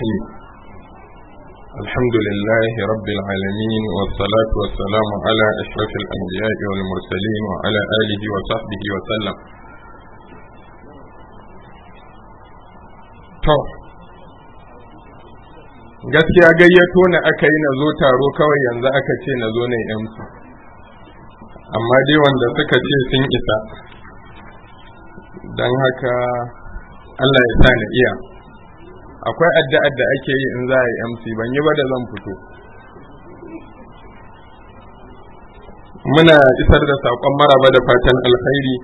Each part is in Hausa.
الرحيم الحمد لله رب العالمين والصلاة والسلام على أشرف الأنبياء والمرسلين وعلى آله وصحبه وسلم طب gaskiya gayyato na aka yi na zo taro kawai yanzu aka ce na zo na yi amma dai wanda suka ce sun isa don haka Allah ya sa na iya akwai addu'ar da ake yi in za a yi MC ban yi ba da zan fito muna isar da sakon maraba da fatan alkhairi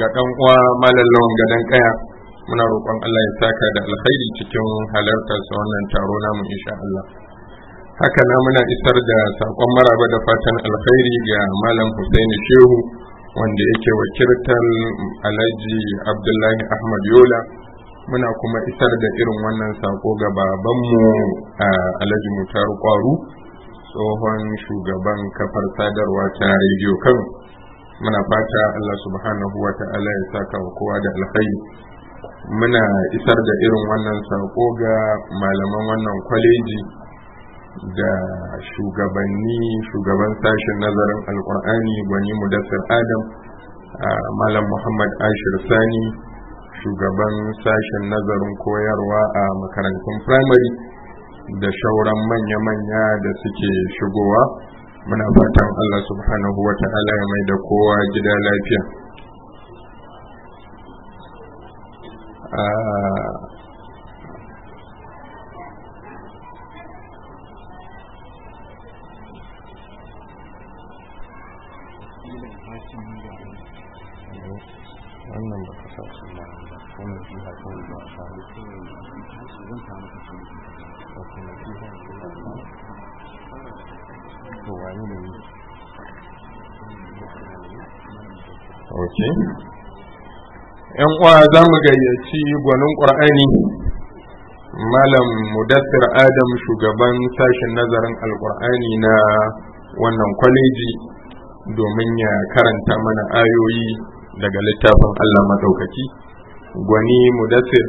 ga ɗan uwa ga gadon kaya muna roƙon Allah ya saka da alkhairi cikin halartar sa wannan taro namu insha Allah haka na muna isar da sakon maraba da fatan alkhairi ga malam hussaini Shehu wanda yake wakiltar Alhaji Abdullahi Ahmad Yola muna kuma isar da irin wannan sako ga babanmu a alhaji mutar kwaru tsohon shugaban kafar sadarwa ta rediyo kan. muna fata allah subhanahu wa ta'ala ya sa kawo kowa da alkhairi muna isar da irin wannan sako ga malaman wannan kwaleji da shugabanni shugaban sashen nazarin alkur'ani gwani mudassir adam malam muhammad ashir sani shugaban sashen nazarin koyarwa a makarantun firamare da shauran manya-manya da suke shigowa muna fatan Allah subhanahu wa ta'ala ya mai da kowa gida lafiya ah. wannan ba yan uwa za mu gayyaci gwanin ƙwar'ani malam mudassir adam shugaban sashen nazarin alƙur'ani na wannan kwaleji domin ya karanta mana ayoyi daga littafin allah maɗaukaki gwani mudassir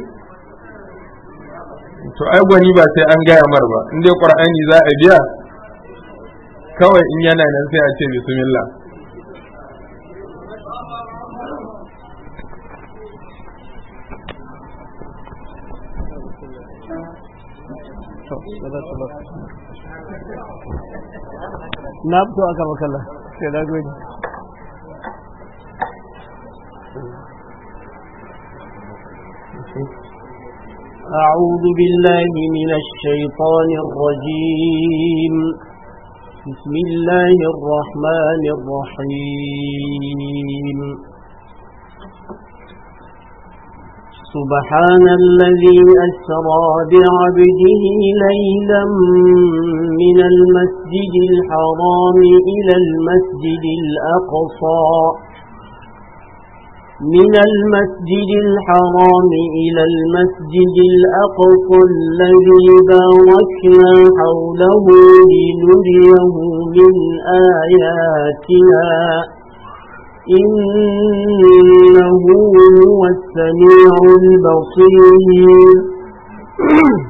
to ai gwani ba sai an gaya mar ba in dai ƙwar'ani za a biya kawai in yana nan sai a ce bismillah na fito aka makalla sai na gode أعوذ بالله من الشيطان الرجيم بسم الله الرحمن الرحيم سبحان الذي أسرى بعبده ليلا من المسجد الحرام إلى المسجد الأقصى من المسجد الحرام إلى المسجد الأقصى الذي باركنا حوله لنريه من آياتنا إنه هو السميع البصير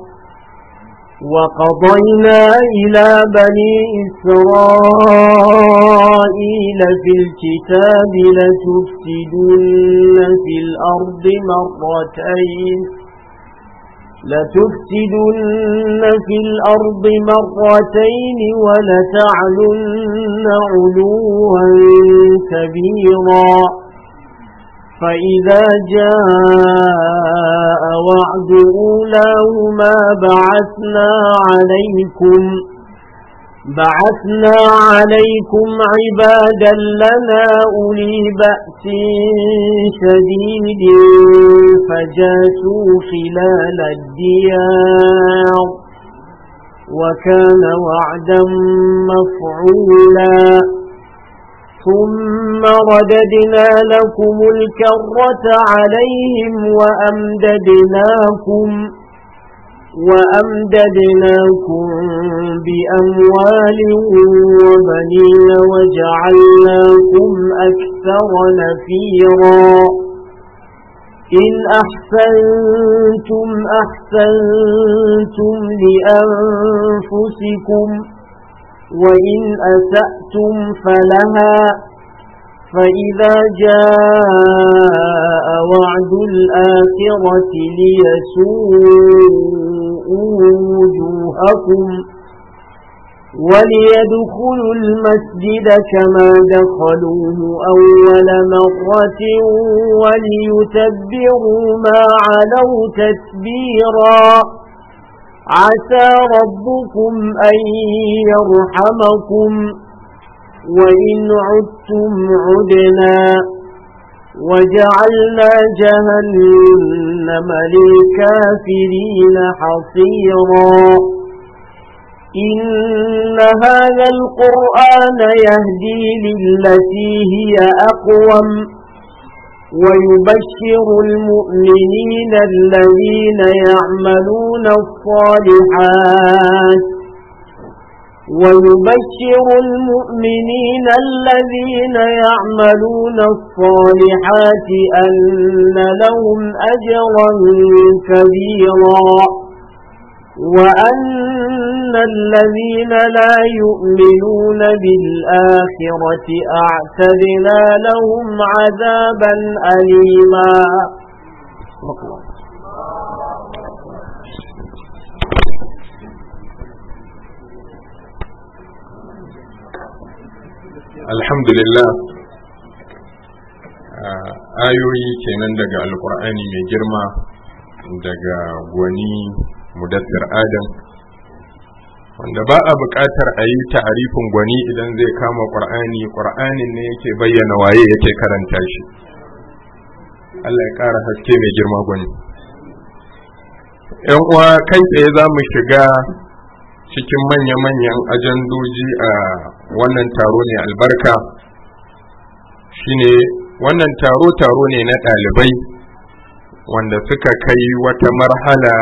وقضينا إلى بني إسرائيل في الكتاب لتفسدن في الأرض مرتين لتفسدن في الأرض مرتين ولتعلن علوا كبيرا فإذا جاء وعد أولاهما بعثنا عليكم بعثنا عليكم عبادا لنا أولي بأس شديد فجاسوا خلال الديار وكان وعدا مفعولا ثم رددنا لكم الكرة عليهم وأمددناكم وأمددناكم بأموال وبنين وجعلناكم أكثر نفيرا إن أحسنتم أحسنتم لأنفسكم وإن أسأتم فلها فإذا جاء وعد الآخرة ليسوءوا وجوهكم وليدخلوا المسجد كما دخلوه أول مرة وليتبروا ما علوا تتبيراً عسى ربكم أن يرحمكم وإن عدتم عدنا وجعلنا جهنم للكافرين حصيرا إن هذا القرآن يهدي للتي هي أقوم ويبشر المؤمنين الذين يعملون الصالحات ويبشر المؤمنين الذين يعملون الصالحات أن لهم أجرا كبيرا وأن الذين لا يؤمنون بالآخرة أعتدنا لهم عذابا أليما الحمد لله آيوي كنن دقاء القرآن من جرمى دقاء ونين mudassir adam wanda ba a buƙatar a yi ta'arifin gwani idan zai kama ƙur'ani ƙur'ani ne yake bayyana waye yake karanta shi Allah ya ƙara haske mai girma gwani ‘yan uwa kai tsaye za mu shiga cikin manya-manyan ajandoji a wannan taro ne albarka shine wannan taro taro ne na ɗalibai wanda suka kai wata marhala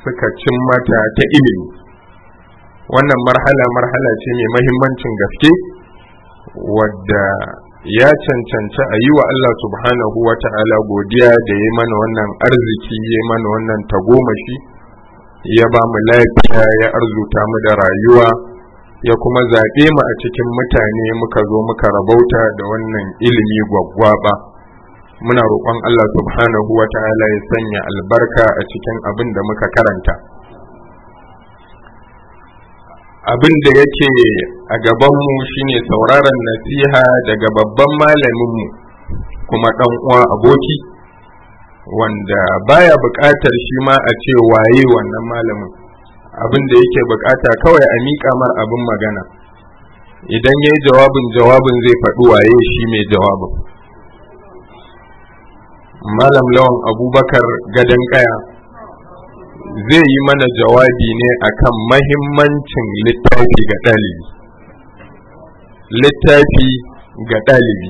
suka cin mata ta ilimi wannan marhala marhala ce mai mahimmancin gaske wadda ya cancanci a yi wa Allah subhanahu wa ta'ala godiya da ya mana wannan arziki ya mana wannan tagomashi ya ba mu lafiya ya arzuta mu da rayuwa ya kuma zaɓe mu a cikin mutane muka zo muka rabauta da wannan ilimi gwaggwaba. muna roƙon Allah subhanahu wa ta'ala ya sanya albarka a cikin abin da muka karanta abin da yake a gabanmu shine sauraron nasiha daga babban malaminmu kuma ɗan uwa aboki wanda baya buƙatar shi ma a ce waye wannan malamin abin da yake buƙata kawai a miƙa mar abin magana idan ya yi jawabin jawabin zai faɗi waye shi mai jawabin malam lawan abubakar gadon kaya zai yi mana jawabi ne akan mahimmancin littafi ga ɗalibi littafi ga ɗalibi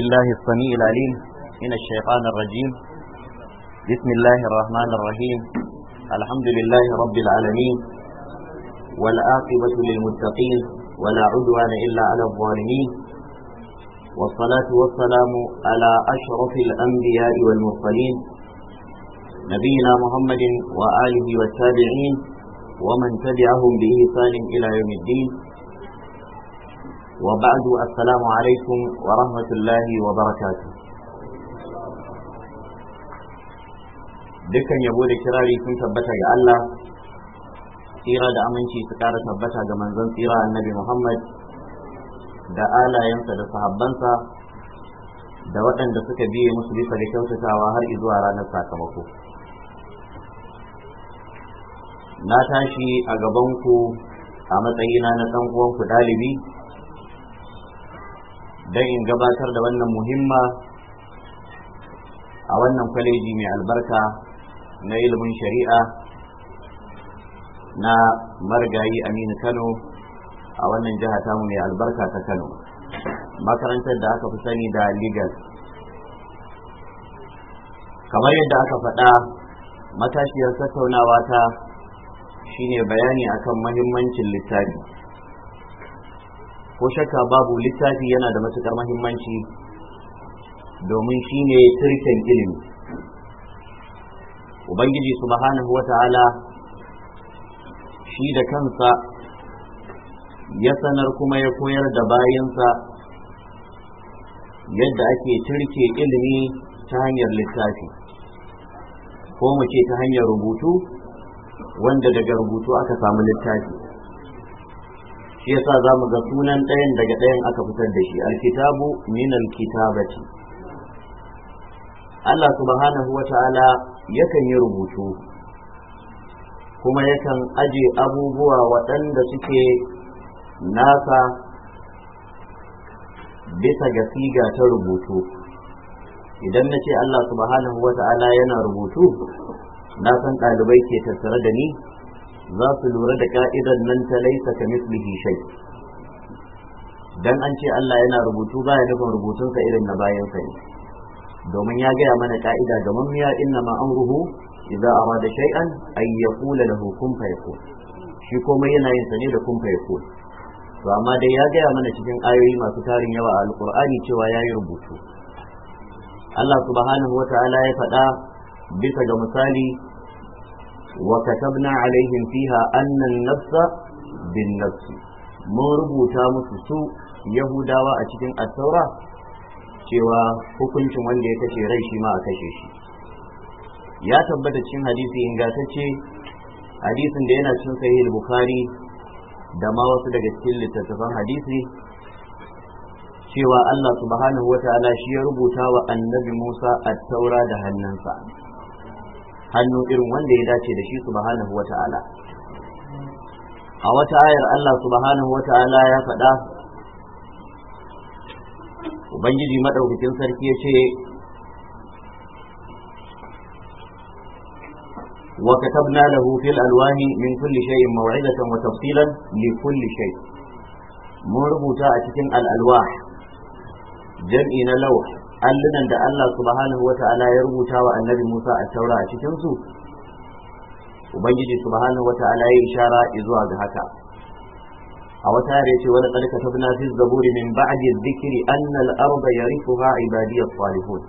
بالله السميع العليم من الشيطان الرجيم بسم الله الرحمن الرحيم الحمد لله رب العالمين والآقبة للمتقين ولا عدوان إلا على الظالمين والصلاة والسلام على أشرف الأنبياء والمرسلين نبينا محمد وآله والتابعين ومن تبعهم بإحسان إلى يوم الدين وبعد السلام عليكم ورحمة الله وبركاته dukkan yabo da kirari sun tabbata ga Allah tsira da aminci su ƙara tabbata ga manzon tsira annabi Muhammad da alayensa da sahabbansa da waɗanda suka biye musu bisa da kyautatawa har zuwa ranar sakamako na tashi a gabanku a matsayina na ɗan uwanku ɗalibi don in gabatar da wannan muhimma a wannan kwaleji mai albarka na ilimin shari'a na margayi aminu kano a wannan jiha tamu mai albarka ta kano makarantar da aka fi sani da legas kamar yadda aka faɗa matashiyar tattaunawa ta shine bayani akan mahimmancin littafi ko shakka babu littafi yana da matukar mahimmanci domin shi ne turken ilimi ubangiji subhanahu wa ta'ala shi da kansa ya sanar kuma ya koyar da bayansa yadda ake turke ilimi ta hanyar littafi ko mu ce ta hanyar rubutu wanda daga rubutu aka samu littafi shi yasa za mu ga sunan ɗayan daga ɗayan aka fitar da shi alkitabu min alkitabati Allah subhanahu wa ta'ala yakan yi rubutu kuma yakan aje abubuwa waɗanda suke nasa bisa ga siga ta rubutu idan na ce Allah subhanahu wa ta'ala yana rubutu na san ɗalibai ke tattare da ni za su lura da ka'idar nan ta laisa ka mislihi shai. dan an ce Allah yana rubutu ya nufin rubutunsa irin na bayansa ne domin ya gaya mana ka'ida ga mamiya inna ma amruhu idza arada shay'an ay yaqula lahu kun fayakun shi komai yana yin sa da kun fayakun to amma dai ya gaya mana cikin ayoyi masu tarin yawa a alqur'ani cewa yayi rubutu Allah subhanahu wa ta'ala ya faɗa bisa ga misali وكتبنا عليهم فيها أن النفس بالنفس مربو تامس سوء يهودا وأتكين التوراة cewa hukuncin wanda ya kashe rai shi ma a kashe shi ya tabbatar cikin hadisi ingantacce hadisin da yana cikin sahih bukhari da ma wasu daga cikin littattafan hadisi cewa Allah subhanahu wa ta'ala shi ya rubuta wa annabi Musa at da hannunsa hannu irin wanda ya dace da shi subhanahu wa ta'ala a wata ayar Allah subhanahu wa ta'ala ya faɗa ubangiji maɗaukakin sarki ya ce wa katabna lahu fil alwani min kulli shay'in maw'izatan wa tafsilan li kulli mun rubuta a cikin al'alwa jam'i na lawh allunan da Allah subhanahu wata'ala ya rubuta wa annabi Musa a taura a cikin ubangiji subhanahu wata'ala ya ishara zuwa ga haka a wata yare ce wani ƙarƙa ta na fi zaburi min ba'di zikiri annal arda ha, ibadiyas salihun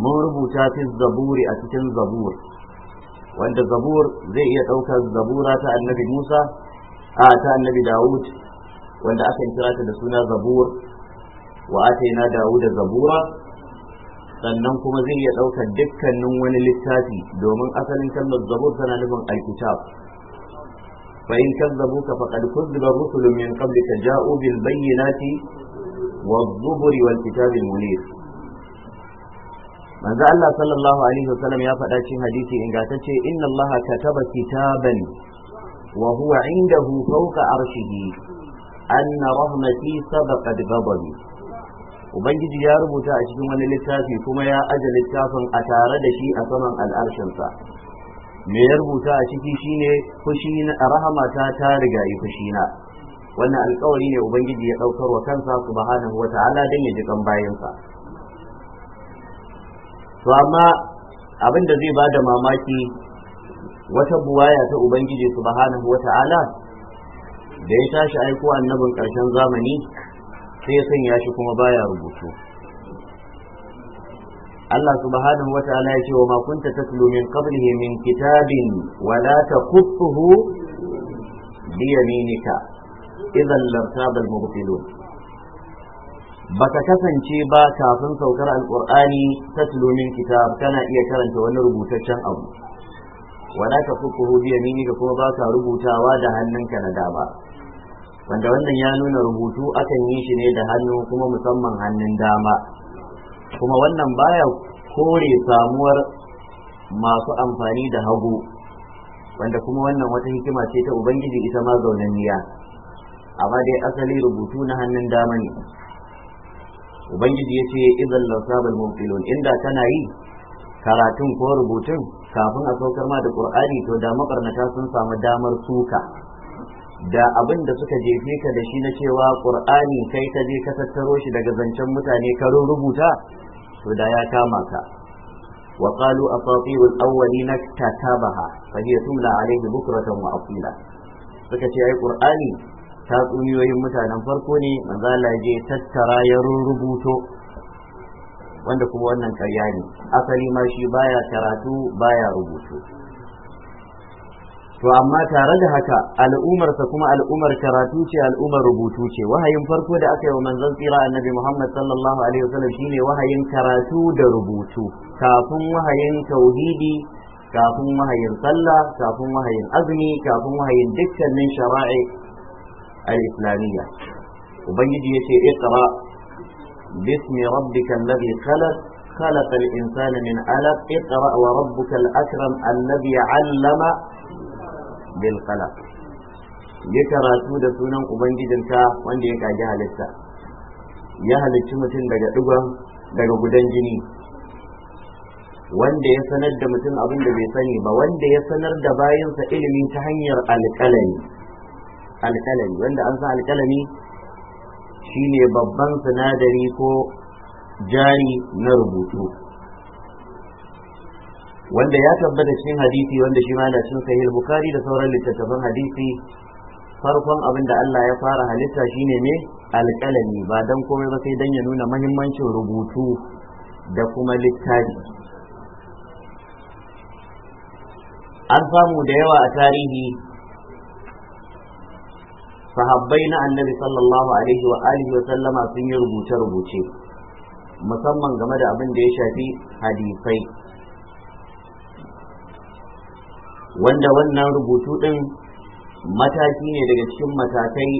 mun rubuta fi zaburi a cikin zabur wanda zabur zai iya ɗaukar zabura ta annabi Musa a ta annabi Dawud wanda akan kira ta da suna zabur wa ataina dawuda zabura sannan kuma zai iya ɗaukar dukkanin wani littafi domin asalin kalmar zabur tana nufin alkitab fa in kazzabuka faqad kuzziba rusulun min qablika ja'u bil bayyinati wadh-dhuburi wal kitabi munir manzo Allah sallallahu alaihi wasallam ya faɗa cikin hadisi ingantacce inna Allah kataba kitaban wa huwa indahu fawqa arshihi anna rahmati sabaqat ghadabi ubangiji ya rubuta a cikin wani littafi kuma ya aje littafin a tare da shi a saman al'arshinsa me ya rubuta a ciki shine fushi na rahamata ta riga yi fushi na wannan alkawari ne ubangiji ya daukar wa kansa subhanahu wata'ala dan ya ji kan bayansa to amma abin da zai bada mamaki wata buwaya ta ubangiji subhanahu wata'ala da ya tashi aiko annabin karshen zamani sai ya sanya shi kuma baya rubutu Allah subhanahu wataala ya ce wa ma kunta tatlu min qablihi min kitabin wa la taqutuhu bi yaminika idan lartaba al-mubtilun baka kasance ba kafin saukar alqur'ani tatlu min kitab kana iya karanta wani rubutaccen abu wala taqutuhu bi yaminika kuma baka rubutawa da hannunka na dama wanda wannan ya nuna rubutu akan yi shi ne da hannu kuma musamman hannun dama kuma wannan baya kore samuwar masu amfani da hagu wanda kuma wannan wata hikima ce ta ubangiji ita ma zaunanniya amma dai asali rubutu na hannun dama ne ubangiji ya ce idan lasabal mubtilun inda tana yi karatun ko rubutun kafin a saukar ma da ƙur'ani, to da makarnata sun samu damar suka da abin da suka jefe ka da shi na cewa ƙur'ani kai ka je ka tattaro shi daga zancen mutane karin rubuta to da ya kama ka wa qalu asatirul na katabaha fa hiya tumla alayhi bukratan wa asila suka ce ai qur'ani tatsuniyoyin mutanen farko ne manzo Allah tattara ya rubuto wanda kuma wannan karya ne asali ma shi baya karatu baya rubutu to amma tare da haka al'umarsa kuma al'umar karatu ce al'umar rubutu ce wahayin farko da aka yi wa manzon tsira annabi Muhammad sallallahu alaihi wasallam shine wahayin karatu da rubutu kafin wahayin tauhidi kafin wahayin sallah kafin wahayin azumi kafin wahayin dukkanin shara'i al-islamiyya ubangiji yace iqra bismi rabbikal ladhi khalaq خلق الإنسان من علق اقرأ وربك الأكرم الذي علم bil kala ya karatu da sunan Ubangijinta, wanda ya kage halitta ya halicci mutum daga dugon daga gudan jini wanda ya sanar da mutum abin da bai sani ba wanda ya sanar da bayansa ilimi ta hanyar alkalami alƙalami wanda an sa alkalami shine babban sinadari ko jari na rubutu wanda ya tabbata cikin hadisi wanda shi ma yana cikin sahih bukhari da sauran littattafan hadisi farkon abin da Allah ya fara halitta shine ne alƙalami ba dan komai ba sai dan ya nuna muhimmancin rubutu da kuma littafi an samu da yawa a tarihi sahabbai na annabi sallallahu alaihi wa alihi wa sallama sun yi rubuce-rubuce musamman game da abin da ya shafi hadisai wanda wannan rubutu ɗin mataki ne daga cikin matakai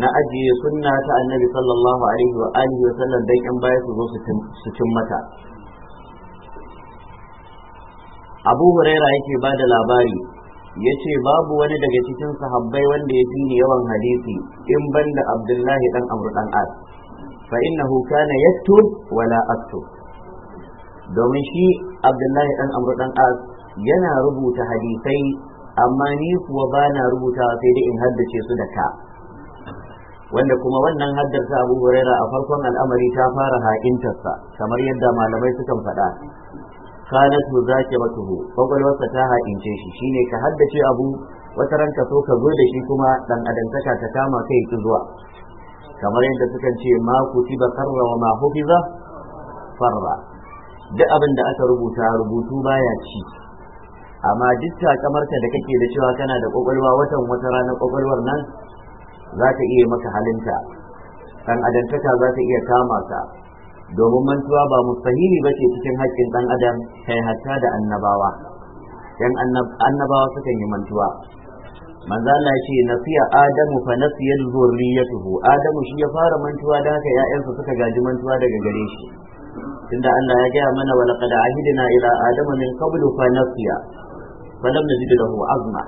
na ajiye sunna ta annabi sallallahu alaihi wa alihi wa sallam dan in baya su zo su cin mata abu huraira yake ba da labari ya ce babu wani daga cikin sahabbai wanda ya fi ni yawan hadisi in ban da abdullahi dan amru dan as fa innahu kana yaktub wala aktub domin shi abdullahi dan amru dan as yana rubuta hadisai amma ni kuwa ba na rubuta sai dai in haddace su da ka wanda kuma wannan haddarsa abu huraira a farkon al'amari ta fara ha'intarsa kamar yadda malamai sukan faɗa kanat zakiratuhu kwakwalwarsa ta ha'ince shi shine ka haddace abu wata ranka so ka zo da shi kuma dan adantaka ta kama kai ki zuwa kamar yadda sukan ce ma ku ba karra wa ma hufiza farra duk abin da aka rubuta rubutu baya ci amma duk takamarka da kake da cewa kana da kwakwalwa watan wata ranar kwakwalwar nan za ta iya maka halinta ɗan ta za ta iya kama ka domin mantuwa ba mustahili ba ce cikin haƙƙin ɗan adam kai hatta da annabawa dan annabawa suka yi mantuwa manzo Allah ce nasiya adamu fa nasiya zurriyatuhu adamu shi ya fara mantuwa da haka yayansa suka gaji mantuwa daga gare shi tunda Allah ya gaya mana wa laqad ahidna ila adama min qablu fa nasiya falam nazid lahu azma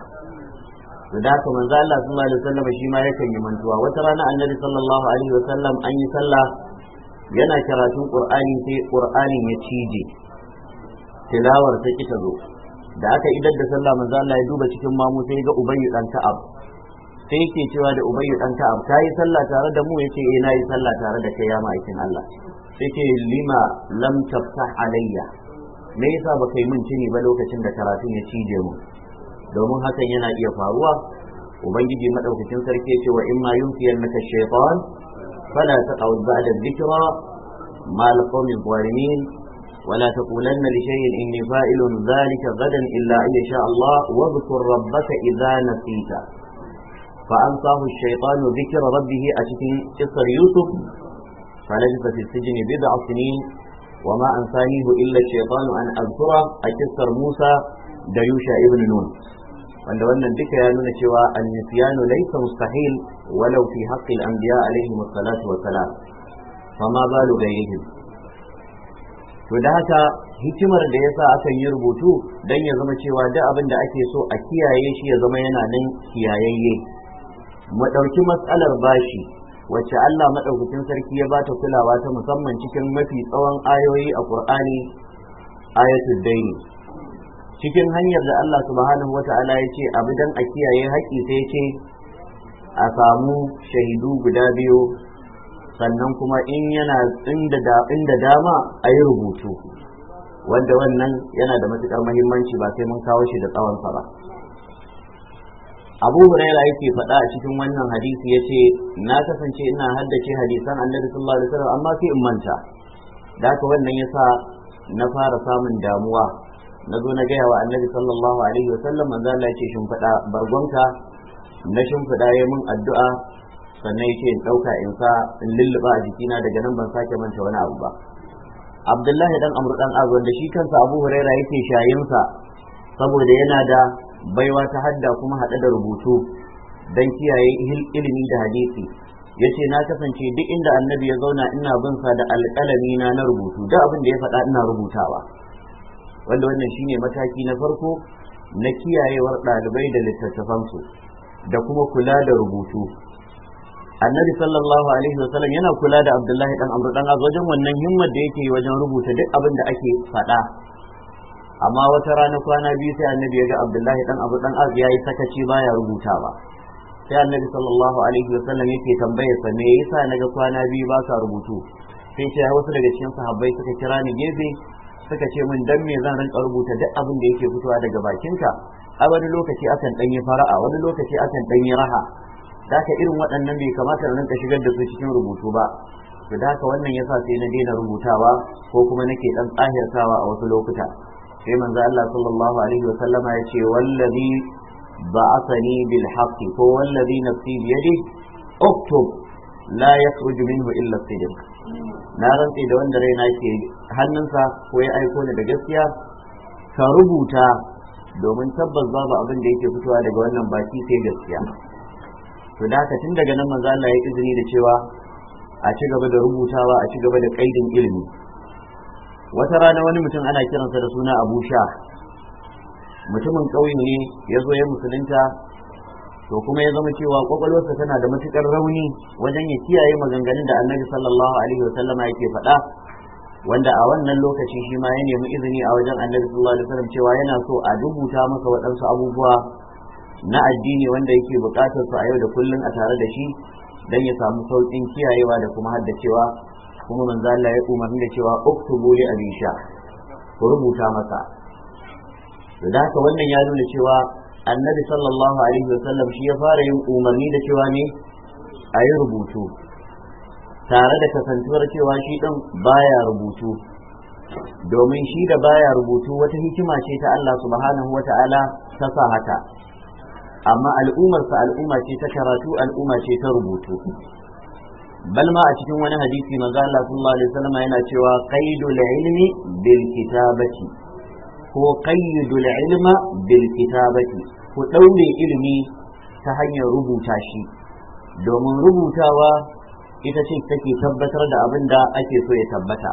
da haka manzo Allah sallallahu alaihi wasallam shi ma yakan yi mantuwa wata rana annabi sallallahu alaihi wasallam an yi sallah yana karatun qur'ani sai qur'anin ya cije tilawar ta zo da aka idar da sallah manzo Allah ya duba cikin mamu sai ga ubayyu dan ka'ab sai yake cewa da ubayyu dan ka'ab ta yi sallah tare da mu yace eh na yi sallah tare da kai ya ma'aikin Allah sai lima lam taftah alayya me yasa ba kai mun tuni ba lokacin da karatu ya cije mu domin hakan yana iya faruwa ubangiji madaukakin sarki ya ce wa in ma yunfiyan maka shaytan fala taqul ba'da dhikra ma alqawmi zalimin ولا تقولن لشيء إني فائل ذلك غدا إلا إن شاء الله واذكر ربك إذا نسيت فأنصاه الشيطان ذكر ربه أشكي قصر يوسف فلبث في السجن بضع سنين وما أنسانيه an الشيطان a أذكره Musa da Yusha ibnu nun? wanda wannan duka ya nuna cewa annisiyanu laysa mustahil walau fi haqqi al-anbiya salatu wa salam fama balu gairihim to da haka hikimar da yasa akan yi rubutu don ya zama cewa duk abin da ake so a kiyaye shi ya zama yana nan kiyayayye mu dauki matsalar bashi wacce Allah madaukakin sarki ya ba ta kulawa ta musamman cikin mafi tsawon ayoyi a Qur'ani ayatul daini cikin hanyar da Allah subhanahu wata'ala ya ce abu dan a kiyaye haƙƙi sai ce a samu shahidu guda biyu sannan kuma in yana inda dama a yi rubutu wanda wannan yana da matuƙar muhimmanci ba sai mun kawo shi da tsawon ba abu huraira yake faɗa a cikin wannan hadisi ya ce na kasance ina haddace hadisan annabi sallallahu alaihi wasallam amma sai in manta da haka wannan yasa na fara samun damuwa na zo na gaya wa annabi sallallahu alaihi wasallam manzo Allah ya ce faɗa bargonka na faɗa ya mun addu'a sannan yake in ɗauka in sa in lulluba a jikina daga nan ban sake manta wani abu ba abdullahi dan amru dan azwan wanda shi kansa abu huraira yake shayinsa saboda yana da baiwa ta hadda kuma haɗe da rubutu don kiyaye ilimi da hadisi ya ce na kasance duk inda annabi ya zauna ina bin sa da alƙalami na na rubutu duk abin da ya faɗa ina rubutawa wanda wannan ne mataki na farko na kiyayewar ɗalibai da littattafansu da kuma kula da rubutu annabi sallallahu alaihi wasallam yana kula da abdullahi dan amru dan wajen wannan himmar da yake wajen rubuta duk abin da ake faɗa amma wata rana kwana biyu sai annabi ya ga abdullahi dan abu dan az yayi sakaci baya rubutawa sai annabi sallallahu alaihi wasallam yake tambayar sa me yasa naga kwana biyu ba ka rubutu sai ce wasu daga cikin sahabbai suka kira ni gefe suka ce min dan me zan rinka rubuta duk abin da yake fitowa daga bakinka a wani lokaci akan dan yi fara'a wani lokaci akan dan yi raha daka irin waɗannan bai kamata rinka shigar da su cikin rubutu ba to daka wannan yasa sai na daina rubutawa ko kuma nake dan tsahirtawa a wasu lokuta sai manzo Allah sallallahu alaihi wa sallama ya ce wallazi ba'athani bil haqqi ko wallazi nafsi bi yadi uktub la yakhruju minhu illa sidq na rantsi da wanda raina ke hannunsa ko ya aiko ni da gaskiya ka rubuta domin tabbas babu abin da yake fitowa daga wannan baki sai gaskiya to da haka tun daga nan manzo Allah ya izini da cewa a ci gaba da rubutawa a ci gaba da kaidin ilimi wata rana wani mutum ana kiransa da suna abu sha mutumin ƙauyen ne ya zo ya musulunta to kuma ya zama cewa kwakwalwarsa tana da matuƙar rauni wajen ya kiyaye maganganun da annabi sallallahu alaihi wa wasallama yake faɗa wanda a wannan lokaci shi ma ya nemi izini a wajen annabi sallallahu alaihi sallam cewa yana so a rubuta masa waɗansu abubuwa na addini wanda yake buƙatar su a yau da kullum a tare da shi dan ya samu sauƙin kiyayewa da kuma haddacewa kuma manzo Allah ya umarni da cewa uktubu li sha ku rubuta masa to da haka wannan ya nuna cewa annabi sallallahu alaihi sallam shi ya fara yin umarni da cewa ne a yi rubutu tare da kasantuwar cewa shi ɗin baya rubutu domin shi da baya rubutu wata hikima ce ta Allah subhanahu wa ta'ala ta sa haka amma al'ummarsa al'umma ce ta karatu al'umma ce ta rubutu Balma a cikin wani hadisi manzo Allah sallallahu alaihi yana cewa qaidul ilmi bil kitabati ko qaidul ilma bil kitabati ku daure ilimi ta hanyar rubuta shi domin rubutawa ita ce take tabbatar da abin da ake so ya tabbata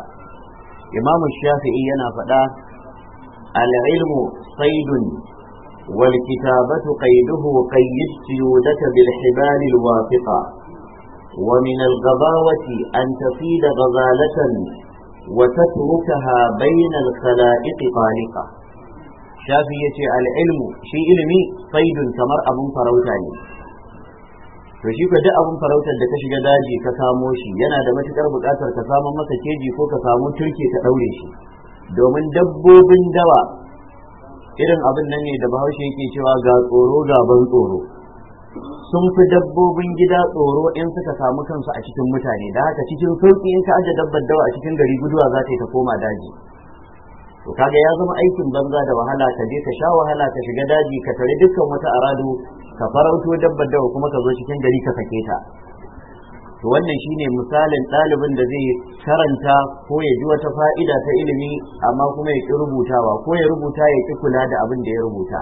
imam shafi'i yana faɗa al saidun walkitabatu wal kitabatu qaiduhu qayyid siyudaka bil hibal al ومن الغباوة أن تفيد غزالة وتتركها بين الخلائق طالقة شافي يتي العلم شيء علمي صيد كمر أبو فروتاني to shi ka duk abin farautar da ka shiga daji ka samo shi yana da matukar buƙatar ka samu masa keji ko ka samu turke ka ɗaure shi domin dabbobin dawa irin abin nan ne da bahaushe yake cewa ga tsoro ga ban tsoro sun fi dabbobin gida tsoro in suka samu kansu a cikin mutane da haka cikin sauƙi in ka aje dabbar dawa a cikin gari guduwa za ta yi ta koma daji to kaga ya zama aikin banza da wahala ka je ka sha wahala ka shiga daji ka tare dukkan wata aradu ka farauto dabbar dawa kuma ka zo cikin gari ka sake ta to wannan shine misalin ɗalibin da zai karanta ko ya ji wata fa'ida ta ilimi amma kuma ya ki rubutawa ko ya rubuta ya ki kula da abin da ya rubuta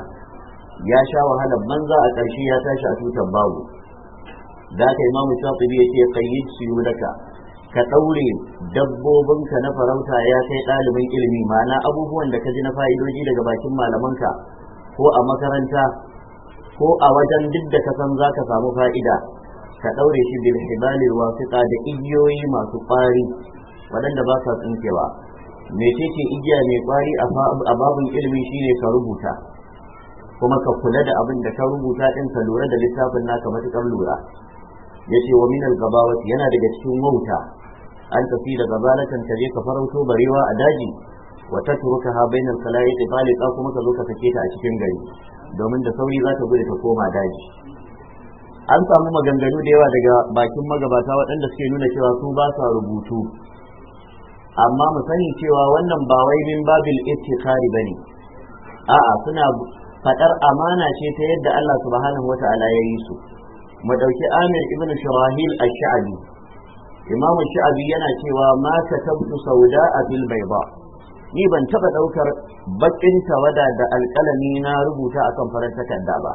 ya sha wahala banza a ƙarshe ya tashi a tutan babu da ka imam shatibi ya ce siyo daka. ka daure dabbobinka na farauta ya kai ɗalibin ilimi ma'ana abubuwan da ka ji na fa'idoji daga bakin malamanka ko a makaranta ko a wajen duk da ka san za ka samu fa'ida ka ɗaure shi bil hibalil wasiqa da igiyoyi masu ƙwari waɗanda ba sa tsinkewa mecece igiya mai ƙwari a babin ilimi shine ka rubuta kuma ka kula da abin da ka rubuta din ka lura da littafin naka matukar lura yace wa min al-gabawati yana daga cikin wauta an tafi da gabalatan ka je ka farauto barewa a daji wa tatrukaha bainal khalayiq taliqa kuma ka zo ka sake ta a cikin gari domin da sauri za ta gudu ta koma daji an samu maganganu da yawa daga bakin magabata waɗanda suke nuna cewa su ba sa rubutu amma mu sani cewa wannan ba wai min babil ittikhari bane a'a suna fadar amana ce ta yadda Allah subhanahu wata'ala ya yi su mu dauki Amir ibn Shirahil a shabi Imam Sha'bi yana cewa ma katabtu sauda fil bayda ni ban taba daukar bakin tawada da alkalami na rubuta akan farar takarda ba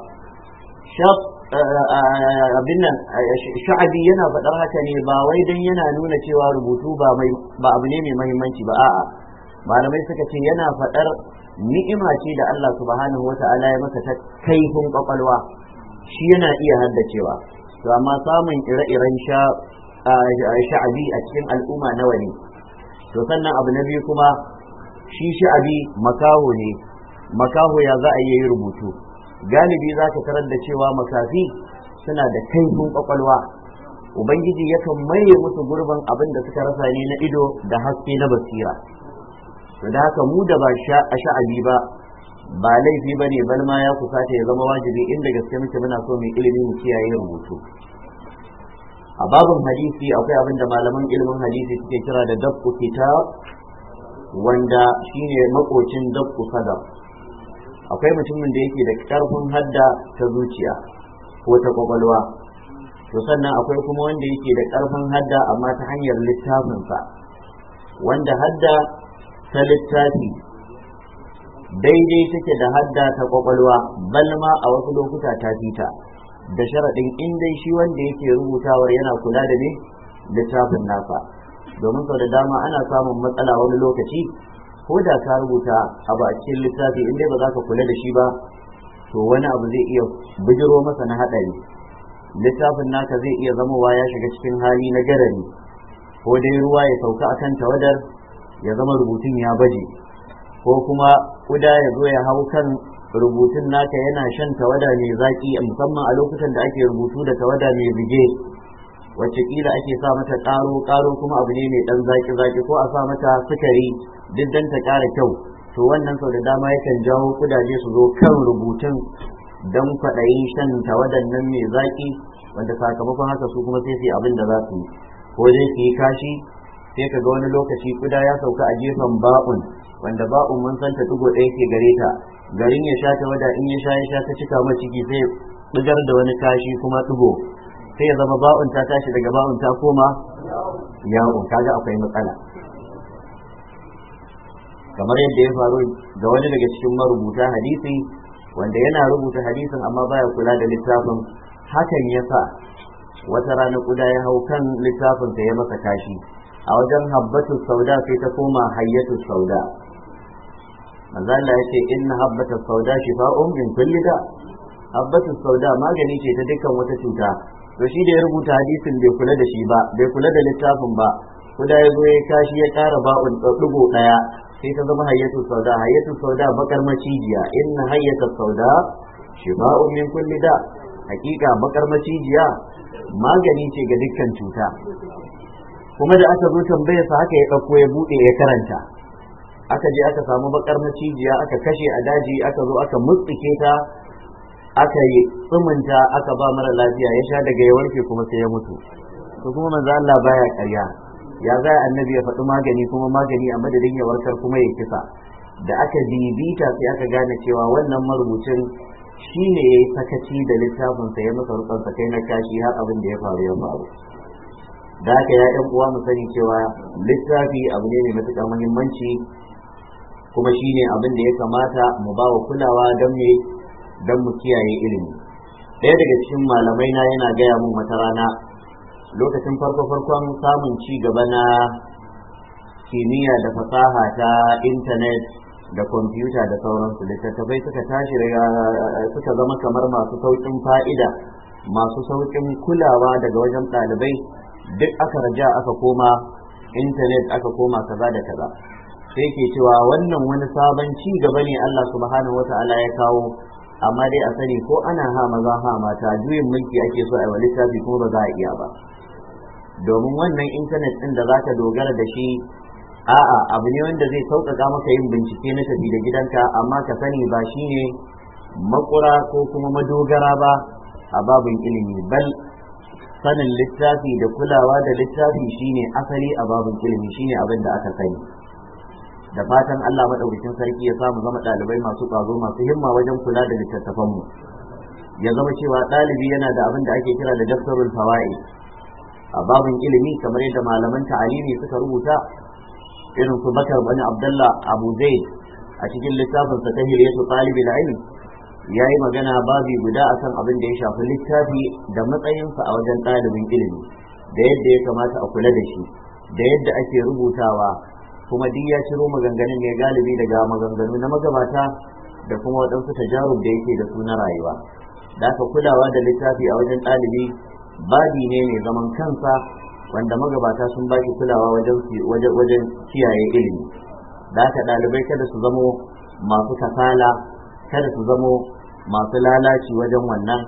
abin nan sha'abi yana faɗar haka ne ba wai don yana nuna cewa rubutu ba abu ne mai mahimmanci ba a'a malamai suka ce yana faɗar ni'ima ce da Allah subhanahu wata'ala ya maka ta kaifin kwakwalwa shi yana iya haddacewa to amma samun ire-iren sha'abi a cikin al'umma nawa ne to sannan abu na biyu kuma shi sha'abi makaho ne makaho ya za a yi rubutu galibi za ka tarar da cewa makafi suna da kaifin kwakwalwa ubangiji yakan maye musu gurbin abin da suka rasa ne na ido da haske na basira to da haka mu da ba a sha'abi ba ba laifi ba ne balma ya ya kusata ya zama wajibi inda gaske muke muna so mai ilimi mu kiyaye rubutu a babin hadisi akwai abin da malaman ilimin hadisi suke kira da dabku kitab wanda shine makocin dabku sadar akwai mutumin da yake da karfin hadda ta zuciya ko ta kwakwalwa to sannan akwai kuma wanda yake da karfin hadda amma ta hanyar littafinsa wanda hadda ta littafi daidai take da hadda ta kwakwalwa balma a wasu lokuta ta fita da sharaɗin in shi wanda yake rubutawar yana kula da ne littafin nasa domin sau da dama ana samun matsala wani lokaci ko da ka rubuta abu a cikin littafi in dai ba za ka kula da shi ba to wani abu zai iya bijiro masa na haɗari littafin naka zai iya zamowa ya shiga cikin hali na ne, ko dai ruwa ya sauka a akan tawadar ya zama rubutun ya baje ko kuma kuda ya zo ya hau kan rubutun naka yana shan tawada mai zaki musamman a lokutan da ake rubutu da tawada mai bige wacce kila ake sa mata karo karo kuma abu ne mai dan zaki zaki ko a sa mata sukari duk dan ta kara kyau to wannan sau da dama yakan jawo kudaje su zo kan rubutun dan kwaɗayin shan tawadan nan mai zaki wanda sakamakon haka su kuma sai su yi abin da za su yi ko dai su yi kashi sai ka ga wani lokaci kuda ya sauka a gefen ba'un wanda ba'un mun san ta tugo ɗaya ke gare ta garin ya sha ta wada in ya sha ya sha ta cika ma ciki sai ɗigar da wani kashi kuma tugo sai ya zama ba'un ta tashi daga ba'un ta koma yawo kaga akwai matsala kamar yadda ya faru ga wani daga cikin marubuta hadisi wanda yana rubuta hadisin amma baya kula da littafin hakan ya sa wata rana kuda ya hau kan littafinsa ya masa kashi a wajen habbatu sauda sai ta koma hayyatu sauda manzala ya ce inna habbatu sauda shifa'un min kulli da habbatu sauda magani ce ta dukkan wata cuta to shi da ya rubuta hadisin bai kula da shi ba bai kula da littafin ba kuda ya zo ya kashi ya ƙara ba'un ɗigo ɗaya sai ta zama hayyatu sauda hayyatu sauda bakar macijiya inna hayyatu sauda shifa'un min kulli da hakika bakar macijiya magani ce ga dukkan cuta kuma da aka zo tambayar sa haka ya ɗauko ya buɗe ya karanta aka je aka samu bakar macijiya aka kashe a daji aka zo aka mutsike ta aka yi tsumunta aka ba mara lafiya ya sha daga ya warke kuma sai ya mutu to kuma manzo Allah baya ƙarya ya za annabi ya faɗi magani kuma magani a madadin ya warkar kuma ya kisa da aka bibita sai aka gane cewa wannan marubucin shine ne ya yi sakaci da littafinsa ya masa rukansa kai na kashi har abin da ya faru ya faru da haka ya ɗan uwa mu sani cewa littafi abu ne mai matuƙar muhimmanci kuma shi ne abin da ya kamata mu ba wa kulawa don me don mu kiyaye ilimi ɗaya daga cikin malamai na yana gaya mun wata rana lokacin farko farkon samun ci gaba na kimiyya da fasaha ta intanet da kwamfuta da sauransu littattafai suka tashi suka zama kamar masu sauƙin fa'ida masu sauƙin kulawa daga wajen ɗalibai duk aka raja aka koma intanet aka koma kaza da kaza sai ke cewa wannan wani sabon ci gaba ne Allah subhanahu wata'ala ya kawo amma dai a sani ko ana ha maza ha mata juyin mulki ake so a wani tafi kuma ba za a iya ba domin wannan intanet ɗin da za ka dogara da shi a'a abu ne wanda zai sauƙaƙa maka yin bincike na tafi da gidanka amma ka sani ba shi ne makura ko kuma madogara ba a babin ilimi bal sanin littafi da kulawa da littafi shine asali a babin ilimi shine abin da aka sani da fatan Allah madaukakin sarki ya samu zama ɗalibai masu ƙwazo masu himma wajen kula da littattafan mu ya zama cewa ɗalibi yana da abin da ake kira da daftarul fawa'i a babin ilimi kamar yadda malaman ta'alimi suka rubuta irin su bakar bani abdullah abu zaid a cikin littafin sa tahiriyatu talibul ilm ya yi magana babi guda a san abin da ya shafi littafi da matsayinsa a wajen ɗalibin ilimi da yadda ya kamata a kula da shi da yadda ake rubutawa kuma duk ya ciro maganganun ne galibi daga maganganu na magabata da kuma waɗansu tajarub da yake da su na rayuwa da aka kulawa da littafi a wajen ɗalibi babi ne mai zaman kansa wanda magabata sun ba shi kulawa wajen kiyaye ilimi da aka ɗalibai kada su zamo masu kasala kada su zamo masu lalaci wajen wannan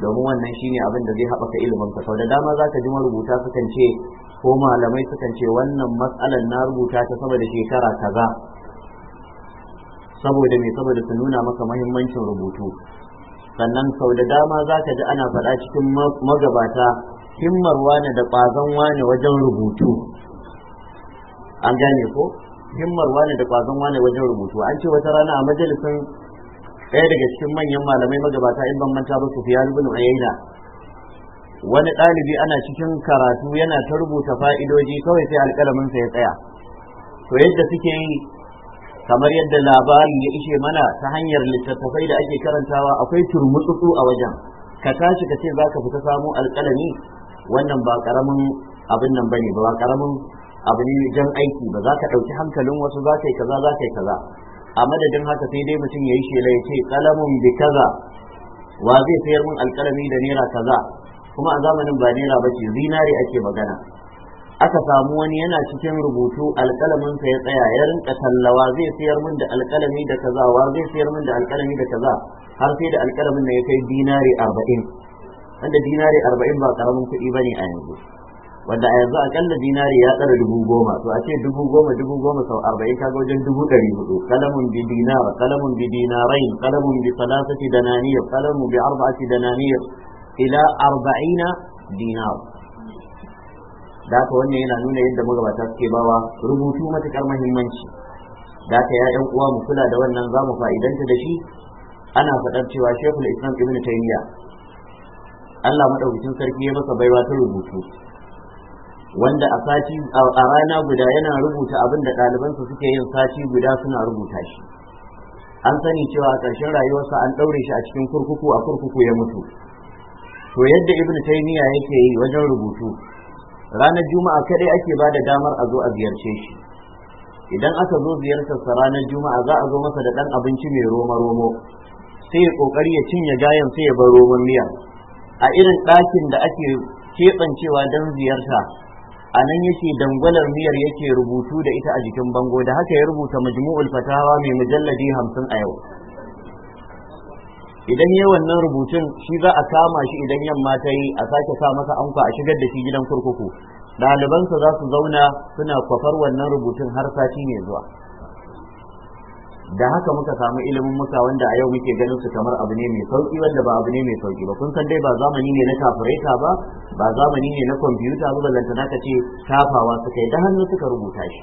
domin wannan shine abin da zai haɓaka ilimin ka sau da dama za ka ji marubuta sukan ce ko malamai sukan ce wannan matsalar na rubuta ta sama da shekara kaza saboda mai saboda su nuna maka mahimmancin rubutu sannan sau da dama za ka ji ana faɗa cikin magabata himmar wane da ƙwazon wane wajen rubutu an gane ko himmar wane da ƙwazon wane wajen rubutu an ce wata rana a majalisin ɗaya daga cikin manyan malamai magabata in ban manta ba Sufyan ibn ayyana wani ɗalibi ana cikin karatu yana ta rubuta fa'idoji kawai sai alƙalamin sa ya tsaya to yadda suke yi kamar yadda labarin ya ishe mana ta hanyar littattafai da ake karantawa akwai turmutsutsu a wajen ka tashi ka ce za ka fita samu alƙalami wannan ba ƙaramin abin nan ba ne, ba ƙaramin abu jan aiki ba za ka ɗauki hankalin wasu za ka yi kaza za ka yi kaza a madadin haka sai dai mutum ya yi shela ya ce kalamun bi kaza wa zai sayar min alkalami da naira kaza kuma a zamanin ba naira ba ce zinare ake magana aka samu wani yana cikin rubutu alkalaminsa ya tsaya ya rinka tallawa zai sayar min da alkalami da kaza wa zai sayar min da alkalami da kaza har sai da alkalamin na ya kai dinari arba'in wanda dinari arba'in ba karamin kuɗi ba ne a yanzu wanda a yanzu akalla dinari ya tsara dubu goma to a ce dubu goma dubu goma sau arba'in kaga wajen dubu ɗari hudu kalamun bi dinar kalamun bi dinarai kalamun bi salasati dananiyar kalamun bi arba'ati naniyar, ila arba'ina dinar da ka wannan yana nuna yadda magabata suke bawa rubutu matuƙar muhimmanci da ka ya yan uwa mu kula da wannan za mu fa'idanta da shi ana faɗar cewa shekul islam ibn taymiya Allah madaukakin sarki ya masa baiwa ta rubutu wanda a sati a rana guda yana rubuta abin da ɗalibansa suke yin sati guda suna rubuta shi an sani cewa a ƙarshen rayuwarsa an ɗaure shi a cikin kurkuku a kurkuku ya mutu to yadda ibnu taymiya yake yi wajen rubutu ranar juma'a kadai ake ba da damar a zo a ziyarce shi idan aka zo ziyartarsa ranar juma'a za a zo masa da ɗan abinci mai romo romo sai ya kokari ya cinye gayan sai ya bar roman miya a irin ɗakin da ake keɓancewa don ziyarta a nan yake dangwalar miyar yake rubutu da ita a jikin bango da haka ya rubuta majmu'ul fatawa mai mujalladi hamsin a yau idan ya wannan rubutun shi za a kama shi idan yamma ta yi a sake sa masa anka a shigar da shi gidan kurkuku ɗalibansa za su zauna suna kwafar wannan rubutun har sati mai zuwa da haka muka samu ilimin muka wanda a yau muke ganin su kamar abu ne mai sauki wanda ba abu ne mai sauki ba kun san dai ba zamani ne na kafureta ba ba zamani ne na kwamfuta ba ballantana ce tafawa suka yi da hannu suka rubuta shi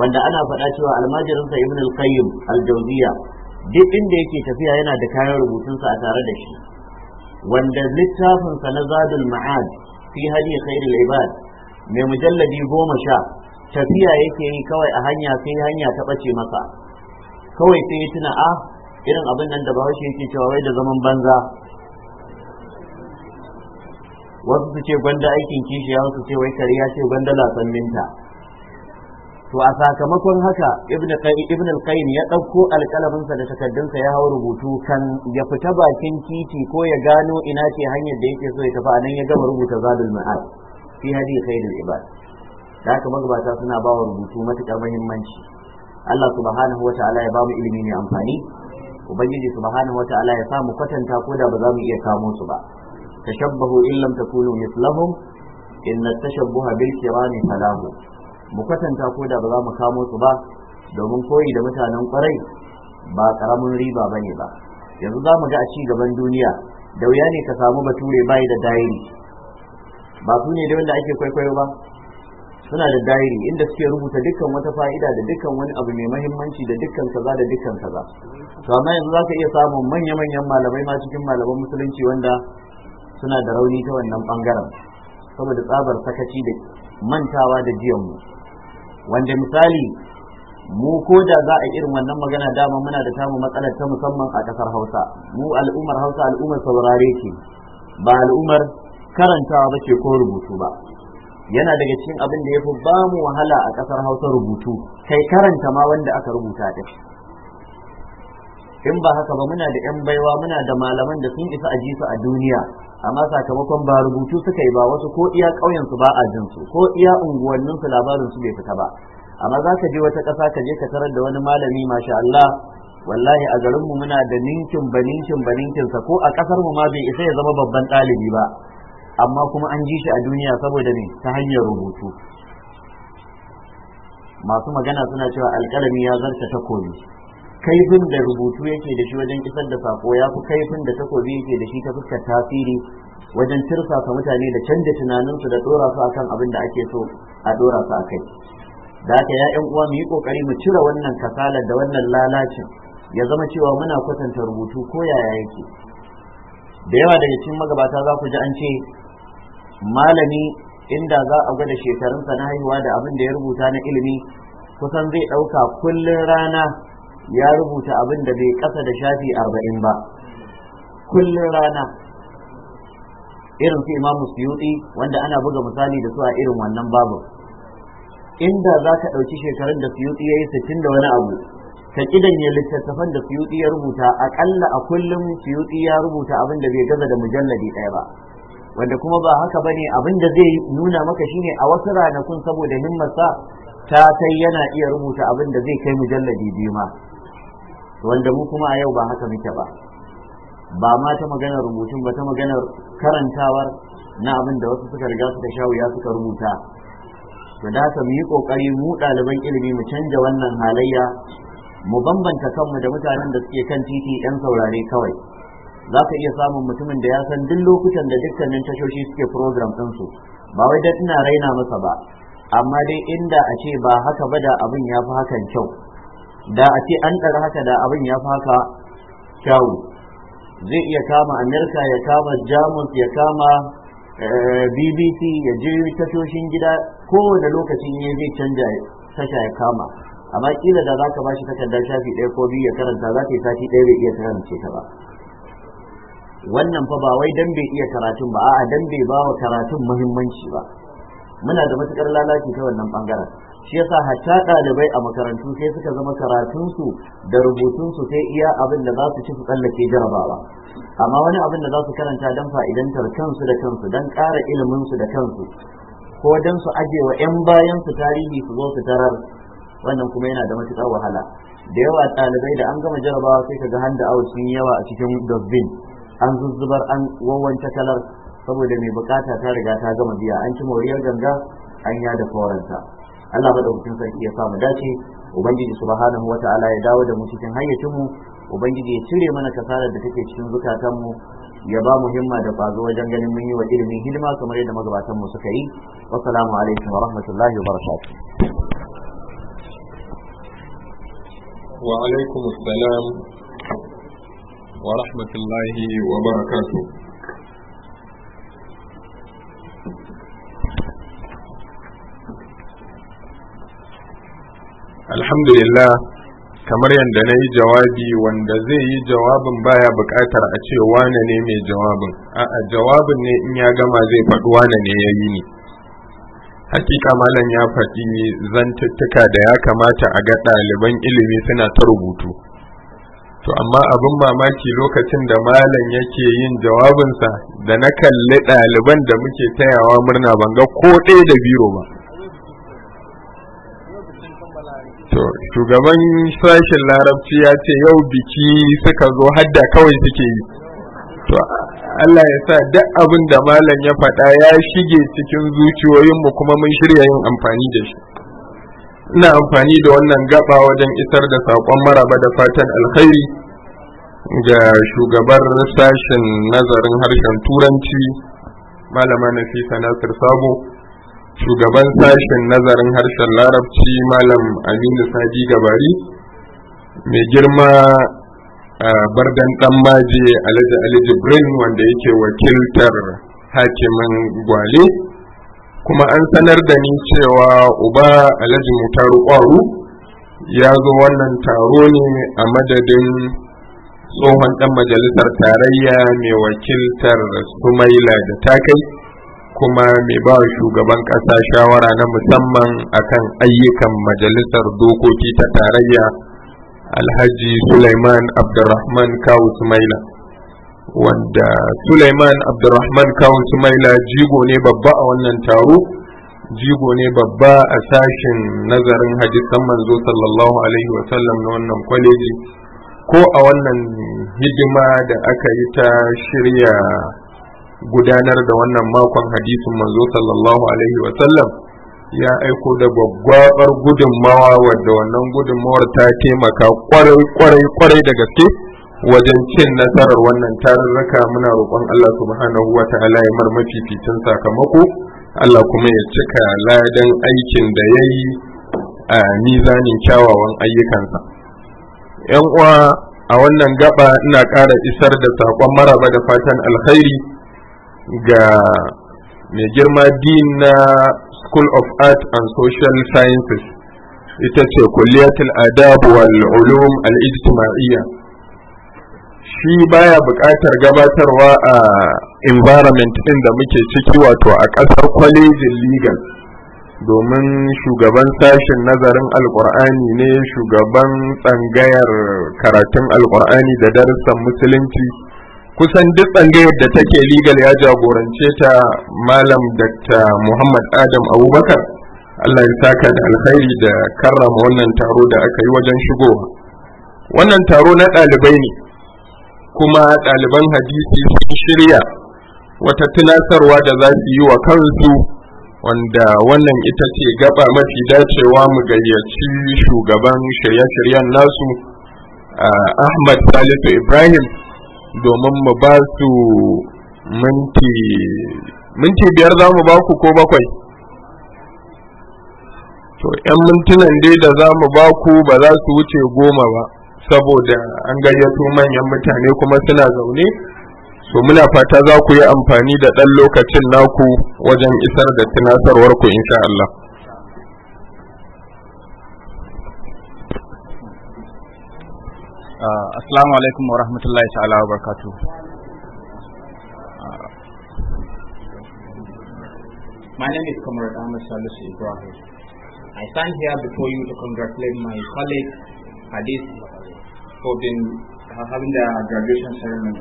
wanda ana faɗa cewa almajirinsa ibn al-qayyim al-jawziya duk inda yake tafiya yana da kayan rubutunsa a tare da shi wanda littafinsa na zadul ma'ad fi hadi khairul ibad mai mujalladi goma sha tafiya yake yi kawai a hanya sai hanya ta bace masa kawai sai ya tuna a ah, irin abin nan da bahaushe yake cewa wai da zaman banza wasu su ce gwanda aikin kishi ya su ce wai kare ya ce gwanda latsan minta to a sakamakon haka ibn al-qayyim ya ɗauko alƙalaminsa da takardunsa ya hau rubutu kan ya fita bakin titi ko ya gano ina ce hanyar da yake so ya tafi anan ya gama rubuta zadul ma'ad fi hadi ibad da haka magabata suna bawa rubutu matuƙar muhimmanci Allah subhanahu wa ta'ala ya bamu ilimi mai amfani ubangiji subhanahu wa ta'ala ya samu kwatanta ko da ba za mu iya kamo su ba tashabbahu in lam takunu mislahum inna tashabbuha bil kirami salahu mu kwatanta ko da ba za mu kamo su ba domin koyi da mutanen kwarai ba karamin riba bane ba yanzu za mu ga a ci gaban duniya da wuya ne ka samu bature bai da dairi ba su ne da wanda ake kwaikwayo ba suna da dairi inda suke rubuta dukkan wata fa'ida da dukkan wani abu mai mahimmanci da dukkan kaza da dukkan kaza to amma yanzu zaka iya samun manya manyan malamai ma cikin malaman musulunci wanda suna da rauni ta wannan bangaren saboda tsabar sakaci da mantawa da jiyan mu wanda misali mu ko da za a irin wannan magana dama muna da tamu matsalar ta musamman a kasar Hausa mu al'ummar Hausa al'ummar saurare ke ba al'ummar karantawa ba ce ko rubutu ba yana daga cikin abin da ya fi ba mu wahala a ƙasar hausa rubutu kai karanta ma wanda aka rubuta da in ba haka ba muna da 'yan baiwa muna da malaman da sun isa a jisu su a duniya amma sakamakon ba rubutu suka yi ba wasu ko iya ƙauyen su ba a jin su ko iya unguwannin su labarin su bai fita ba amma za ka je wata ƙasa ka je ka tarar da wani malami masha Allah wallahi a garinmu muna da ninkin ba ninkin ko a ƙasarmu ma bai isa ya zama babban ɗalibi ba amma kuma an ji shi a duniya saboda ne ta hanyar rubutu masu magana suna cewa alƙalami ya zarta takobi kaifin da rubutu yake da shi wajen kisar da sako ya fi kaifin da takobi yake da shi ta fuskar tasiri wajen tirsasa mutane da canja tunaninsu da dora su akan abin da ake so a dora su kai. da haka ya yan uwa mu yi kokari mu cire wannan kasalar da wannan lalacin ya zama cewa muna kwatanta rubutu ko yaya yake da yawa daga cikin magabata za ku ji an ce malami inda za a gwada shekarunsa na haihuwa da abin da ya rubuta na ilimi kusan zai ɗauka kullum rana ya rubuta abin da bai ƙasa da shafi arba'in ba kullum rana irin su imamu suyuti wanda ana buga misali da su a irin wannan babu inda za ka ɗauki shekarun da suyuti ya yi sittin da wani abu ka ya littattafan da suyuti ya rubuta aƙalla a kullum suyuti ya rubuta abin da bai gaza da mujalladi ɗaya ba wanda kuma ba haka bane abin da zai nuna maka shine a wasu ranakun saboda himmarsa ta kai yana iya rubuta abin da zai kai mujalladi biyu ma wanda mu kuma a yau ba haka muke ba ba ma ta maganar rubutun ba ta maganar karantawar na abin da wasu suka riga suka shawo ya suka rubuta to da haka mu yi kokari mu ɗaliban ilimi mu canja wannan halayya mu bambanta kanmu da mutanen da suke kan titi 'yan saurare kawai za ka iya samun mutumin da ya san duk lokutan da dukkanin tashoshi suke program ɗinsu ba wai da ina raina masa ba amma dai inda a ce ba haka ba da abin ya fi hakan kyau da a ce an ɗara haka da abin ya fi haka kyau zai iya kama amerika ya kama jamus ya kama eh, bbc ya je tashoshin gida kowane lokacin ya zai canja tasha ya kama amma kila da za ka ba shi takardar shafi ɗaya ko biyu ya karanta za ta yi sati ɗaya bai iya karanta ta ba wannan fa ba wai dan bai iya karatun ba a'a dan bai ba wa karatun muhimmanci ba muna da matukar lalaci ta wannan bangaren shi yasa hatta ɗalibai a makarantu sai suka zama karatunsu da rubutunsu sai iya abin da za su ci su tsallake jarabawa amma wani abin da za su karanta don fa'idantar kansu da kansu don ƙara iliminsu da kansu ko don su aje wa 'yan bayansu tarihi su zo su tarar wannan kuma yana da matukar wahala da yawa ɗalibai da an gama jarabawa sai ka ga handa awa sun yawa a cikin dustbin an zuzzubar an wawance kalar saboda mai bukata ta riga ta gama biya an ci moriyar ganga an ya da fawaranta Allah madaukakin sarki ya samu dace ubangiji subhanahu wataala ya dawo da mu cikin hayyacin mu ubangiji ya cire mana kasarar da take cikin zukatan mu ya ba mu himma da fazo wajen ganin mun yi wa ilimin hidima kamar yadda magabatan mu suka yi salamu alaikum wa rahmatullahi wa barakatuh wa alaikum assalam ورحمة الله وبركاته الحمد لله kamar yadda na yi jawabi wanda zai yi jawabin baya buƙatar a ce wane ne mai jawabin a'a jawabin ne in ya gama zai faɗi wane ne ya yi ne hakika malam ya faɗi zantuttuka da ya kamata a ga ɗaliban ilimi suna ta rubutu to amma abin mamaki lokacin da malam yake yin jawabinsa da na kalli ɗaliban da muke tayawa murna ban ga ko ɗaya da biro ba to shugaban sashen larabci ya ce yau biki suka zo hadda kawai suke yi to Allah ya sa duk abin da malam ya faɗa ya shige cikin zuciyoyinmu kuma mun shirya yin amfani da shi ina amfani da wannan gaba wajen isar da saƙon maraba da fatan alkhairi ga shugabar sashen nazarin harshen turanci malama nafisa nasir sabo shugaban sashen nazarin harshen larabci malam aminu sadi gabari mai girma a bardan dan maje alhaji ali jibrin wanda yake wakiltar hakimin gwale kuma an sanar da ni cewa uba alhaji mutar kwaru ya zo wannan taro ne a madadin tsohon dan majalisar tarayya mai wakiltar sumaila da takai kuma mai ba shugaban kasa shawara na musamman akan ayyukan majalisar dokoki ta tarayya alhaji suleiman abdurrahman kawu sumaila wanda Sulaiman Abdulrahman Kawun Sumaila jigo ne babba a wannan taro jigo ne babba a sashen nazarin hadisan manzo sallallahu alaihi wasallam na wannan kwaleji ko a wannan hidima da aka yi ta shirya gudanar da wannan makon hadisin manzo sallallahu alaihi wasallam ya aiko da gwaggwabar gudunmawa wadda wannan gudunmawar ta taimaka kwarai kwarai da gaske wajen cin nasarar wannan tarurruka muna roƙon Allah subhanahu wa ta'ala ya marmafi fitin sakamako Allah kuma ya cika ladan aikin da ya yi a mizanin kyawawan ayyukansa yan uwa a wannan gaba ina ƙara isar da saƙon maraba da fatan alkhairi ga mai girma din na school of art and social sciences ita ce kulliyatul adab wal ulum al ijtima'iyya shi baya buƙatar gabatarwa a environment ɗin da muke ciki wato a ƙasar kwalejin legal domin shugaban sashen nazarin alkur'ani ne shugaban tsangayar karatun alkur'ani da darussan musulunci kusan duk tsangayar da take legal ya jagorance ta malam dr muhammad adam abubakar allah ya saka da alkhairi da karrama wannan taro da aka yi wajen shigowa wannan taro na ɗalibai ne kuma ɗaliban hadisi sun shirya wata tunasarwa da za su yi wa kansu wanda wannan ita ce gaba mafi dacewa mu gayyaci shugaban shirye-shiryen nasu ahmad salisu ibrahim domin mu ba su minti biyar za mu ba ku ko bakwai to 'yan mintunan dai da za mu ba ku ba za su wuce goma ba saboda an gayyato manyan mutane kuma suna zaune so muna fata za ku yi amfani da ɗan lokacin naku wajen isar da tunasarwar ku insha Allah ah, assalamu alaikum wa rahmatullahi ta'ala wa barakatuh ah. My name is Comrade Ahmed Salus Ibrahim. I stand here before you to congratulate my colleague Hadith for being, having their graduation ceremony.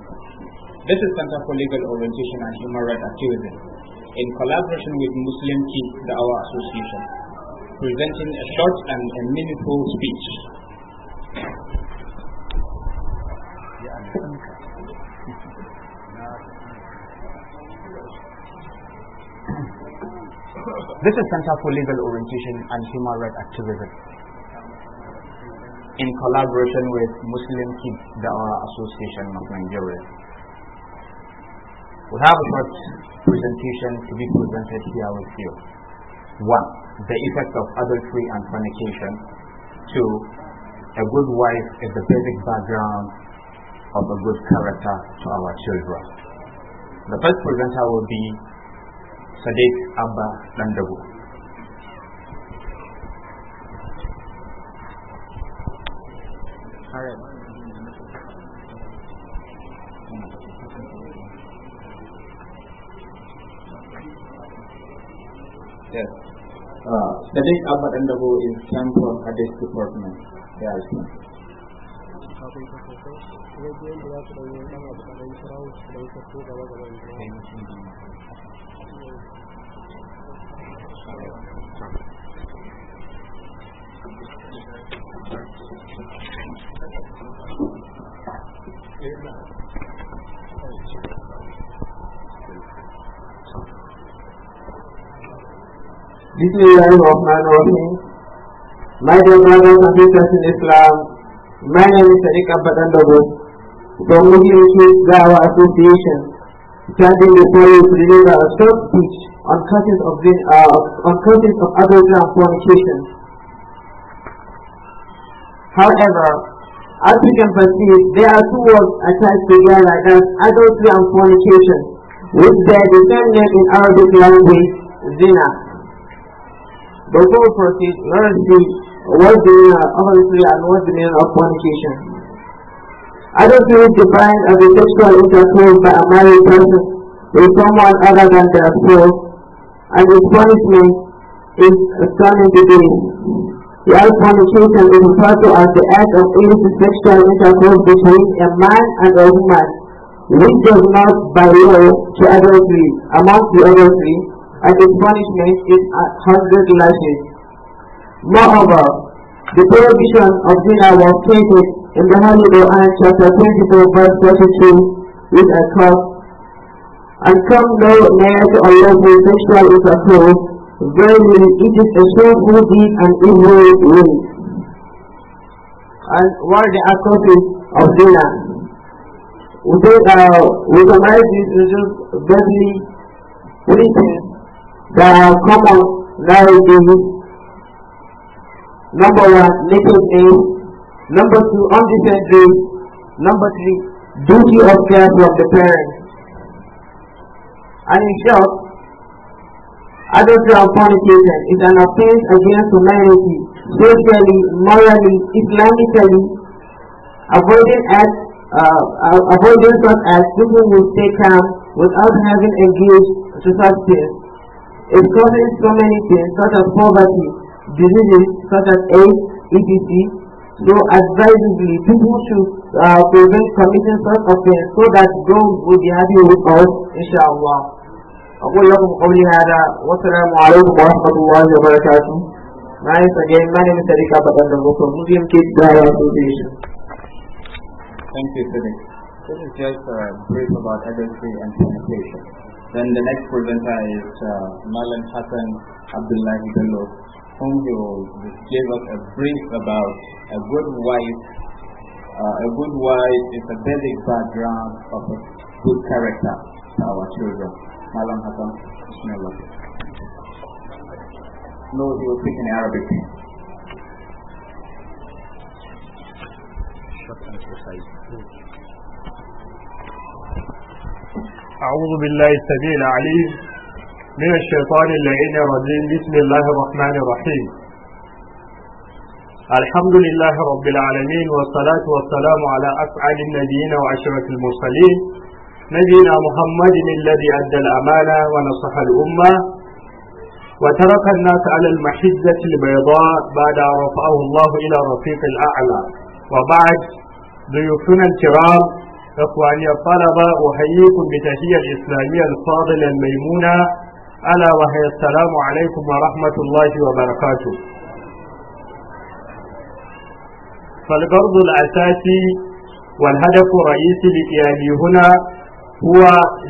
This is Center for Legal Orientation and Human Rights Activism, in collaboration with Muslim Key, the Our Association, presenting a short and a meaningful speech. This is Center for Legal Orientation and Human Rights Activism, in collaboration with Muslim Kids Dawah Association of Nigeria. We have a short presentation to be presented here with you. One, the effect of adultery and fornication. Two, a good wife is the basic background of a good character to our children. The first presenter will be Sadiq Abba Dandabu. Alright. Yes. Uh, the Sadiq Ahmad Andabu is Stanford Hadith Department. Yes. Thank you. بسم of man الرحيم My dear brothers and sisters in Islam, my name is Sadiq Abbadandago from Muslim Youth Dawa Association, standing before you to deliver a short speech on causes of, uh, on causes of However, as we can perceive, there are two words attached together as adultery and fornication, with their the in Arabic language, zina. Before we proceed, let us see what the meaning of adultery and what the meaning of fornication. Adultery is defined as a sexual intercourse by a married person with someone other than their spouse, and its punishment is stunning to death. The act fornication can be referred to as the act of Intersexual intercourse between a man and a woman, which does not by law to adultery, amongst the adultery, and its punishment is a hundred lashes. Moreover, the prohibition of zina was stated in the Holy Quran chapter 24 verse 32, with a curse, and come no near to unlawful sexual intercourse then it is assumed to be an inherent will. And what the accomplice of zina? We they uh, we summarize these results briefly, three things that are common nowadays. Number one, naked name. Number two, undecent dream. Number three, duty of care from the parents. And in short, Adultery and fornication is an offense against humanity, socially, morally, Islamically. Avoiding acts, uh, uh, avoiding such acts, people will stay calm without having engaged to such things. It causes so many things such as poverty, diseases such as AIDS, etc. So advisedly, people should uh, prevent committing such offense so that God will be happy with us, inshallah. أقول لكم قولي هذا والسلام عليكم ورحمة الله وبركاته Nice again, my name is Kids Dialogue Association. Thank you, Sidney. This is just a brief about adultery and fornication. Then the next presenter is uh, Malan Hassan Abdullahi Bello, whom he will give us a brief about a good wife. Uh, a good wife is a basic background of a good character to our children. Malam Hasan. Bismillah. No, he will speak in Arabic. أعوذ بالله السميع العليم من الشيطان اللعين الرجيم بسم الله الرحمن الرحيم الحمد لله رب العالمين والصلاة والسلام على أسعد النبيين وعشرة المرسلين نبينا محمد الذي أدى الأمانة ونصح الأمة وترك الناس على المحجة البيضاء بعد أن رفعه الله إلى رفيق الأعلى وبعد ضيوفنا الكرام إخواني الطلبة أحييكم بتحية الإسلامية الفاضلة الميمونة ألا وهي السلام عليكم ورحمة الله وبركاته فالغرض الأساسي والهدف الرئيسي لقيامي هنا هو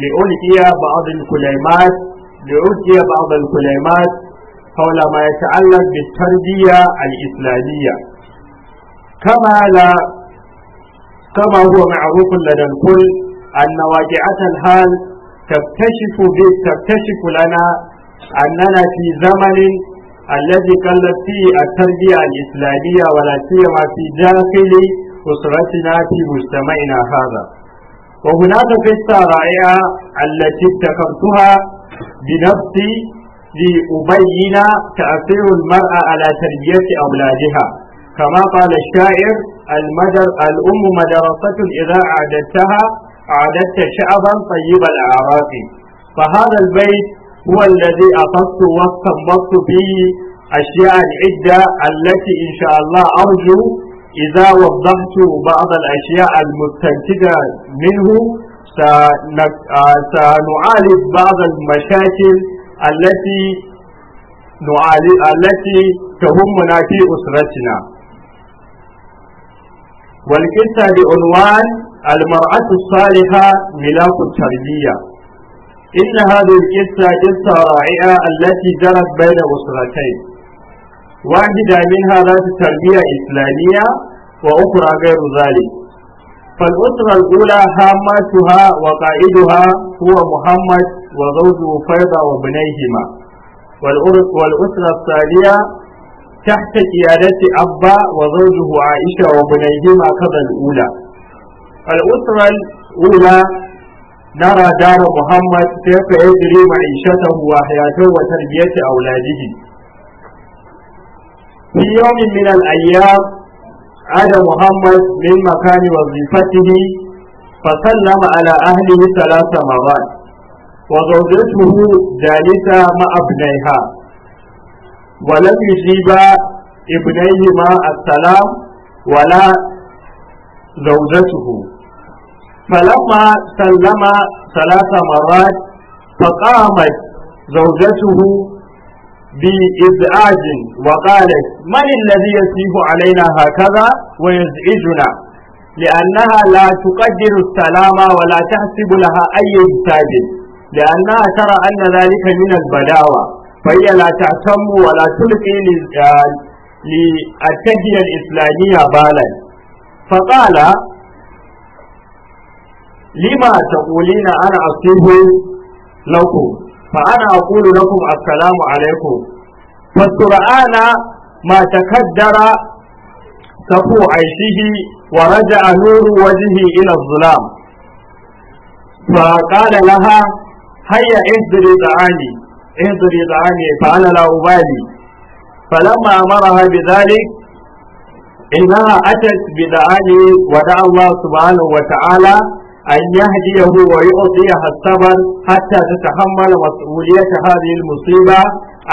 لألقي بعض الكلمات لألقي بعض الكلمات حول ما يتعلق بالتربية الإسلامية كما لا كما هو معروف لدى الكل أن واقعة الحال تكتشف تكتشف لنا أننا في زمن الذي قلت فيه التربية الإسلامية ولا سيما في داخل أسرتنا في مجتمعنا هذا وهناك قصة رائعة التي ابتكرتها بنفسي لأبين تأثير المرأة على تربية أولادها كما قال الشاعر المدر الأم مدرسة إذا أعددتها أعددت شعبا طيب الأعراق فهذا البيت هو الذي أخذت واستنبطت فيه أشياء عدة التي إن شاء الله أرجو إذا وضحت بعض الأشياء المستنتجة منه آه، سنعالج بعض المشاكل التي التي تهمنا في أسرتنا والقصة بعنوان المرأة الصالحة ملاك التربية إن هذه القصة قصة رائعة التي جرت بين أسرتين واحدة منها ذات تربية إسلامية وأخرى غير ذلك فالأسرة الأولى هامتها وقائدها هو محمد وزوجه فيضة وبنيهما والأسرة الثانية تحت قيادة أبا وزوجه عائشة وبنيهما كذا الأولى الأسرة الأولى نرى دار محمد كيف يجري معيشته وحياته وتربية أولاده في يوم من الأيام عاد محمد من مكان وظيفته فسلم على أهله ثلاث مرات وزوجته جالسة مع ابنيها ولم يجيب ابنيهما السلام ولا زوجته فلما سلم ثلاث مرات فقامت زوجته بإزعاج وقالت من الذي يسيف علينا هكذا ويزعجنا لأنها لا تقدر السلام ولا تحسب لها أي إزعاج لأنها ترى أن ذلك من البلاوة فهي لا تعتم ولا تلقي للتهية الإسلامية بالا فقال لما تقولين أنا أصيب لكم fa ana aqulu lakum assalamu alaikum fastur'ana ma takaddara safu aishihi wa raja'a nuru wajhi ila dhulam fa qala laha hayya ihdiri da'ani ihdiri da'ani fa ana la ubali فلما أمرها بذلك إنها أتت بدعاني ودعا الله wa ta'ala. أن يهديه ويعطيها الثمن حتى تتحمل مسؤولية هذه المصيبة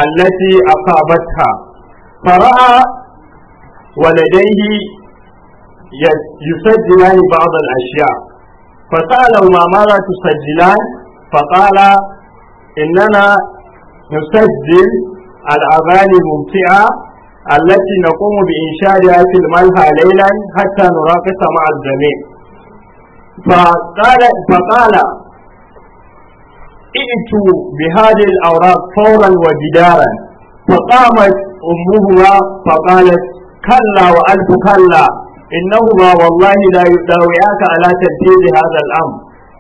التي أصابتها فرأى ولديه يسجلان بعض الأشياء فسألهما ماذا تسجلان فقال إننا نسجل الأغاني الممتعة التي نقوم بإنشادها في الملهى ليلا حتى نراقص مع الجميع فقال فقال ائتوا بهذه الأوراق فورا وجدارا فقامت أمهما فقالت كلا وألف كلا إنهما والله لا يداوياك على تنفيذ هذا الأمر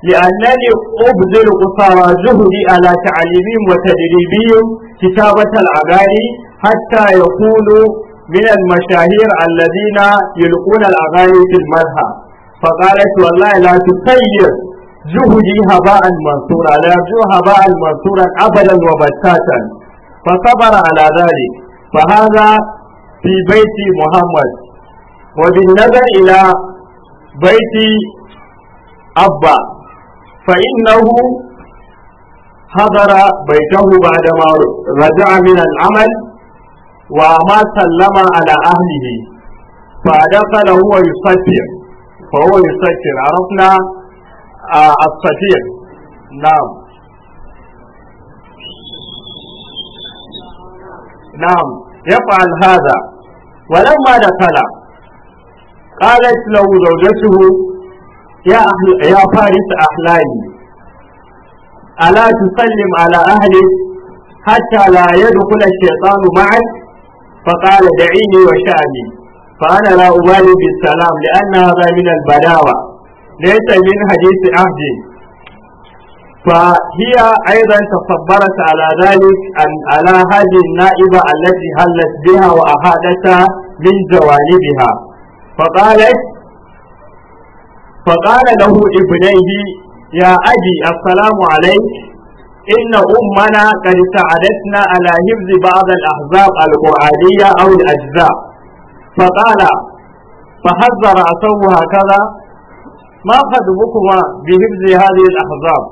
لأنني أبذل قصارى جهدي على تعليمهم وتدريبهم كتابة الأغاني حتى يكونوا من المشاهير الذين يلقون الأغاني في المذهب فقالت والله لا تسير جهدي هباء منصورا لا يرجو هباء منصورا أبدا وبتاتا فصبر على ذلك فهذا في بيت محمد وبالنظر إلى بيت أبا فإنه حضر بيته بعدما رجع من العمل وما سلم على أهله فدخل هو يصفر فهو يسكر عرفنا آه الصفير نعم نعم يفعل هذا ولما دخل قالت له زوجته يا أهل يا فارس أحلامي ألا تسلم على أهلك حتى لا يدخل الشيطان معك فقال دعيني وشأني فأنا لا أبالي بالسلام لأن هذا من البلاوة ليس من حديث عهد فهي أيضا تصبرت على ذلك أن على هذه النائبة التي هلت بها وأهادتها من جوانبها فقالت فقال له ابنيه يا أبي السلام عليك إن أمنا قد ساعدتنا على حفظ بعض الأحزاب القرآنية أو الأجزاء فقال فحذر أتوه هكذا ما خدمكما بحفظ هذه الأحزاب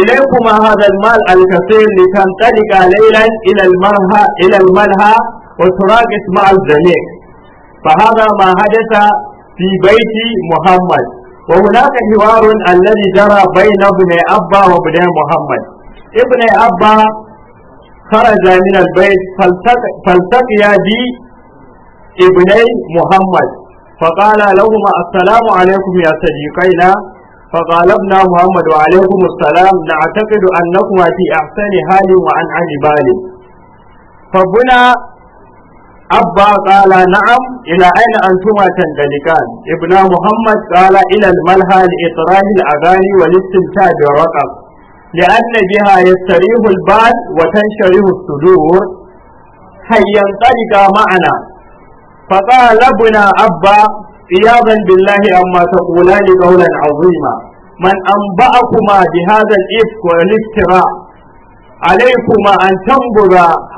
إليكما هذا المال الكثير لتنطلق ليلا إلى الملهى إلى الملهى وتراقص مع الزميل فهذا ما حدث في بيت محمد وهناك حوار الذي جرى بين ابن أبا وابن محمد ابن أبا خرج من البيت فالتقيا بي ابني محمد فقال لهما السلام عليكم يا صديقينا فقال ابن محمد وعليكم السلام نعتقد أنكما في أحسن حال وعن عن بال فبنا أبا قال نعم إلى أين أنتما تندلكان ابن محمد قال إلى الملهى لإطراح الأغاني والاستمتاع بالرقم لأن بها يستريح البال وتنشره الصدور هيا انطلقا معنا فقال ابن أبا عياذا بالله عما تقولان قولا عظيما من أنبأكما بهذا الإفك والافتراء عليكما أن تنبذ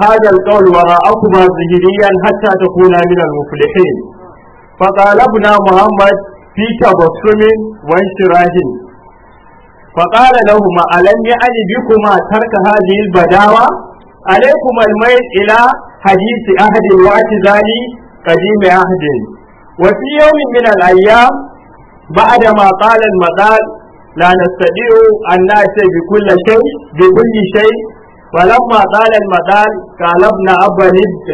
هذا القول وراءكما ظهريا حتى تكونا من المفلحين فقال ابن محمد في تبصم وانشراه فقال لهما ألم يعني بكما ترك هذه البداوة عليكم الميل إلى حديث أهل الواتذاني قديم عهد وفي يوم من الأيام بعدما قال المقال لا نستطيع أن نأتي بكل شيء بكل شيء ولما قال المقال قال ابن أبا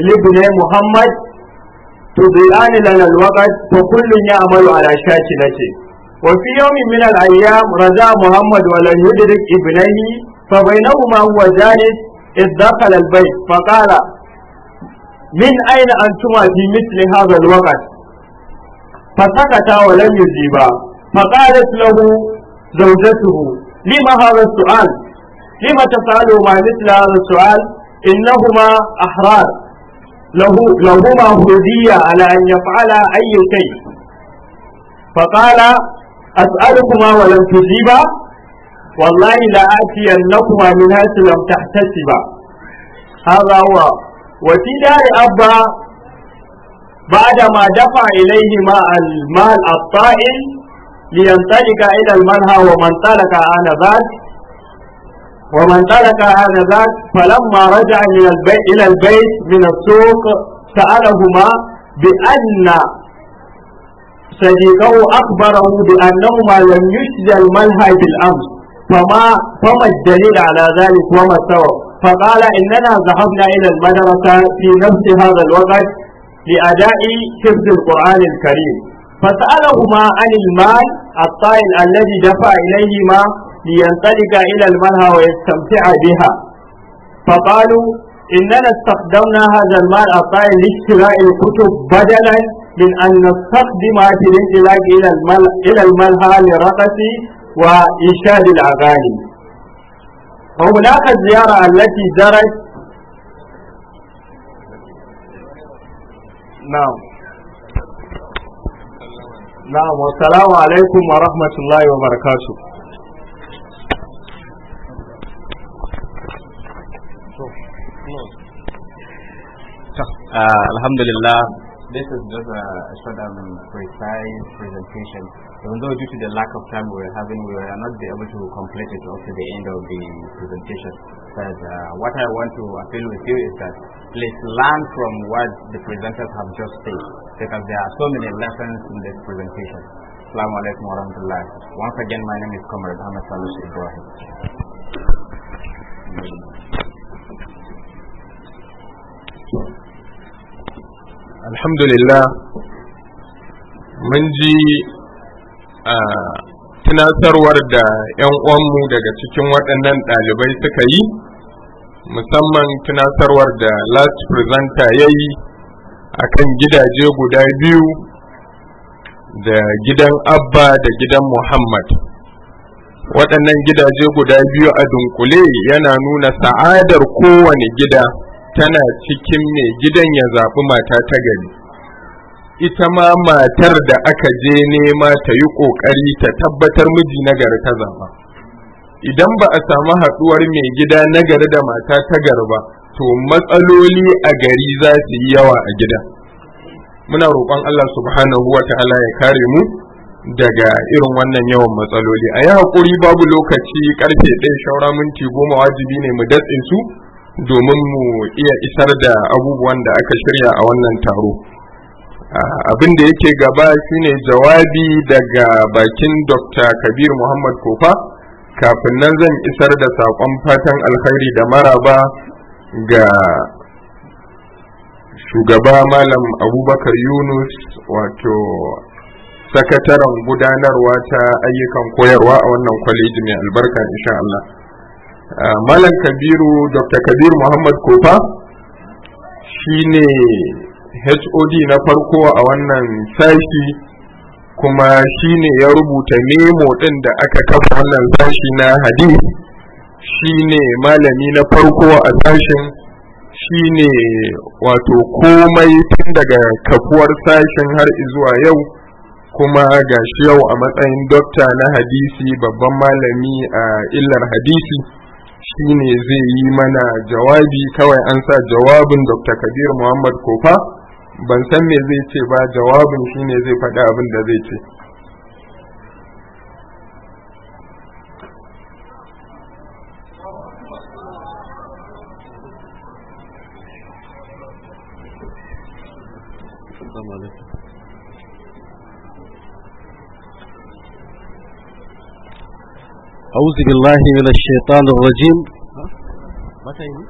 لابن محمد تضيعان لنا الوقت فكل يعمل على شاشته وفي يوم من الأيام رجع محمد ولن يدرك ابنيه فبينهما هو جالس إذ دخل البيت فقال من أين أنتما في مثل هذا الوقت فسكت ولم يجيبا فقالت له زوجته لما هذا السؤال لما تسأله ما مثل هذا السؤال إنهما أحرار له لهما هدية على أن يفعل أي شيء فقال أسألكما ولم تجيبا والله لا من هذا لم تحتسبا هذا هو وفي دار أبا بعدما دفع إليه مع المال الطائل لينطلق إلى المنهى ومن ترك آنذاك ومن ترك آنذاك فلما رجع من البيت إلى البيت من السوق سألهما بأن صديقه أخبره بأنهما لم يشجى المنهى بالأمس فما فما الدليل على ذلك وما السبب فقال إننا ذهبنا إلى المدرسة في نفس هذا الوقت لأداء حفظ القرآن الكريم فسألهما عن المال الطائل الذي دفع إليهما لينطلق إلى المنهى ويستمتع بها فقالوا إننا استخدمنا هذا المال الطائل لاشتراء الكتب بدلا من أن نستخدم في الانطلاق إلى المنهى لرقص وإنشاد الأغاني فهناك الزيارة التي جرت نعم نعم والسلام عليكم ورحمة الله وبركاته uh, آه، Alhamdulillah, this is just a, a sort of precise presentation Even though due to the lack of time we are having, we will not be able to complete it up to the end of the presentation. But uh, what I want to appeal with you is that please learn from what the presenters have just said, because there are so many lessons in this presentation. Assalamu alaikum wa rahmatullah. Once again, my name is Comrade Ahmed Salus Ibrahim. Alhamdulillah, mun tunasarwar da 'yan uwanmu daga cikin waɗannan ɗalibai suka yi musamman tunasarwar da last presenter ya yi a kan gidaje guda biyu da gidan abba da gidan muhammad waɗannan gidaje guda biyu a dunkule yana nuna sa'adar kowane gida tana cikin mai gidan ya zaɓi mata ta gari ita ma matar da aka je nema ta yi ƙoƙari ta tabbatar miji nagari ta zama idan ba a samu haɗuwar mai gida nagari da mata ta gari ba, to matsaloli a gari za su yi yawa a gida muna roƙon Allah subhanahu wa ta'ala ya kare mu daga irin wannan yawan matsaloli a yi haƙuri babu lokaci ƙarfe ɗaya shaura minti goma wajibi ne mu datse su domin mu iya isar da abubuwan da aka shirya a wannan taro abin da yake gaba shine jawabi daga bakin dr kabir muhammad kofa kafin nan zan isar da saƙon fatan alkhairi da maraba ga shugaba malam abubakar yunus wato sakataren gudanarwa ta ayyukan koyarwa a wannan kwaleji mai albarka insha Allah. malam kabiru dr kabir muhammad kofa shine hod na farko a wannan sashi kuma shine ya rubuta nemo ɗin da aka kafa wannan sashi na hadith shine malami na farko a sashin shine wato komai tun daga kafuwar sashin har zuwa yau kuma ga shi yau a matsayin dokta na hadisi babban malami a illar hadisi shine zai yi mana jawabi kawai an sa jawabin dr kabir muhammad kofa ban san me zai ce ba jawabin shi ne zai faɗi abin da zai ce أعوذ بالله من الشيطان الرجيم متى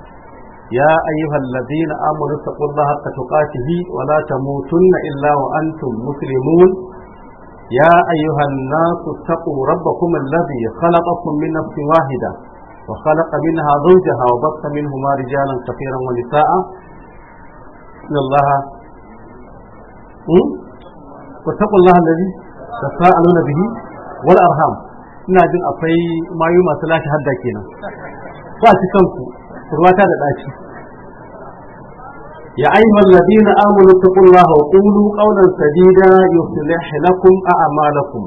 يا أيها الذين آمنوا اتقوا الله حق تقاته ولا تموتن إلا وأنتم مسلمون يا أيها الناس اتقوا ربكم الذي خلقكم من نفس واحدة وخلق منها زوجها وبث منهما رجالا كثيرا ونساء إن الله واتقوا الله الذي تساءلون به والأرحام إن أجل akwai mayu masu lashe hadda kenan ba ruwa ta da ɗaci ya ayyuhal ladina amanu taqullaha wa qulu qawlan sadida yuslih lakum a'malakum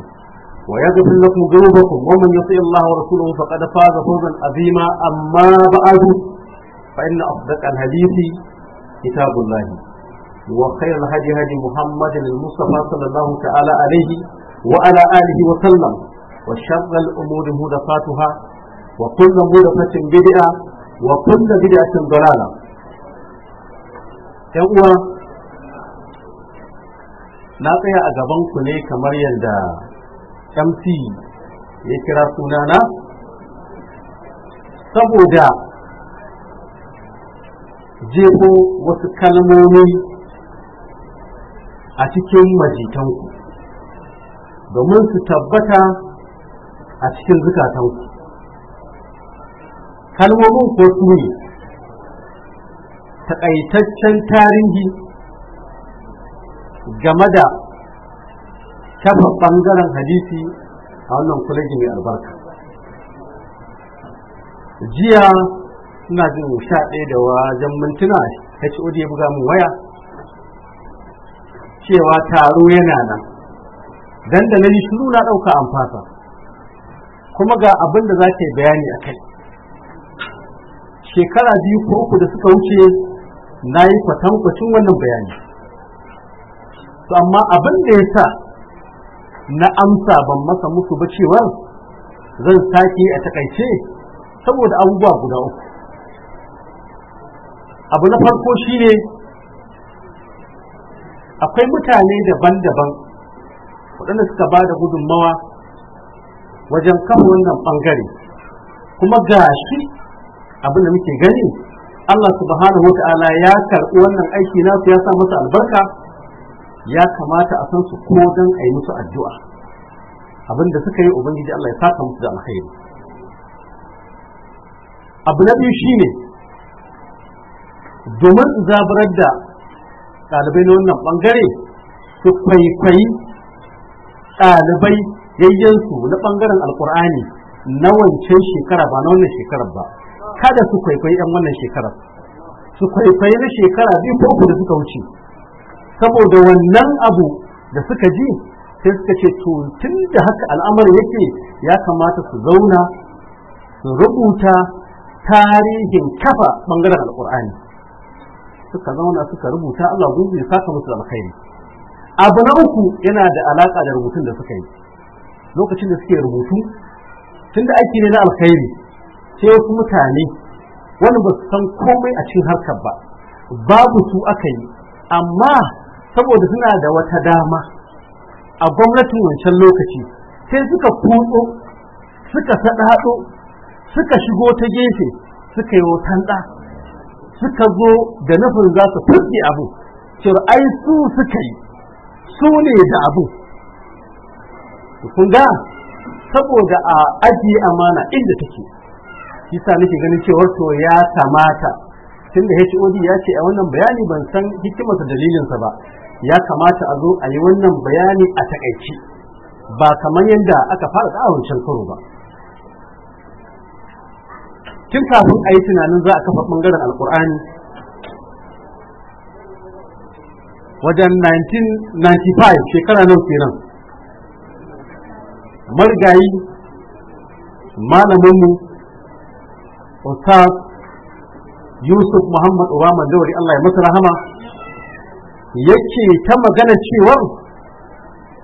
wa yaghfir lakum dhunubakum wa man yuti Allah wa Rasuluhu, faqad faza fawzan azima amma ba'du fa inna asdaqal hadithi kitabullah wa khayral hadi hadi muhammadin al-mustafa sallallahu ta'ala alayhi wa ala alihi wa sallam wa وشر الأمور مهدفاتها وكل مهدفة بدعة wa kullu bid'atin dalala yan uwa na tsaya a gaban ku ne kamar yadda MC ya kira sunana saboda jefo wasu kalmomi a cikin majitanku domin su tabbata a cikin zukatanku kalmomin ko su ne takaitaccen tarihi game da kafa ɓangaren hadisi a wannan kulegi mai albarka jiya suna jin sha ɗaya da wajen mintuna HOD ya buga min waya cewa taro yana nan dan da na yi shiru na ɗauka an kuma ga abinda da za ta yi bayani a kai shekara biyu ko uku da suka wuce na yi kwatankwacin wannan bayani to amma abin da ya sa na amsa ban masa musu ba cewa zan sake a takaice saboda abubuwa guda uku abu na farko shine akwai mutane daban-daban waɗanda suka ba da gudunmawa wajen kan wannan ɓangare kuma ga shi abin da muke gani Allah subhanahu wata'ala ya karɓi wannan aiki nasu ya sa masa albarka ya kamata a san su ko don a yi musu addu'a abin da suka yi ubangiji Allah ya saka musu da alkhairi abu na biyu shine domin zaburar da ɗalibai na wannan ɓangare su kwaikwayi ɗalibai yayyansu na ɓangaren alkur'ani na wancan shekara ba na wannan shekarar ba kada su kwaikwayi yan wannan shekara su kwaikwayi na shekara biyu ko uku da suka wuce saboda wannan abu da suka ji sai suka ce to tun da haka al'amarin yake ya kamata su zauna su rubuta tarihin kafa bangaren alkur'ani suka zauna suka rubuta Allah gudu ya saka musu alkhairi abu na uku yana da alaka da rubutun da suka yi lokacin da suke rubutu tun da aiki ne na alkhairi sai wasu mutane wani ba su san komai a cikin harkar ba babu su aka yi amma saboda suna da wata dama a gwamnatin wancan lokaci sai suka kutso suka saɗaɗo suka shigo ta gefe suka yi tanɗa suka zo da nufin za su furge abu cewa ai su suka yi su ne da abu kun saboda a ajiye amana inda take shi sa nake ganin cewa to ya kamata tun da HOD ya ce a wannan bayani ban san hikimarsa dalilinsa ba ya kamata a zo a yi wannan bayani a takaici ba kamar yadda aka fara da'awancin karo ba tun kafin a yi tunanin za a kafa bangaren alkur'ani wajen 1995 shekara nan kenan marigayi malaminmu Ustaz Yusuf Muhammad Obama Zawari Allah ya masa rahama yake ta magana cewar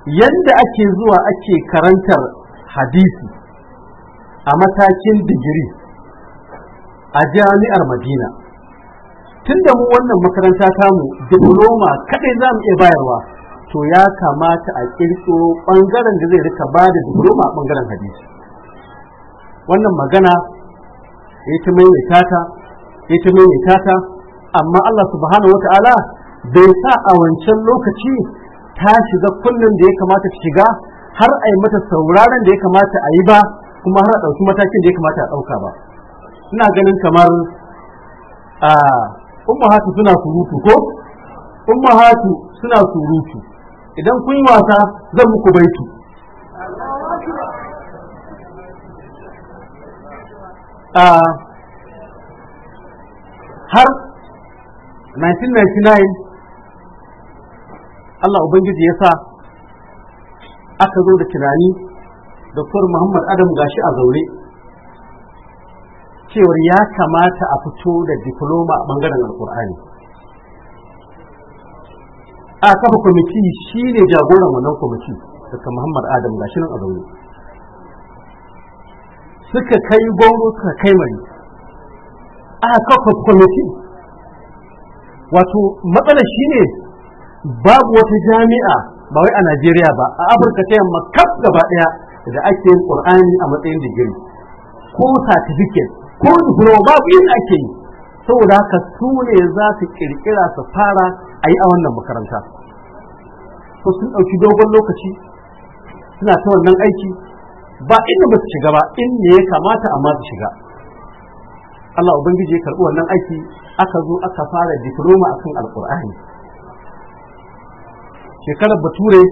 yadda ake zuwa ake karantar hadisi a matakin digiri a jami'ar Madina tunda mu wannan makaranta tamu diploma kadai za mu iya bayarwa to ya kamata a kirkiro ɓangaren da zai rika ba da diploma a bangaren hadisi wannan magana ya ta maimaita ta ya ta maimaita ta amma Allah subhanahu wata'ala bai sa a wancan lokaci ta shiga kullum da ya kamata ta shiga har a yi mata sauraron da ya kamata a yi ba kuma har a ɗauki matakin da ya kamata a ɗauka ba ina ganin kamar a ummahatu suna surutu ko ummahatu suna surutu idan kun yi wasa zan muku baitu har 1999 Allah Ubangiji ya sa aka zo da tunani kwar Muhammad Adam gashi a zaure cewar ya kamata a fito da diploma a bangaren alkur'ani a kafa kwamiti shi ne jagoran wannan kwamiti daga Muhammad Adam gashi nan a zaure suka kai gongo suka kai mai a kafa kwamitin wato matsalar shi ne babu wata jami'a ba wai a najeriya ba a afirka ta yamma kaf gaba daya da ake yin qur'ani a matsayin digiri ko certificate ko diploma babu yin ake yi saboda haka su ne za su ƙirƙira su fara a yi a wannan makaranta to sun ɗauki dogon lokaci suna ta wannan aiki ba inda ba su shiga ba inda ya kamata amma su shiga Allah ubangiji ya karɓi wannan aiki aka zo aka fara diploma kan alkur'ani shekarar bature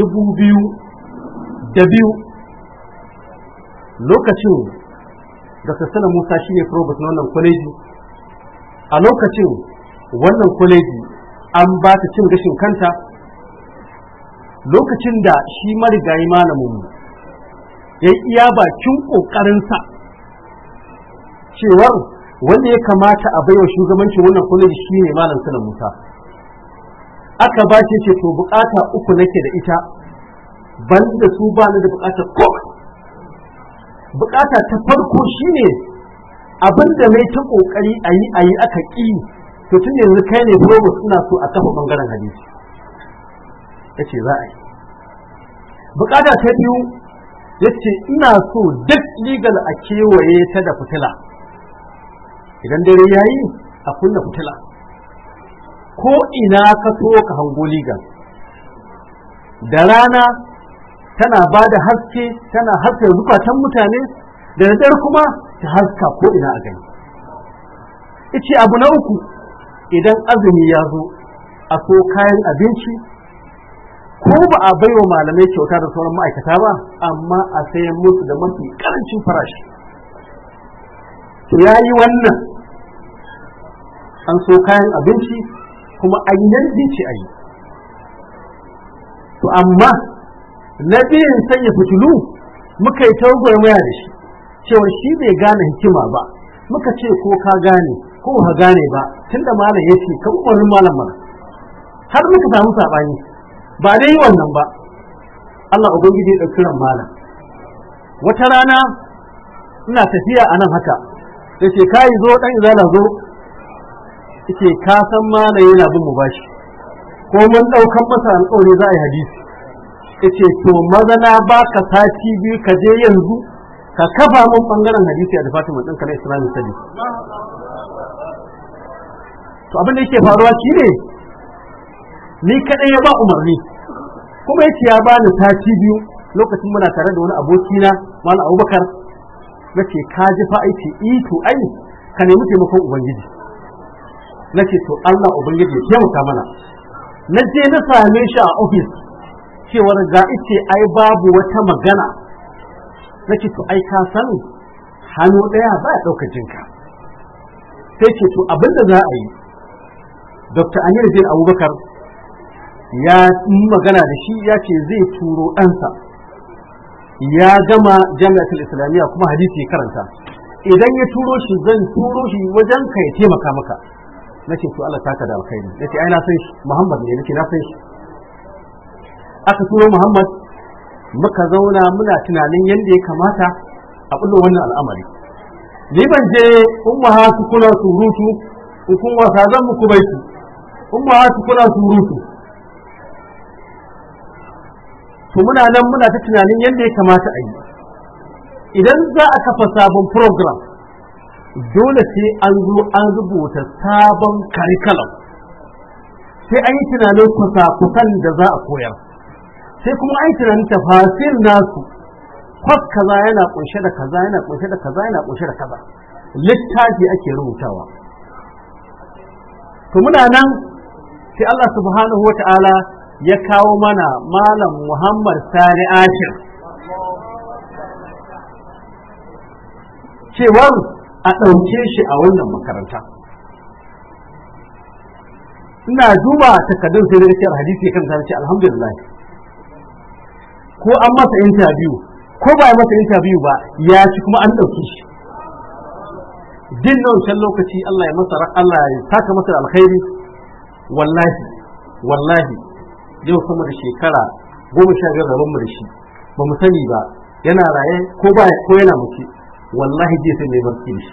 dubu biyu da biyu lokacin da sassana musa shi ne probus na wannan kwaleji a lokacin wannan kwaleji an ba ta cin gashin kanta lokacin da shi marigayi malamin mu ya iya bakin ƙoƙarinsa cewar wanda ya kamata a baiwa shugabancin wannan kwaleji shi ne malam sanar musa aka ba shi ce to bukata uku nake da ita ban da su ba da bukata ko bukata ta farko shi ne abin da mai ta ƙoƙari a yi a yi aka ƙi to tun yanzu kai ne ba suna so a kafa bangaren hadisi ya ce za a yi bukata ta biyu ya ce ina so duk legal a kewaye ta da fitila idan dare ya yi a kunna fitila ko ina ka so ka hango legal da rana tana ba da haske tana haska zukatan mutane da dare kuma ta haska ko ina a gani ice abu na uku idan azumi ya zo a so kayan abinci ko ba a baiwa malamai kyauta da sauran ma'aikata ba amma a sayan musu da mafi karancin farashi ya yi wannan an so kayan abinci kuma an yarda ce a yi to amma na biyan sanya fitilu muka yi maya da shi cewa shi bai gane hikima ba muka ce ko ka gane ko ba gane ba tunda malam ya ce kan malam mara har muka samu saɓani ba dai wannan ba Allah ubangiji ya ɗauki ran malam wata rana ina tafiya a nan haka sai ce kai zo dan izala zo yace ka san yana bin mu bashi ko mun ɗaukan masa alƙawari za a yi hadisi yace to maza na baka sati biyu ka je yanzu ka kafa mun bangaren hadisi a da mun din kala islamic to abin da yake faruwa ne? ni kaɗai ya ba umarni kuma yace ya bani sati biyu lokacin muna tare da wani abokina malam abubakar nace ka ji fa aiki ito ai ka nemi taimakon ubangiji nace to Allah ubangiji ya taimaka mana na je na same shi a ofis cewar ga ice ai babu wata magana nace to ai ka san hannu ɗaya ba ya ɗaukar jinka sai ce to abin da za a yi dr anil jin abubakar ya yi magana da shi ya ce zai turo ɗansa ya gama jami'atul islamiyya kuma hadisi ya karanta idan ya turo shi zan turo shi wajen ka ya taimaka maka Na ce, to Allah taka da alkhairi ce ai na san shi Muhammad ne nace na san shi aka turo Muhammad muka zauna muna tunanin yadda ya kamata a bullo wannan al'amari ni ban je kula kuna surutu in kun wasa zan muku baiti kula kuna surutu to muna nan muna ta tunanin yadda ya kamata a yi idan za a kafa sabon program dole sai an zo an rubuta sabon curriculum sai an yi tunanin kusa-kusan da za a koyar sai kuma an yi tunanin tafasir nasu kwas kaza yana kunshe da kaza yana kunshe da kaza yana kunshe da kaza littafi ake rubutawa to muna nan sai Allah subhanahu wa ta'ala ya kawo mana malam muhammad sani ashir cewar a ɗauke shi a wannan makaranta ina duba takardun sai da kyar hadisi kan kanta ce alhamdulillah ko an masa interview ko ba masa interview ba ya ci kuma an ɗauke shi din nan lokaci Allah ya masa Allah ya saka masa alkhairi wallahi wallahi yau sama da shekara goma sha biyar rabon mu da shi ba mu sani ba yana raye ko ba ko yana mace wallahi jiya sai mai barci da shi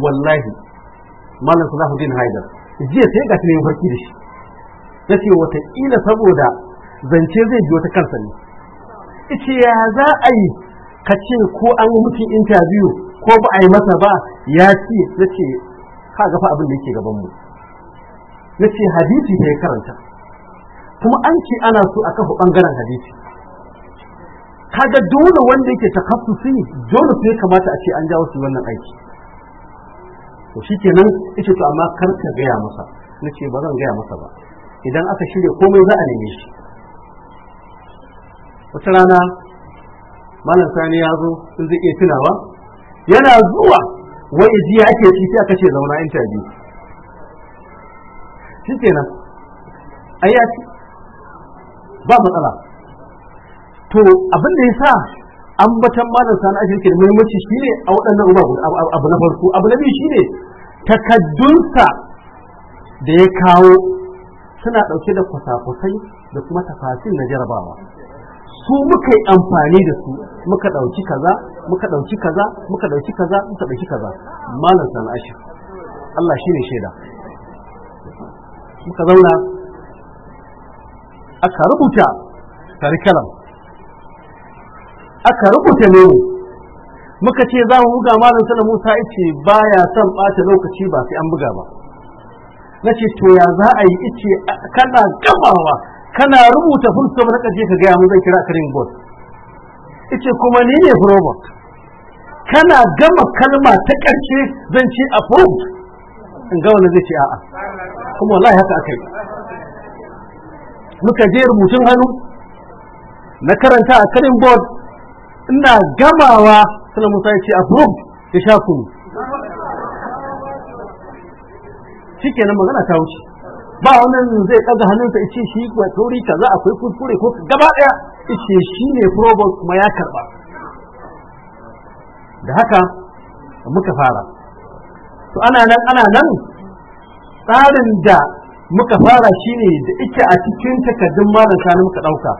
wallahi malam salahuddin haidar jiya sai ga mai barci da shi yace ce wataƙila saboda zance zai biyo ta kansa ne ice ya za a yi ka ce ko an yi mutum interview ko ba a yi masa ba ya ce nace ka gafa abin da yake gaban mu nace ta yi karanta kuma an ce ana so a kafa bangaren hadisi kaga dole wanda yake takassusi dole sai kamata a ce an jawo su wannan aiki to shikenan yace to amma kar ka gaya masa nace ba zan gaya masa ba idan aka shirya komai za a neme shi wata rana malam sani ya zo in zai iya tunawa yana zuwa wai ji ke sai aka ce zauna interview shikenan ayati ba matsala to abin da ya sa ambatan malam sani ke da muhimmanci ne a waɗannan abu na farko abu na biyu shi ne takaddunsa da ya kawo suna ɗauke da kwasa-kwasai da kuma tafasin na jarabawa su muka yi amfani da su muka ɗauki kaza muka ɗauki kaza muka ɗauki kaza muka ɗauki kaza malam sani ashir Allah shi ne shaida muka zauna aka rubuta curriculum aka rubuta ne muka ce za mu buga malam sana musa ice baya son ɓata lokaci ba sai an buga ba nace ce to ya za a yi ice kana gamawa kana rubuta fulso ta kaje ka gaya mun zai kira karin bot ice kuma ni ne robot kana gama kalma ta karshe zan ce approved in ga wanda zai ce a'a kuma wallahi haka aka yi muka je rubutun hannu na karanta a karin bod ina gamawa suna musa ya ce a approved ya sha kunu shi nan magana ta wuce ba wannan zai ɗaga hannunsa ya ce shi tori a akwai kuskure ko gaba ɗaya ishe shi ne provost kuma ya karɓa da haka muka fara to ana nan ana nan tsarin da muka fara shine da ita a cikin takaddun malam shanu muka ɗauka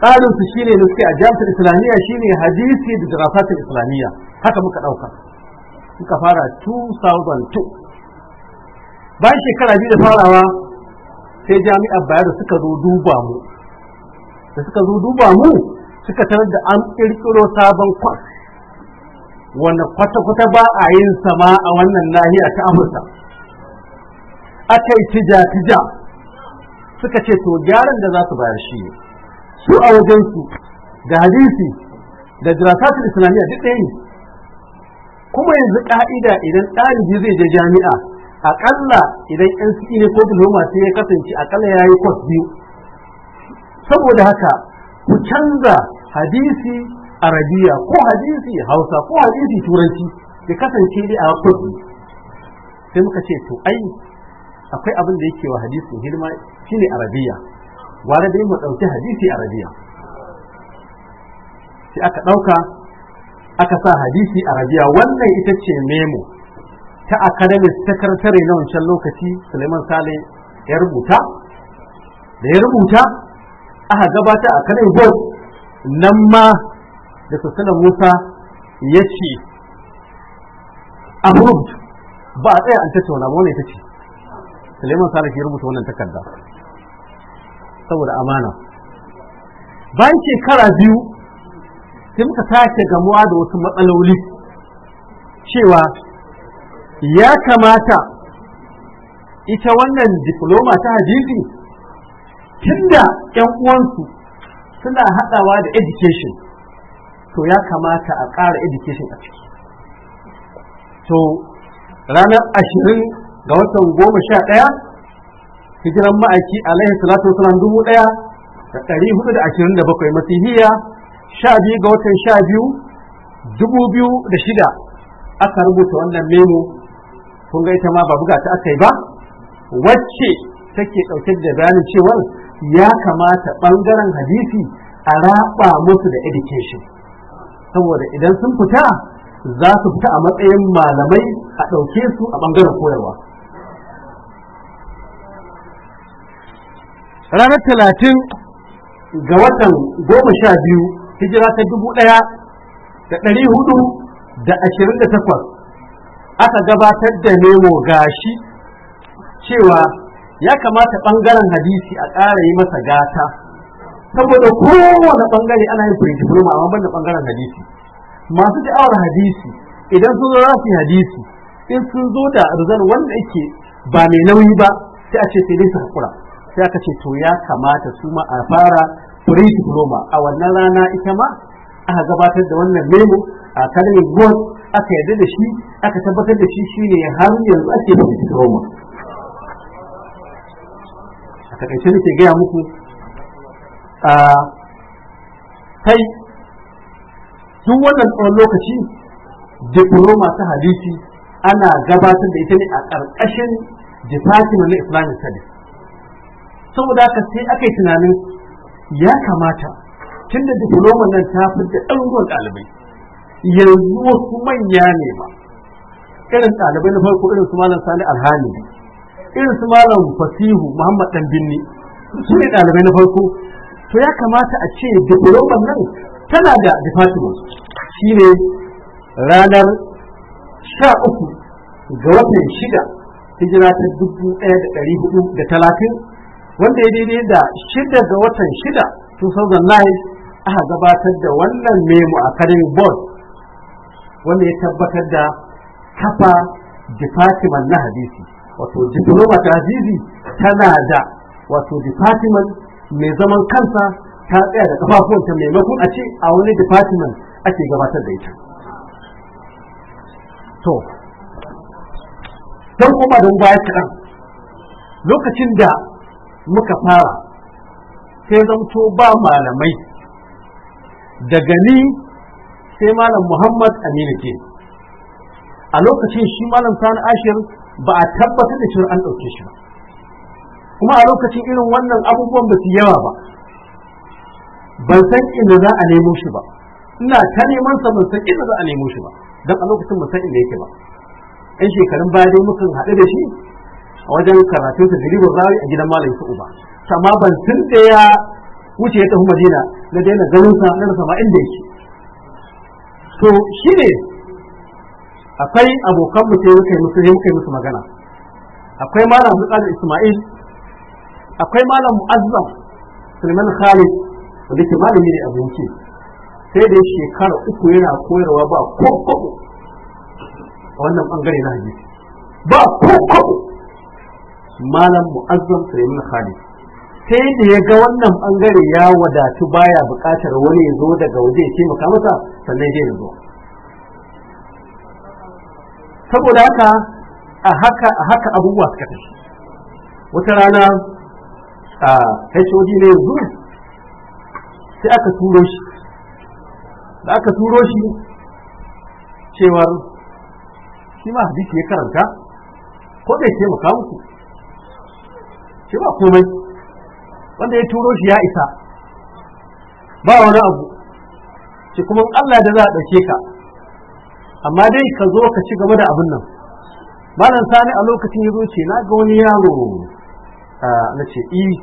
Tsarinsu su shine da suke a jami'ar islamiyya shine hadisi da dirasatul islamiyya haka muka ɗauka muka fara 2002 bayan shekara biyu da farawa sai jami'ar bayar da suka zo duba mu da suka zo duba mu suka tarar da an ƙirƙiro sabon kwas wanda kwata-kwata ba a yin sama a wannan nahiya ta amurka aka yi tija-tija suka ce to gyaran da za su bayar shi ne su a wajensu da hadisi da jirasatul islamiyya duk ɗaya ne kuma yanzu ka'ida idan ɗalibi zai je jami'a akalla idan yan suke ne ko diploma sai ya kasance akalla ya yi kwas biyu saboda haka ku canza hadisi arabiya ko hadisi hausa ko hadisi turanci ya kasance dai a kwas biyu sai muka ce to ai akwai abin da yake wa hadisin hidima shine arabiya gwara da mu ɗauki hadisi arabiya sai aka ɗauka aka sa hadisi arabiya wannan ita ce memo ta academic secretary na wancan lokaci suleiman sale ya rubuta da ya rubuta aka gabata a kanin board nan ma da sassanin musa ya ce approved ba a tsaya an tattauna ba wani ita ce Suleiman Salisu ya rubuta wannan takarda saboda amana bayan shekara biyu sai muka sake gamuwa da wasu matsaloli cewa ya kamata ita wannan diploma ta hadisi tunda 'yan uwansu suna haɗawa da education to ya kamata a ƙara education a ciki to ranar ashirin ga watan goma sha ɗaya hijiran ma'aiki alaihi salatu wasalam dubu ɗaya da ɗari hudu da ashirin da bakwai masihiya sha biyu ga watan sha biyu dubu biyu da shida aka rubuta wannan memo kun ga ita ma ba buga ta aka yi ba wacce take ɗauke da bayanin cewar ya kamata ɓangaren hadisi a raɓa musu da education saboda idan sun fita za su fita a matsayin malamai a ɗauke su a ɓangaren koyarwa ranar talatin ga watan goma sha biyu hijira ta dubu ɗaya da ɗari hudu da ashirin da takwas aka gabatar da nemo shi, cewa ya kamata ɓangaren hadisi a ƙara yi masa gata saboda kowane ɓangare ana yin principle amma ban da ɓangaren hadisi masu da'awar hadisi idan sun zo za su hadisi in sun zo da rizal wanda yake ba mai nauyi ba sai a ce sai dai su haƙura sai aka ce to ya kamata su ma a fara free diploma a wannan rana ita ma aka gabatar da wannan memo a kalmin gold aka yarda da shi aka tabbatar da shi shine har yanzu ake da diploma a takaice ke gaya muku a kai duk wannan tsawon lokaci diploma ta hadisi ana gabatar da ita ne a ƙarƙashin department na islamic studies saboda haka sai aka yi tunanin ya kamata tun da diploma nan ta fi da ɗaruruwan ɗalibai yanzu wasu manya ne ba irin ɗalibai na farko irin su malam sani alhani irin su malam fasihu muhammad dan binni su ne ɗalibai na farko to ya kamata a ce diploma nan tana da department shine ranar sha uku ga watan shida hijira ta dubu ɗaya da ɗari hudu da talatin wanda ya daidai da shida ga watan shida 2009 aka gabatar da wannan memo a karin board wanda ya tabbatar da kafa department na hadisi wato diploma ta hadisi tana da wato department mai zaman kansa ta tsaya da mai maimakon a ce a wani department ake gabatar da ita to don kuma don baya kaɗan lokacin da muka fara sai zamto ba malamai daga ni sai malam muhammad aminu ke a lokacin shi malam sani ashir ba a tabbatar da cewa an ɗauke shi ba kuma a lokacin irin wannan abubuwan ba su yawa ba ban san inda za a nemo shi ba ina ta neman sa ban san inda za a nemo shi ba don a lokacin ban san inda yake ba 'yan shekarun baya dai mukan haɗu da shi a wajen karatun sa jiribin rawi a gidan malam su uba amma ban tun ya wuce ya tafi madina na daina ganin sa na rasa ma inda yake to shi ne akwai abokan mu sai muka yi musu musu magana akwai malam Musa Ismail akwai malam Mu'azzam sulman Khalid wanda ke malami ne abinci sai da shekara uku yana koyarwa ba ko a wannan bangare na hadisi ba ko malam mu'azzam Suleiman khalid sai da ya ga wannan bangare ya wadatu baya buƙatar wani ya zo daga waje ya taimaka masa sannan zai zo saboda haka a haka a haka abubuwa suka tafi wata rana a HOD ne yanzu sai aka turo shi da aka turo shi cewar shi ma hadisi ya karanta ko bai taimaka musu ce ba komai wanda ya turo shi ya isa ba wani abu ce kuma Allah da za a ɗauke ka amma dai ka zo ka ci gaba da abin nan malam sani a lokacin ya zo ce na ga wani yaro ah, na ce i e.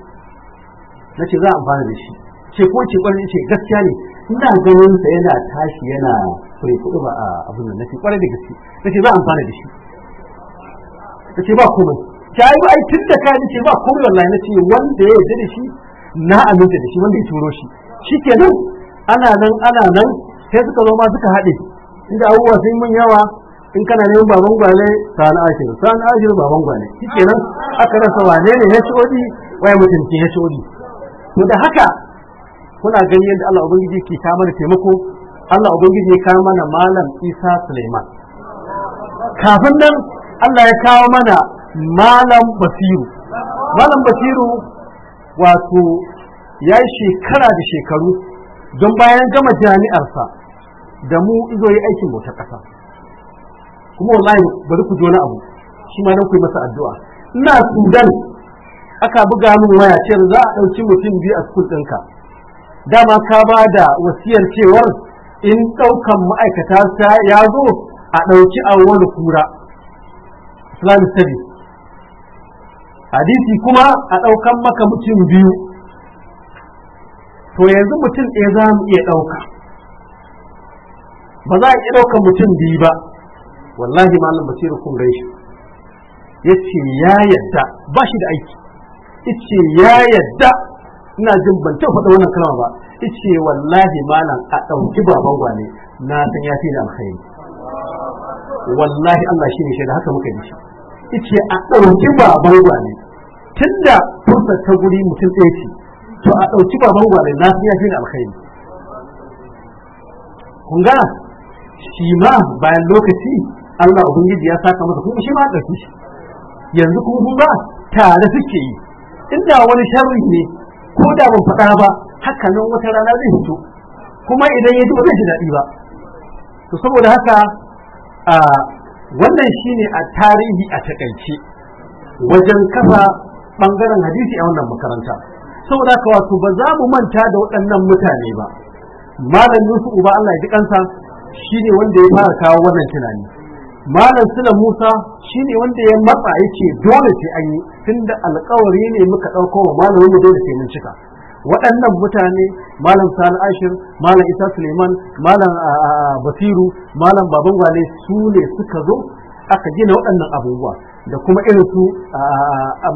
na ce za a amfana da shi ce ko ce kwarai ce gaskiya ne ina ganin sa yana tashi yana kure kudu ba a ah, abin nan na ce kwarai da gaske na ce za a amfana da shi na ce ba komai ta yi ai tun da ka ce ba komai wallahi na ce wanda ya yarda da shi na aminta da shi wanda ya turo shi nan ana nan ana nan sai suka zo ma suka haɗe inda abubuwa sun mun yawa in kana neman baban gwale sa'an ashiru sa'an ashiru baban gwale nan aka rasa wane ne ya shodi waye ke ya shodi to da haka kuna gani yadda Allah ubangiji ke kama da taimako Allah ubangiji ya kama mana malam Isa Suleiman kafin nan Allah ya kawo mana malam basiru malam basiru wato ya yi shekara da shekaru don bayan gama jami'arsa da mu izo yi aikin bautar ƙasa kuma wallahi bari ku jona abu shi ma ku yi masa addu'a ina sudan aka buga min waya cewa za a ɗauki mutum biyu a sukul ɗinka dama ka ba da wasiyar cewar in ɗaukan ma'aikata ya zo a ɗauki wani kura islamic studies hadisi kuma a ɗaukan maka mutum biyu to yanzu mutum ɗaya za mu iya ɗauka ba za a iya ɗaukan mutum biyu ba wallahi malam basiru kun shi ya ce ya yadda ba shi da aiki ya ce ya yadda ina jin ban ta faɗa wannan kalma ba ya ce wallahi malam a ɗauki baban gwane na san ya fi da alkhairi wallahi Allah shi ne da haka muka yi shi ce a ɗauki baban gwane tun da fursa ta guri mutum ɗaya ce to a ɗauki baban gwane na fi yafi alkhairi kun ga shi ma bayan lokaci Allah ubangiji ya saka masa kuma shi ma ɗauki shi yanzu kuma kun ba tare suke yi inda wani sharri ne ko da ban faɗa ba haka nan wata rana zai fito kuma idan ya ji ba zai ji daɗi ba to saboda haka a wannan shine a tarihi a takaice wajen kafa bangaren hadisi a wannan makaranta saboda haka wato ba za mu manta da waɗannan mutane ba malam Yusuf uba Allah ya ji kansa shine wanda ya fara kawo wannan tunani malam Sula Musa shine wanda ya matsa yake dole sai an yi tunda alƙawari ne muka ɗauko wa malamin mu dole sai mun cika waɗannan mutane malam sani ashir malam isa suleiman malam basiru malam baban gwale su ne suka zo aka gina waɗannan abubuwa da kuma irin su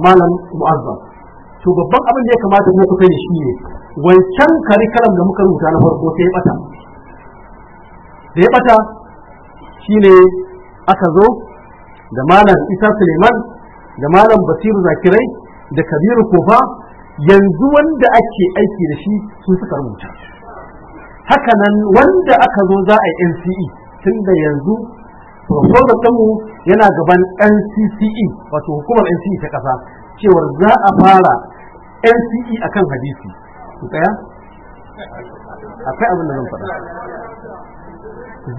malam mu'azzam to babban abin da ya kamata kuma kusa ne shi ne wancan karikalam da muka rubuta na farko sai ya bata da ya bata shine aka zo da malam isa suleiman da malam basiru zakirai da kabiru kofa yanzu wanda ake aiki da shi sun suka rubuta haka nan wanda aka zo za a yi NCE tun da yanzu proposal mu yana gaban NCCE wato hukumar NCE ta kasa, cewar za a fara NCE akan hadisi ku tsaya akwai abin da zan faɗa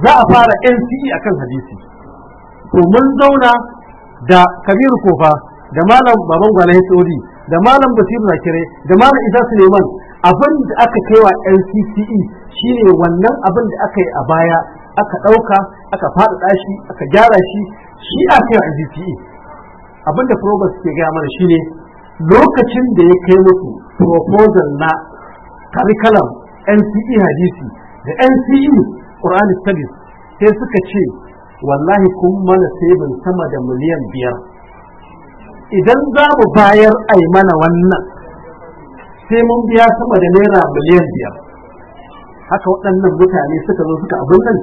za a fara NCE akan hadisi to mun zauna da Kabiru Kofa da malam baban gwala hitsori da malam basiru na nakire da malam isa suleiman abin da aka wa lcce shine wannan abin da aka yi a baya aka ɗauka aka faɗaɗa shi aka gyara shi shi kai wa lcce abin da probus ke gaya mana shine lokacin da ya kai masu proposal na curriculum nce hadisi da nce quranic studies sai suka ce wallahi kun mana sabon sama da miliyan biyar idan za mu bayar ai mana wannan sai mun biya sama da naira miliyan biyar haka waɗannan mutane suka zo suka abin nan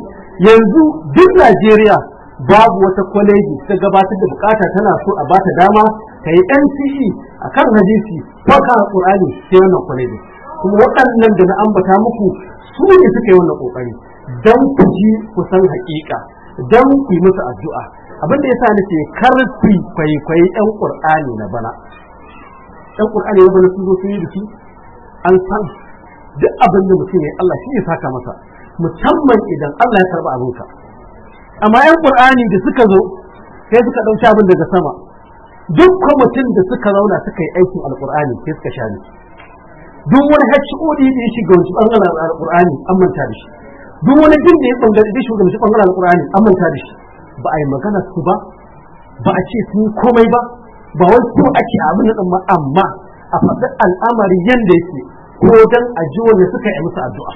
yanzu duk najeriya babu wata kwaleji ta gabatar da bukata tana so a bata dama ta yi NCC e a kan hadisi ko kan qur'ani sai wannan kwaleji kuma waɗannan da na ambata muku su ne suka yi wannan ƙoƙari dan ku ji ku san haƙiƙa dan ku yi musu addu'a abin da yasa nace karfi kwaikwayi ɗan qur'ani na bana ɗan qur'ani na bana sun zo sun yi biki an san duk abin da mutum ya Allah shi ya saka masa musamman idan Allah ya karba abinka amma yan qur'ani da suka zo sai suka ɗauki abin daga sama duk kwamitin da suka zauna suka yi aikin alqur'ani sai suka sha duk wani HOD da ya shiga wani bangaren alqur'ani an manta da shi duk wani din da ya tsangar da shi bangaren alqur'ani an manta da shi ba a yi magana su ba ba a ce sun komai ba ba wai su ake abin nan amma amma a faɗi al'amari yadda yake ko dan a ji wanda suka yi musu addu'a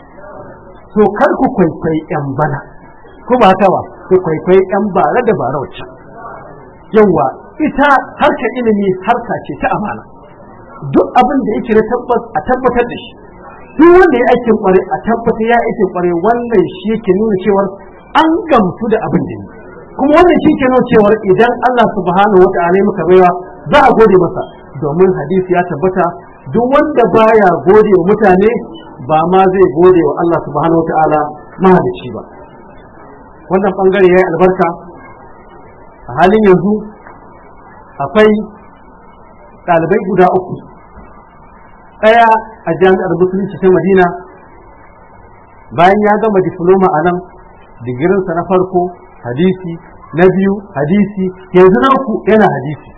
so kar ku kwaikwayi yan bana ko ba ta ba ku kwaikwayi yan bara da bara wacce yawa ita harka ilimi harka ce ta amana duk abin da yake na tabbas a tabbatar da shi duk wanda ya aikin kware a tabbatar ya aikin kware wannan shi yake nuna cewar an gamsu da abin da yake kuma wannan shi ke cewar idan Allah subhanahu wa ta'ala ya maka baiwa za a gode masa domin hadisi ya tabbata duk wanda baya gode wa mutane ba ma zai gode wa Allah subhanahu wa ta'ala mahalicci ba wannan bangare yayi albarka a halin yanzu akwai ɗalibai guda uku ɗaya a jami'ar musulunci ta madina bayan ya gama difloma a nan digirinsa na farko hadisi na biyu hadisi yanzu na uku yana hadisi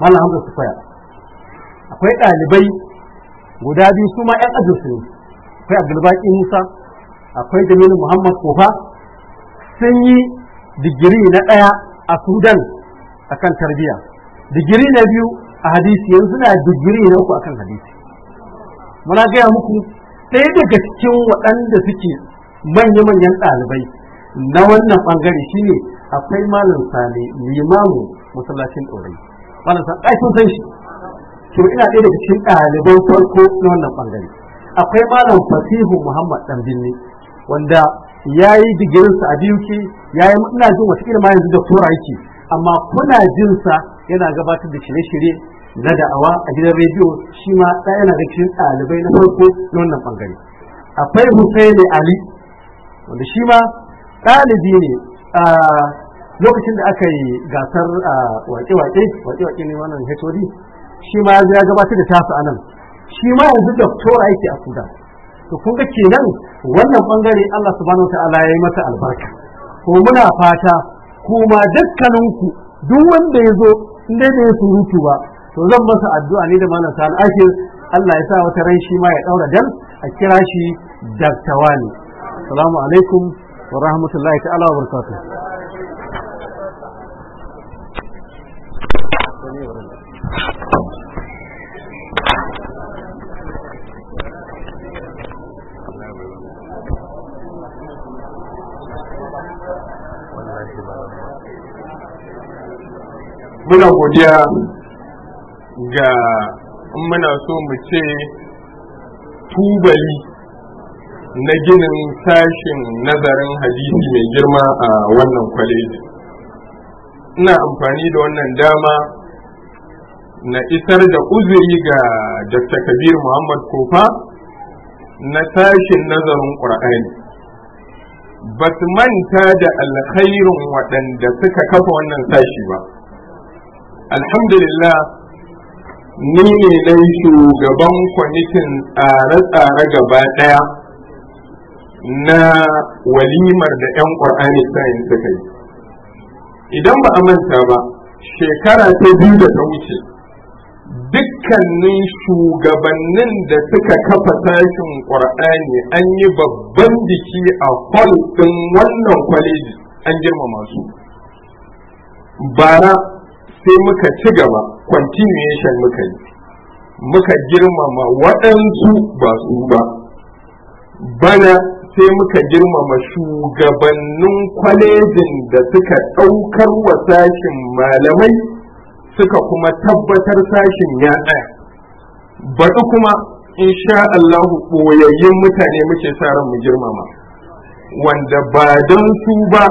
mallam hamza su akwai ɗalibai guda biyu su ma ƴan ajinsu ne akwai abdulbaki musa akwai jamilu muhammad kofa sun yi digiri na ɗaya a sudan akan tarbiyya digiri na biyu a hadisi yanzu na digiri na uku akan hadisi muna gaya muku ɗaya daga cikin waɗanda suke manya-manyan ɗalibai na wannan bangare shine akwai malam Sani limamu masallacin ɗorai malam Sani ai sun san shi to ina ɗaya daga cikin ɗaliban farko na wannan bangare akwai malam fasihu muhammad dan binni wanda ya yi digirinsa a biyu ke ya yi ina jin wata ma yanzu da tura amma kuna jinsa yana gabatar da shirye-shirye na da'awa a gidan rediyo shi ma ɗaya yana da cikin ɗalibai na farko na wannan bangare akwai ne Ali wanda shi ma ɗalibi ne a lokacin da aka yi gasar waƙe-waƙe waƙe-waƙe ne wannan hod shi ma ya gabatar da tasu anan. nan shi ma yanzu doktora yake a sudan to kun ga kenan wannan bangare Allah subhanahu wa ta'ala ya yi masa albarka ko muna fata kuma dukkaninku duk wanda ya zo inda da ya surutu ba to zan masa addu'a ne da malam sa ashir Allah ya sa wata ran shi ma ya daura dan a kira shi wani Salamu alaikum wa rahmatullahi ta'ala wa barakatuh muna godiya ga muna so mu ce tubali na ginin sashin nazarin hadisi mai girma a wannan kwaleji ina amfani da wannan dama na isar da uzuri ga dr kabir muhammad kofa na sashin nazarin ƙur'ani ba su manta da alkhairun waɗanda suka kafa wannan sashi ba alhamdulillah ni ne na shugaban kwamitin tsare-tsare gaba ɗaya na walimar da 'yan ƙwar'ani sa'in suka yi idan ba a manta ba shekara ta biyu da ta wuce dukkanin shugabannin da suka kafa sashin ƙwar'ani an yi babban biki a kwal ɗin wannan kwaleji an girmama su bara sai muka ci gaba continuation muka yi muka girmama waɗansu ba su ba bana sai muka girmama shugabannin kwalejin da suka ɗaukar wa sashin malamai suka kuma tabbatar sashin ya ɗaya baɗi kuma insha Allahu ɓoyayyun mutane muke sa ran mu girmama wanda ba don su ba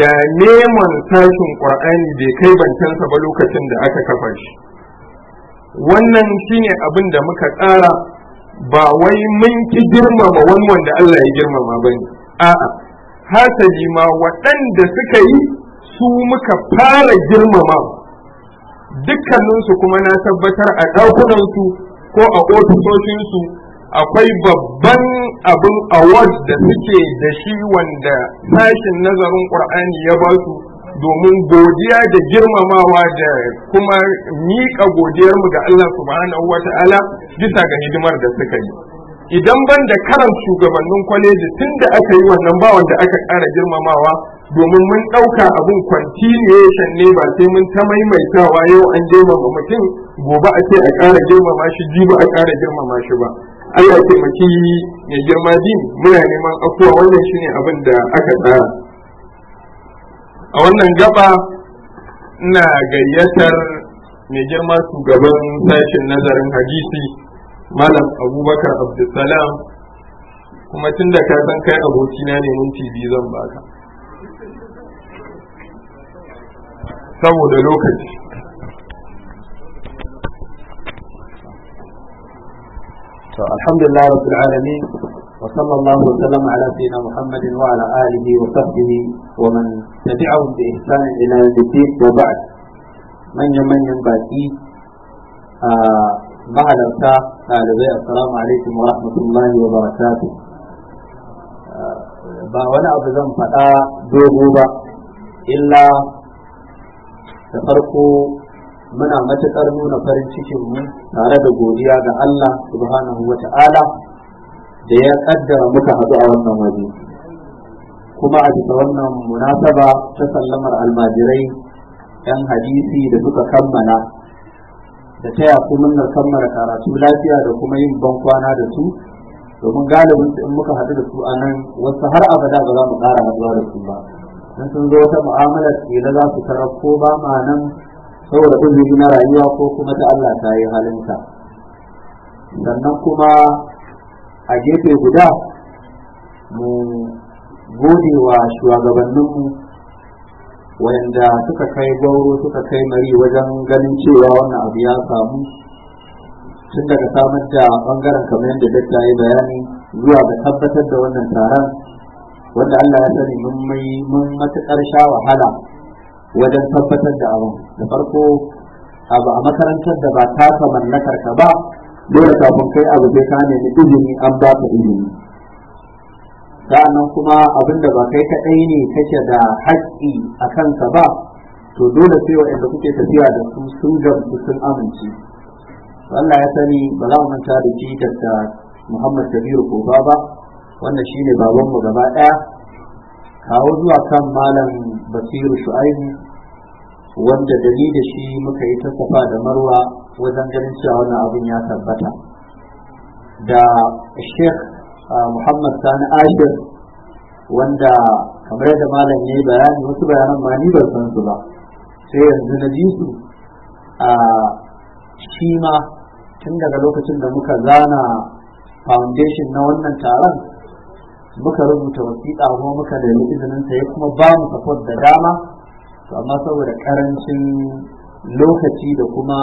da neman sashin ƙwa'ani bai kai bantansa ba lokacin da aka kafa shi wannan shine abin da muka tsara ba wai mun ki girmama wani wanda Allah ya girmama ba ne a'a hasali ma waɗanda suka yi su muka fara girmama dukkaninsu kuma na tabbatar a ɗakunansu ko a ofisoshinsu akwai babban abin award da suke da shi wanda sashin nazarin ƙur'ani ya ba su domin godiya da girmamawa da kuma miƙa godiyarmu ga Allah subhanahu wa ta'ala bisa ga hidimar da suka yi idan ban da karan shugabannin kwaleji tun da aka yi wannan ba wanda aka ƙara girmamawa domin mun ɗauka abin continuation ne ba sai mun ta maimaitawa yau an girmama mutum gobe a ce a ƙara girmama shi jibi a ƙara girmama shi ba Allah taimaki mai girma din muna neman afuwa wannan shine abin da aka tsara a wannan gaba ina gayyatar mai girma shugaban sashen nazarin hadisi malam abubakar abdulsalam kuma tun da ka san kai abokina ne minti biyu zan baka saboda lokaci to alhamdulillah rabbil alamin وصلى الله وسلم على سيدنا محمد وعلى آله وصحبه ومن تبعهم بإحسان إلى الدين وبعد من يمن ينبغي بعد الساعة ɗalibai assalamu alaikum wa rahmatullahi wa ba wani abu zan faɗa dogo ba illa da farko muna matuƙar nuna farin cikinmu tare da godiya ga Allah subhanahu wa ta'ala da ya kaddara muka haɗu a wannan waje kuma a bisa wannan munasaba ta sallamar almajirai yan hadisi da suka kammala da taya su murnar kammala karatu lafiya da kuma yin bankwana da su domin galibin in muka haɗu da su a nan wasu har abada ba za mu ƙara haɗuwa da su ba dan sun zo wata mu'amala kila za su tarar ko ba ma nan saboda uzuri na rayuwa ko kuma ta Allah ta yi halinta sannan kuma a gefe guda mu gode wa shugabanninmu wanda suka kai gauro suka kai mari wajen ganin cewa wannan abu ya samu tun daga samar da bangaren kamar yadda dakta ya bayani zuwa ga tabbatar da wannan taron wanda Allah ya sani mun mai mun matuƙar sha wahala wajen tabbatar da abu da farko abu a makarantar da ba ta mallakar ka ba dole kafin kai abu sai ka nemi izini an ba ka izini sa'annan kuma abin da ba kai kaɗai ne kake da haƙƙi a kansa ba to dole sai waɗanda kuke tafiya da su sun gamsu sun amince Allah ya sani ba za mu manta da shi daga Muhammad Kabiru ko ba wannan shine baban mu gaba ɗaya kawo zuwa kan malam Basiru Shu'aibu wanda dalilin da shi muka yi ta safa da Marwa wajen ganin cewa wannan abin ya tabbata da sheikh ah, muhammad sani ashir wanda kamar yadda malam ya yi bayani wasu bayanan ma ni ban san su ba sai yanzu na ji su a ah, shi ma tun daga lokacin da muka zana foundation na wannan taron muka rubuta wasiƙa kuma muka da izinin sa ya kuma ba mu support da dama to amma saboda karancin lokaci da kuma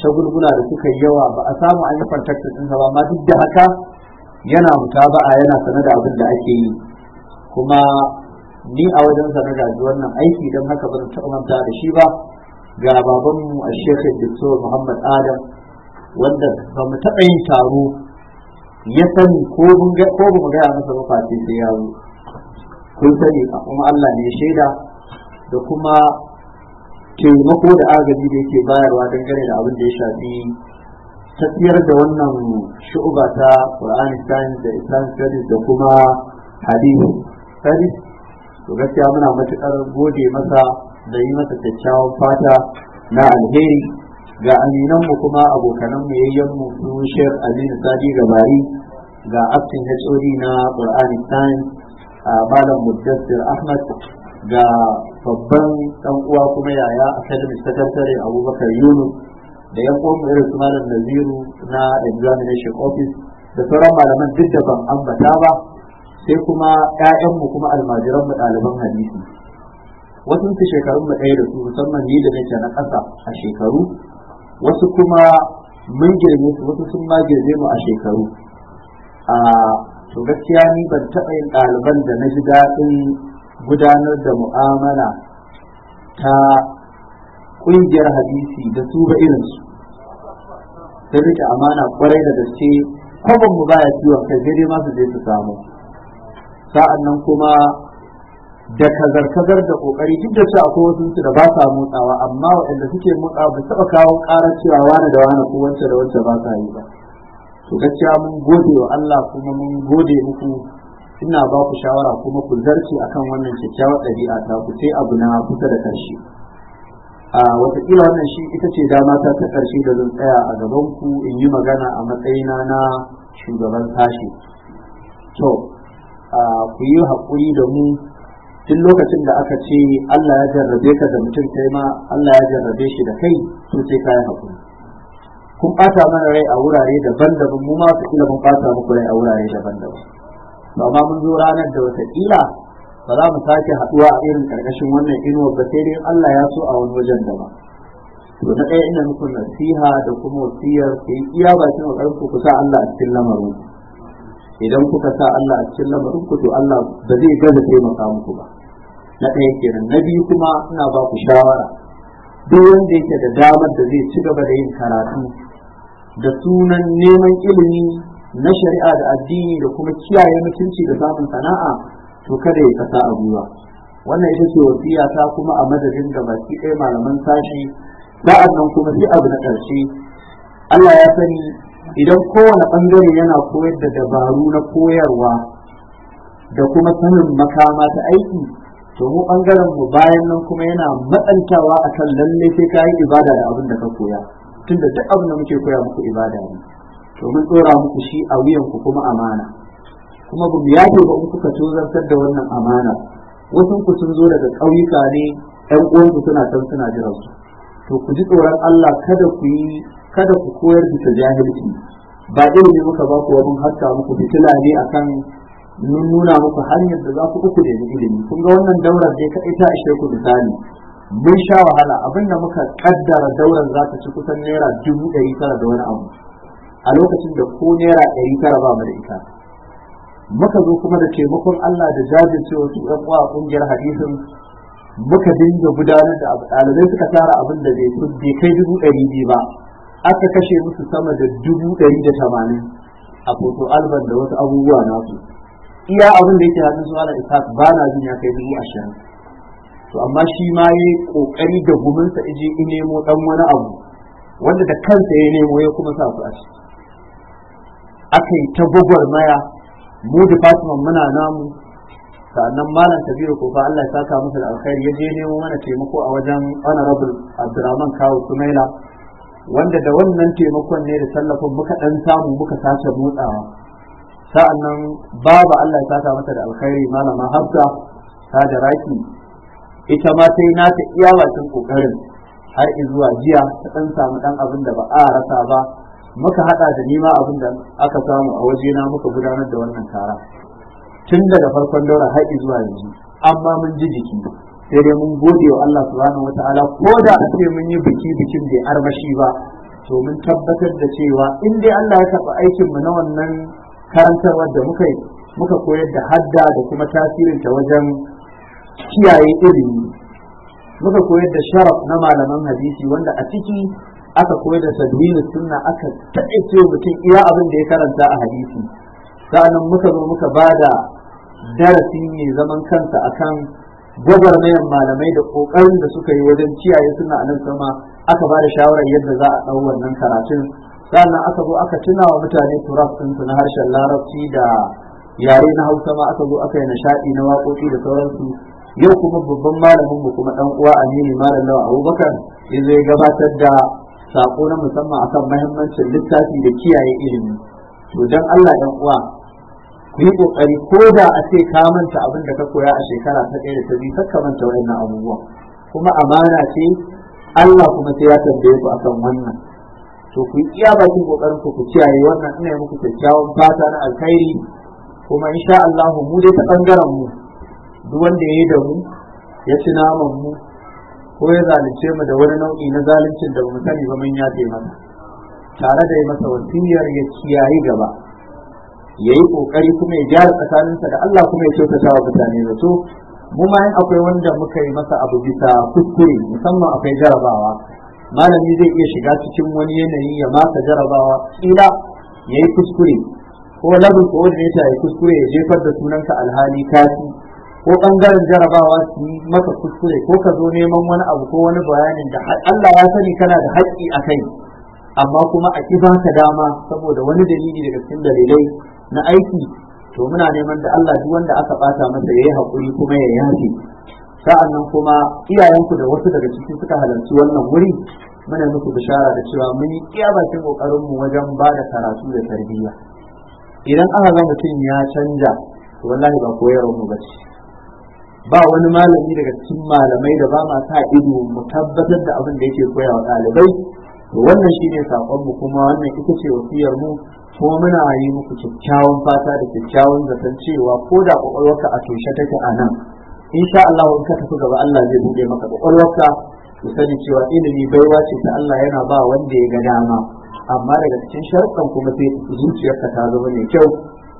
shagulguna da suka yi yawa ba a samu an yi fantakta ɗinsa ba amma duk da haka yana mutaba'a yana sana da abin da ake yi kuma ni a wajen sana da gaji wannan aiki don haka ban taɓa manta da shi ba ga babanmu a shekar Dr. Muhammad Adam wanda ba mu taɓa yin taro ya sani ko ba mu gaya masa ba face sai ya kun sani kuma Allah ne shaida da kuma taimako da agaji da yake bayarwa dangane da abin da ya shafi tafiyar da wannan shu'uba ta Qur'ani science da Islam da kuma hadisi studies to gaskiya muna matukar gode masa da yi masa kyakkyawan fata na alheri ga aminan mu kuma abokanan mu yayyan mu su Sheikh Aminu Sadi Gabari ga Askin HOD na Qur'ani science a Malam Muddassir Ahmad ga babban dan uwa kuma yaya academic secretary abubakar yunus da ya kuma irin su malam naziru na examination office da sauran malaman duk da ban ambata ba sai kuma ƴaƴanmu kuma almajiran mu ɗaliban hadisi wasu su shekarun mu ɗaya da su musamman ni da nake na ƙasa a shekaru wasu kuma mun girme su wasu sun ma girme mu a shekaru a ah, to gaskiya ni ban taɓa yin ɗaliban da na ji daɗin gudanar da mu'amala ta kungiyar hadisi da su ba irinsu Ta rike amana kwarai da gaske kwabon mu baya ciwon kai sai dai masu je su samu sa'an nan kuma da kazar-kazar da kokari duk da cewa akwai wasu da ba sa motsawa amma waɗanda suke motsawa ba taɓa kawo karar cewa wani da wani ko wancan da wancan ba sa yi ba to gaskiya mun gode wa Allah kuma mun gode muku ina ba ku shawara kuma ku zarce akan wannan kyakkyawar ɗabi'a ta ku sai abu na kusa da karshe a watakila wannan shi ita ce dama ta ta karshe da zan tsaya a gaban ku in yi magana a matsayina na shugaban sashi to ku yi haƙuri da mu tun lokacin da aka ce Allah ya jarrabe ka da mutum kai ma Allah ya jarrabe shi da kai to sai ka yi haƙuri kun ɓata mana rai a wurare daban-daban mu ma su kila mun ɓata muku rai a wurare daban-daban ba ma mun zo ranar da wataƙila ba za mu sake haɗuwa a irin ƙarƙashin wannan inuwar ba sai dai Allah ya so a wani wajen da ba to na ɗaya ina muku nasiha da kuma wasiyar ku yi iya bakin ƙarfin ku sa Allah a cikin lamarin idan kuka sa Allah a cikin lamarin ku to Allah ba zai gaza taimaka muku ba na ɗaya kenan na biyu kuma ina ba ku shawara duk wanda yake da damar da zai ci gaba da yin karatu da sunan neman ilimi na shari'a da addini da kuma kiyaye mutunci da samun sana'a to kada ya kasa a gwiwa wannan ita ce wasiya ta kuma a madadin da baki ɗaya malaman sashi sa'an nan kuma sai abu na ƙarshe Allah ya sani idan kowane ɓangare yana koyar da dabaru na koyarwa da kuma sanin makama ta aiki to mu ɓangaren mu bayan nan kuma yana matsantawa akan lallai sai ka yi ibada da abin da ka koya tunda duk abin da muke koya muku ibada ne to mun tsora muku shi a wuyanku kuma amana kuma biya yafe ba in kuka tozartar da wannan amana wasu ku sun zo daga ƙauyuka ne 'yan uwanku suna can suna jiran su to ku ji tsoron Allah kada ku yi kada ku koyar da jahilci ba ne muka ba ku wani haska muku fitila ne akan mun nuna muku hanyar da za ku uku da ilimi kun ga wannan daurar dai ka ita ishe ku misali mun sha wahala abinda muka kaddara daurar za ta ci kusan naira dubu ɗari tara da wani abu a lokacin da ko naira ɗari tara ba mu da ita muka zo kuma da taimakon Allah da jajirce wasu ɗan uwa ƙungiyar hadisin muka dinga gudanar da abu ɗalibai suka tara abin da bai bai kai dubu ɗari biyu ba aka kashe musu sama da dubu ɗari da tamanin a foto alban da wasu abubuwa nasu iya abin da yake hannun su ala isa ba na jin ya kai dubu ashirin to amma shi ma ya yi ƙoƙari da guminsa ije in nemo ɗan wani abu wanda da kansa ya nemo ya kuma sa su a ciki aka yi ta maya mu da fatima muna namu sannan malam tabiru ko fa Allah ya saka musu da alkhairi ya je nemo mana taimako a wajen honorable Abdurrahman Kawu Sumaila wanda da wannan taimakon ne da tallafin muka dan samu muka sace motsawa sa'annan baba Allah ya saka mata da alkhairi malama Hafsa ta da raki ita ma sai na ta iya bakin kokarin har zuwa jiya ta dan samu dan abin da ba a rasa ba muka hada da nima abin da aka samu a wajena muka gudanar da wannan tara tun daga farkon daura har zuwa yanzu amma mun ji jiki sai dai mun gode wa Allah subhanahu wataala ko da a ce mun yi biki bikin bai armashi ba to mun tabbatar da cewa in dai Allah ya taɓa aikin mu na wannan karantarwar da muka yi muka koyar da hadda da kuma tasirin ta wajen kiyaye ilimi muka koyar da sharaf na malaman hadisi wanda a ciki aka koyar da tadwin sunna aka taƙaice mutum iya abin da ya karanta a hadisi sa'annan muka zo muka bada darasi mai zaman kansa akan gwagwarmayar malamai da ƙoƙarin da suka yi wajen ciyaye suna a nan sama aka ba da shawarar yadda za a ɗau wannan karatun sannan aka zo aka tuna wa mutane turaf na harshen larabci da yare na hausa ma aka zo aka yi nishaɗi na waƙoƙi da sauransu yau kuma babban malamin mu kuma ɗan uwa aminu malam lawa abubakar ya zo ya gabatar da sako na musamman akan mahimmancin littafi da kiyaye ilimi to dan Allah dan uwa ku yi kokari ko da a ce ka manta abin da ka koya a shekara ta ɗaya da ta biyu ka manta wayannan abubuwa kuma amana ce Allah kuma sai ya tambaye ku akan wannan to ku yi iya bakin kokarin ku ku kiyaye wannan ina muku kyakkyawan fata na alkhairi kuma insha Allah mu dai ta bangaren mu duk wanda ya yi da mu ya ci naman mu ko ya zalunce mu da wani nau'i na zaluncin da mu sani ba mun yafe masa tare da ya masa wasiyar ya kiyayi gaba ya yi kokari kuma ya gyara tsakaninsa da Allah kuma ya kyautata wa mutane zato mu ma akwai wanda muka yi masa abu bisa kuskure musamman akwai jarabawa malami zai iya shiga cikin wani yanayi ya masa jarabawa kila ya yi kuskure ko labin coordinator ya kuskure ya jefar da sunanka alhali kafi. ko bangaren jarabawa su yi maka kuskure ko ka zo neman wani abu ko wani bayanin da Allah ya sani kana da haƙƙi a kai amma kuma a ƙi baka dama saboda wani dalili daga cikin dalilai na aiki to muna neman da Allah duk wanda aka bata masa yayi haƙuri kuma ya yafe sa'annan kuma iyayenku da wasu daga cikin suka halarci wannan wuri muna muku bishara da cewa mun yi iya bakin kokarin mu wajen ba da karatu da tarbiyya idan aka ga mutum ya canja to wallahi ba koyarwar mu ce. ba wani malami daga cikin malamai da ba ma sa ido mu tabbatar da abin da yake koyawa wa ɗalibai to wannan shine sakon mu kuma wannan ita ce wasiyar mu kuma muna yi muku kyakkyawan fata da kyakkyawan zaton cewa ko da kwakwalwarka a toshe take a nan insha Allah in ka tafi gaba Allah zai buɗe maka kwakwalwarka ku sani cewa ilimi baiwa ce ta Allah yana ba wanda ya ga dama amma daga cikin sharuɗan kuma sai zuciyarka ta zama mai kyau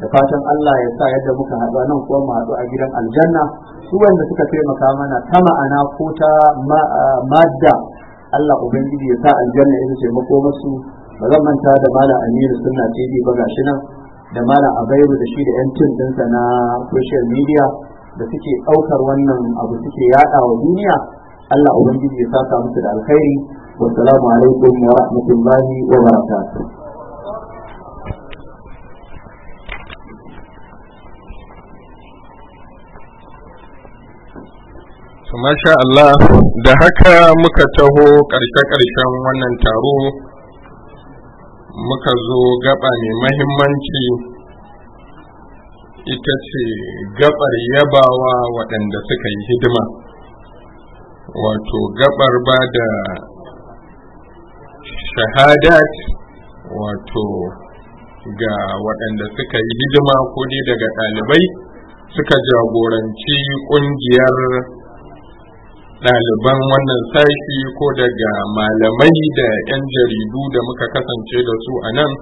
da fatan Allah ya sa yadda muka haɗu nan kuma mu haɗu a gidan aljanna su wanda suka taimaka mana ta ma'ana ko ta madda Allah ubangiji ya sa aljanna ya ce mako masu ba zan manta da malam Aminu sunna TV ba gashi nan da malam Abairu da shi da yan tim dinsa na social media da suke ɗaukar wannan abu suke yaɗa wa duniya Allah ubangiji ya saka musu da alkhairi wassalamu alaikum wa rahmatullahi wa barakatuh masha Allah da haka muka taho ƙarshe-ƙarshen wannan taro muka zo gaba ne mahimmanci ita ce gabar yabawa waɗanda suka yi hidima wato gabar ba da shahadat wato ga waɗanda suka yi hidima ko dai daga ɗalibai suka jagoranci ƙungiyar ɗaliban wannan sashi ko daga malamai da 'yan jaridu da muka kasance da su a nan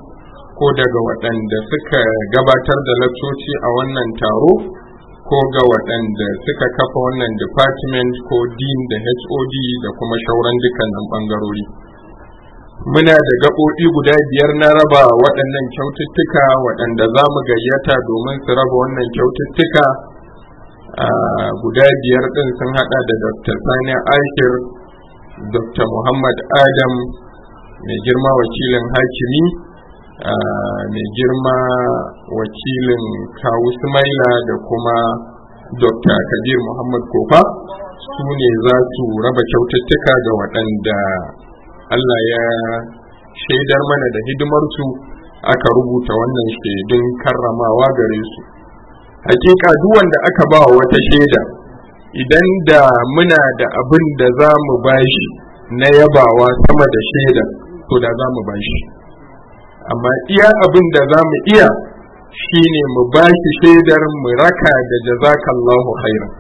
ko daga waɗanda suka gabatar da laccoci a wannan taro ko ga waɗanda suka kafa wannan department ko din da hod da kuma shauran dukkanin ɓangarori muna da gaɓoɓi guda biyar na raba waɗannan kyaututtuka waɗanda za mu gayyata domin su raba wannan kyaututtuka guda biyar ɗin sun haɗa da dr sani aikir dr muhammad adam mai girma wakilin hakimi mai girma wakilin kawu sumaila da kuma dr kabir muhammad kofa su ne za su raba kyaututtuka ga waɗanda allah ya shaidar mana da hidimarsu aka rubuta wannan shaidun karramawa gare su hakika duk wanda aka ba wata shaida idan da muna da abin da za mu bashi na yabawa sama da shaida to da za mu bashi amma iya abin da za mu iya shine mu bashi shaidar mu raka da jazakallahu khairan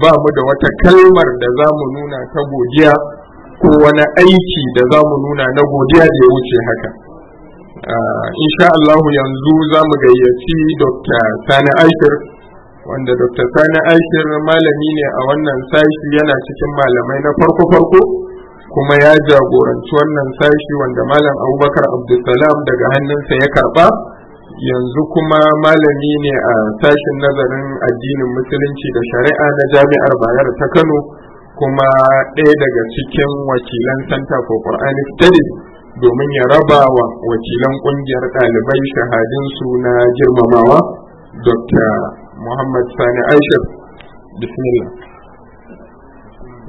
ba mu da wata kalmar da za mu nuna ta godiya ko wani aiki da za mu nuna na godiya da ya wuce haka Ah, insha Allah yanzu za mu gayyaci Dr. Sani Aishir wanda Dr. Sani Aishir malami ne a wannan sashi yana cikin malamai na farko-farko kuma ya jagoranci wannan sashi wanda malam Abubakar Abdulsalam daga hannunsa ya karba yanzu kuma malami ne a sashin nazarin addinin musulunci da shari'a na jami'ar Bayero ta Kano kuma ɗaya daga cikin wakilan Santa for Quranic Studies domin ya raba wa wakilan ƙungiyar ɗalibai su na girmamawa dr muhammad sani aishar bismillah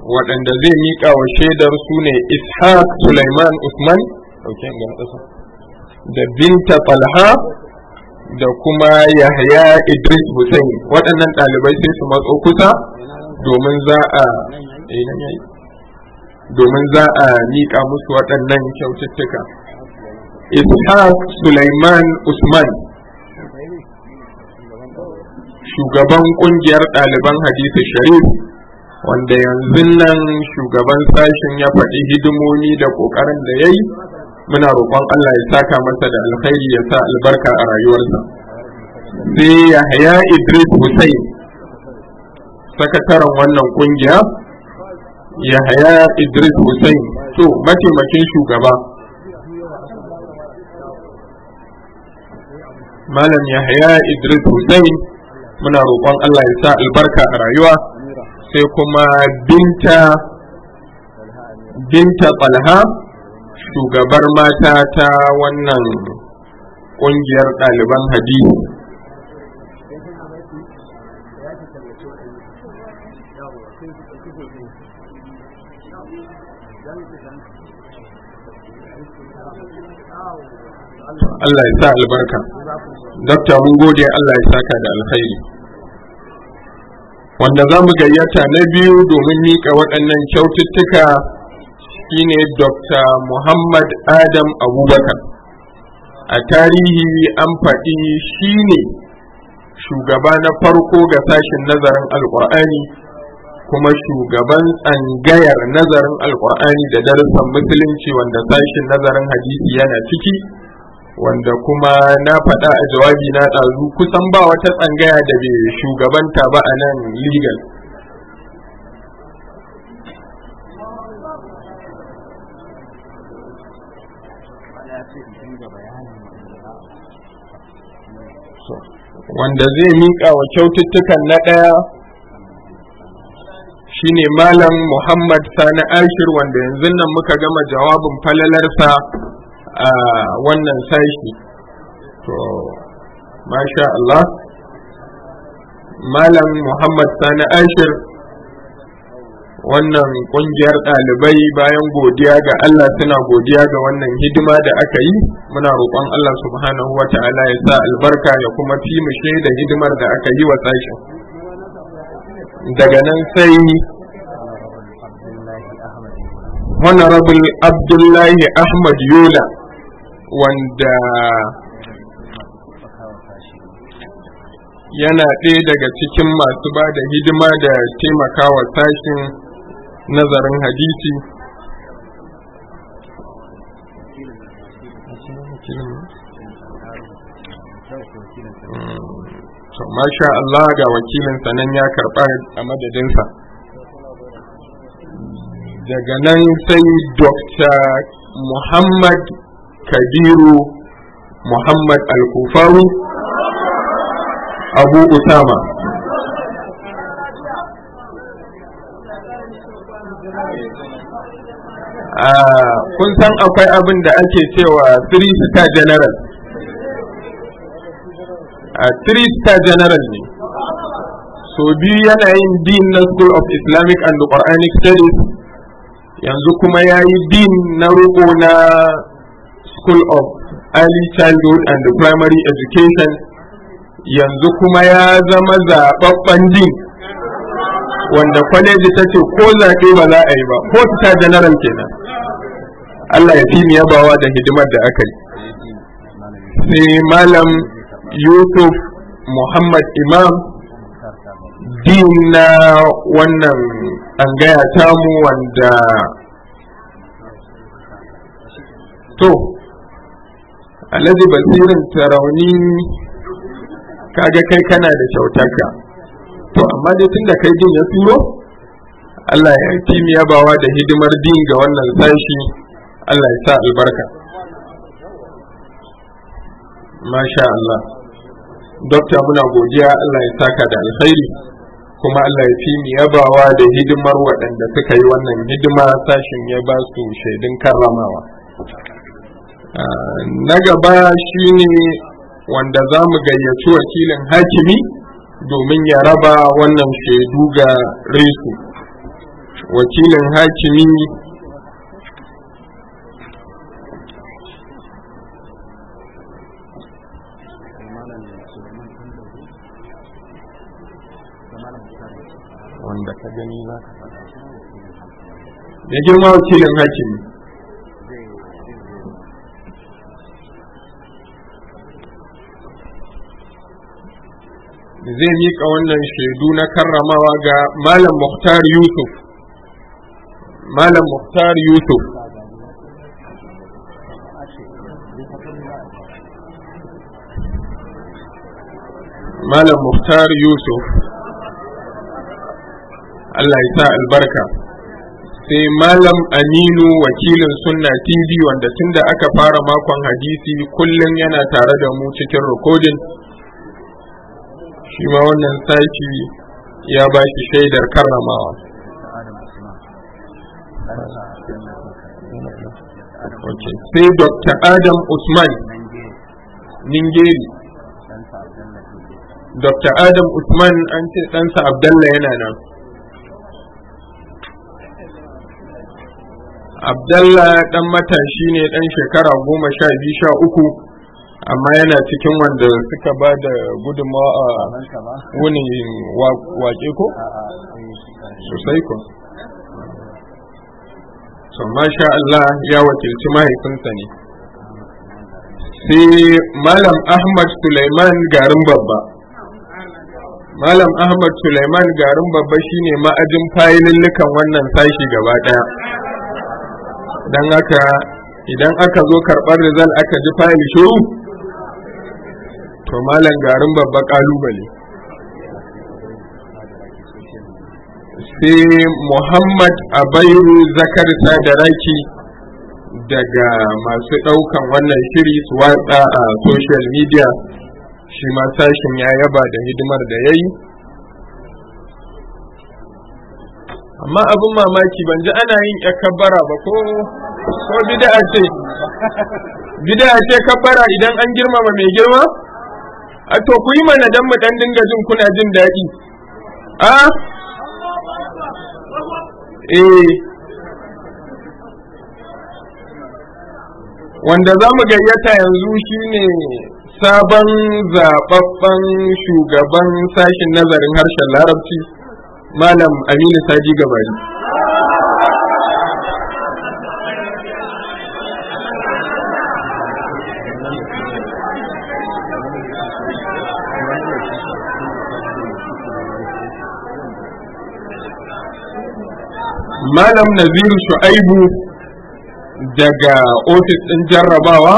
waɗanda zai miƙa wa shaidar su ne ishaq sulaiman usman da binta falha da kuma yahya idris hussein waɗannan ɗalibai sai su matso kusa domin za a eh, domin za a miƙa musu waɗannan kyaututtuka ishaq sulaiman usman shugaban ƙungiyar ɗaliban hadisi sharif wanda yanzu nan shugaban sashen ya faɗi hidimomi da ƙoƙarin da ya yi muna roƙon allah ya saka masa da alkhairi ya sa albarka a rayuwarsa sai yahaya idris hussein sakataren wannan ƙungiya yahaya idris hussein to mataimakin shugaba malam yahaya idris hussein muna roƙon allah ya sa albarka a rayuwa sai kuma binta binta talha shugabar mata ta wannan ƙungiyar ɗaliban hadisi Allah ya sa albarka dokta mun gode Allah ya saka da alkhairi wanda za mu gayyata na biyu domin mika waɗannan kyaututtuka shine Dr. Muhammad Adam Abubakar a tarihi an faɗi shine shugaba na farko ga sashen nazarin alƙur'ani kuma shugaban tsangayar nazarin alƙur'ani da darussan musulunci wanda sashen nazarin hadisi yana ciki wanda kuma na faɗa a jawabi na ɗazu kusan ba wata tsangaya da bai shugabanta ba a nan legal wanda zai miƙa wa kyaututtukan na ɗaya shine malam muhammad sani ashir wanda yanzu nan muka gama jawabin falalarsa a wannan sashi to masha Allah malam Muhammad Sani Ashir wannan kungiyar ɗalibai bayan godiya ga Allah suna godiya ga wannan hidima da aka yi muna roƙon Allah subhanahu wa ta'ala ya sa albarka ya kuma fi mu da hidimar da aka yi wa sashen daga nan sai honorable abdullahi ahmad yola wanda yana ɗaya daga cikin masu ba da hidima da taimakawa sashin nazarin hadisi hmm. to masha Allah ga wakilinsa nan ya karɓa a madadinsa daga nan sai Dr. Muhammad kabiru muhammad al-kufaru abu usama ah, kun san akwai abin da ake cewa three star general a ah, three star general ne so biyu yana yin din na school of islamic and quranic studies yanzu kuma ya yi din na roƙo na School of Early Childhood and Primary Education yanzu kuma ya zama zaɓaɓɓen din wanda kwaleji ta ce ko zaɓe ba za a yi ba ko ta general kenan Allah ya fi mu yabawa da hidimar da aka yi sai malam Yusuf Muhammad Imam din na wannan angaya tamu wanda to alhaji basirin tarauni kaga kai kana da kyautarka to amma dai tun da kai din ya turo Allah ya kimi bawa da hidimar din ga wannan sashi Allah ya sa albarka masha Allah dokta muna godiya Allah ya saka da alkhairi kuma Allah ya fi yabawa da hidimar waɗanda suka yi wannan hidima sashin ya ba su shaidun karramawa Ah, na gaba shi ne wanda za mu gayyaci wakilin hakimi domin ya raba wannan shaidu ga resu wakilin hakimi na ya girma wakilin hakimi zai miƙa wannan shaidu na karramawa ga malam muhtar yusuf malam muhtar yusuf malam muhtar yusuf allah ya sa albarka sai malam aminu wakilin sunna tv wanda tun da aka fara makon hadisi kullum yana tare da mu cikin rikodin shi ma wannan sashi ya ba shi shaidar karramawa sai dr adam usman ningeri dr adam usman an ce ɗansa abdalla yana nan abdalla ɗan matashi ne ɗan shekara goma sha biyu sha uku amma yana cikin wanda suka ba da gudunmawa a wani waƙe ko? sosai ko masha Allah ya wakilci mahaifinsa ne sai malam ahmad suleiman garin babba malam ahmad suleiman garin babba shine ma'ajin fayilillukan wannan sashi gaba daya don haka idan aka zo karɓar rizal aka ji fayil shuru to malam garin babba kalubale sai muhammad abairu zakar raki daga masu ɗaukan wannan shiri su watsa a social media shi ma sashin ya yaba da hidimar da ya yi amma abin mamaki ban ji ana yin ba ko ko bida ce bida ce kabbara idan an girmama mai girma a to ku yi mana dan mu dan dinga jin kuna jin daɗi a eh wanda za mu gayyata yanzu shi ne sabon zababben shugaban sashen nazarin harshen larabci malam aminu saji gabari malam naziru shu'aibu daga ofis ɗin jarrabawa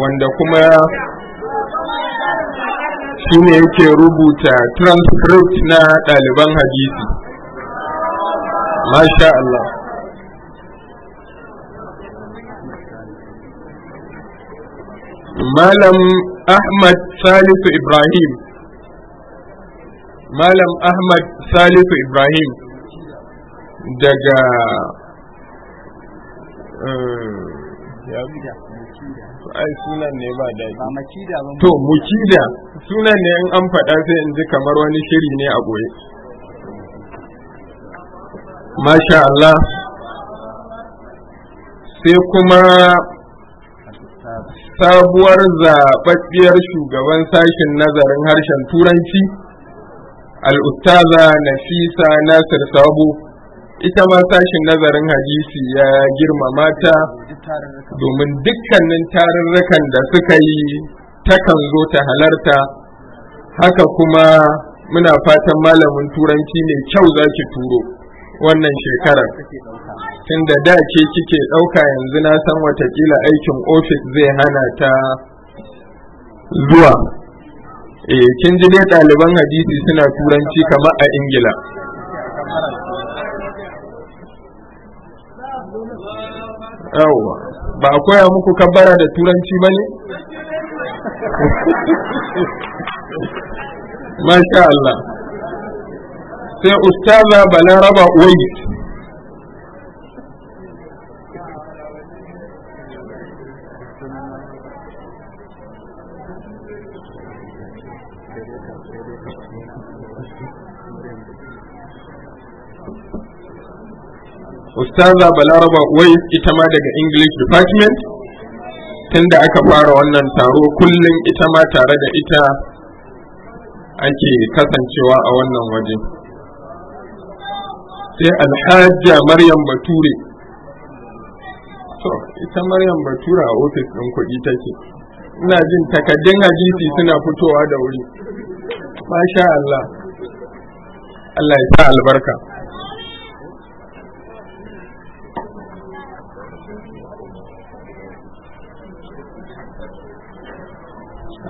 wanda kuma shi ne yake rubuta transcript na ɗaliban hadisi masha Allah malam ahmad salisu ibrahim malam ahmad salisu ibrahim daga to mukida sunan ne in an faɗa sai in ji kamar wani shiri ne a goye masha Allah sai kuma sabuwar zaɓaɓɓiyar shugaban sashen nazarin harshen turanci al'ustaza nafisa nasir sabo ita ma sashin nazarin hadisi ya girmama ta domin dukkanin tarurrukan da suka yi takan zo ta halarta haka kuma muna fatan malamin turanci mai kyau za ki turo wannan shekarar tun da da ke kike ɗauka yanzu na san watakila aikin ofis zai hana ta zuwa e kin ji dai ɗaliban hadisi suna turanci kamar a ingila yawwa ba a koya muku kabbara da turanci ba ne masha Allah sai ustaza balaraba uwais ustaza balaraba wai ita ma daga english department tunda aka fara wannan taro kullum ita ma tare da ita ake kasancewa a wannan waje sai alhajja maryam bature to ita maryam bature a ofis ɗin kuɗi take ina jin takaddun hadisi suna fitowa da wuri masha Allah Allah ya sa albarka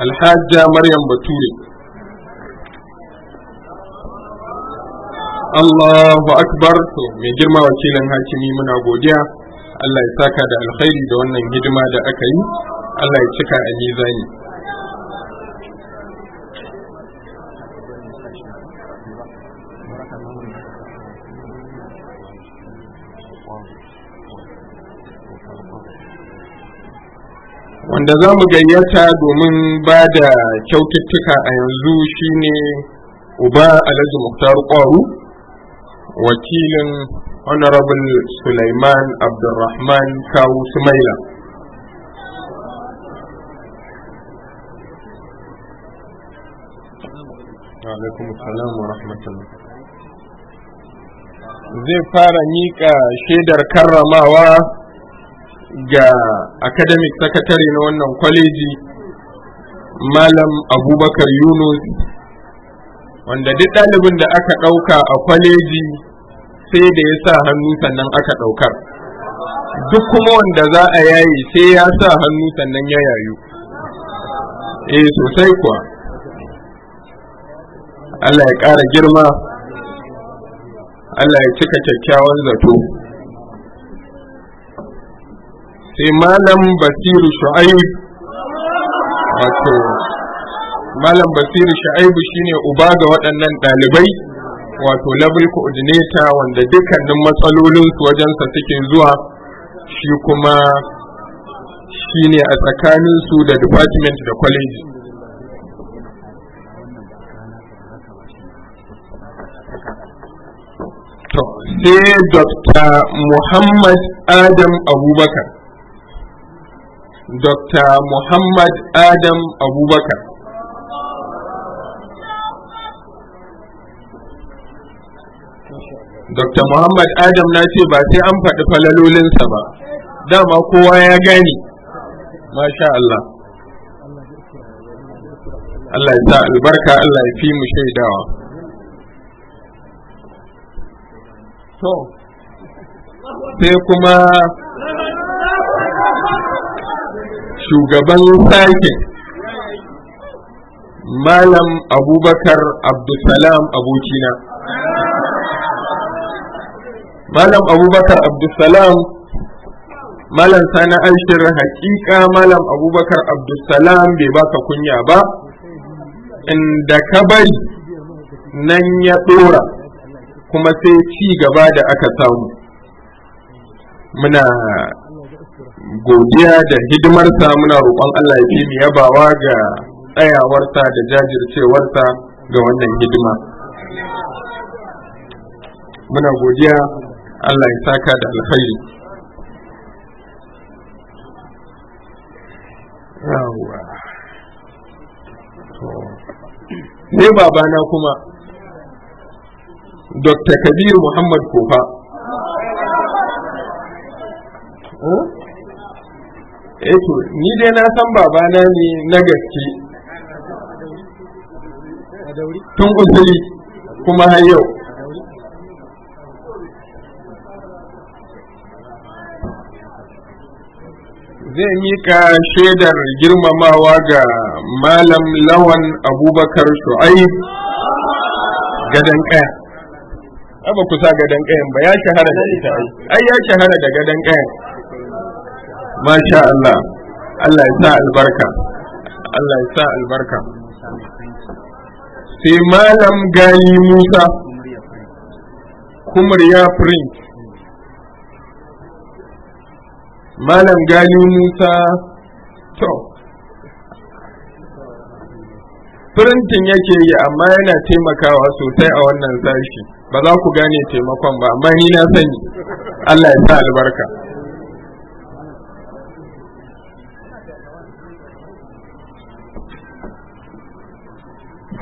alhajja maryam bature Allahu akbar to mai girma wakilin hakimi muna godiya Allah ya saka da alkhairi da wannan hidima da aka yi Allah ya cika a mizani wanda za mu gayyata domin ba da kyaututtuka a yanzu shine uba alhaji muktar kwaru wakilin honorable suleiman abdulrahman kawu sumaila zai fara miƙa shaidar karramawa ga academic secretary na wannan kwaleji malam abubakar yunus wanda duk ɗalibin da aka ɗauka a kwaleji sai da ya sa hannu sannan aka ɗaukar duk kuma wanda za a yayi sai ya sa hannu sannan ya yayu eh sosai kuwa Allah ya ƙara girma Allah ya cika kyakkyawan zato sai eh, malam basiru shu'aib wato malam basiru shu'aibu shine uba ga waɗannan ɗalibai wato level coordinator wanda dukkanin matsalolinsu wajensa suke zuwa shi kuma shine a tsakaninsu da department da college sai dr muhammad adam abubakar Dr. Muhammad Adam Abubakar. Dr. Muhammad Adam na ce ba sai an faɗi falalolinsa ba, dama kowa ya gani masha Allah. Allah ya sa albarka Allah ya fi mu shaidawa. sai kuma shugaban sakin malam abubakar abdulsalam abokina malam abubakar abdulsalam malam sani shirin hakika malam abubakar abdulsalam bai baka kunya ba inda ka bari nan ya dora kuma sai ci gaba da aka samu muna godiya da hidimarsa muna roƙon Allah ya fi mu yabawa ga tsayawarsa da jajircewarsa ga wannan hidima muna godiya Allah ya saka da alkhairi ne babana kuma dr kabiru muhammad kofa eh to ni dai na san babana ne na gaske tun usuri, kuma har yau zai mika shaidar girmamawa ga malam lawan abubakar shu'ai gadon kaya ba ku sa gadon kayan ba ya shahara da ita ai ya shahara da gadon kayan masha Allah Allah ya sa albarka Allah ya sa albarka sai malam gani Musa kumar ya print malam gani Musa to printin yake yi amma yana taimakawa sosai a wannan zashi ba za ku gane taimakon ba amma ni na sani Allah ya sa albarka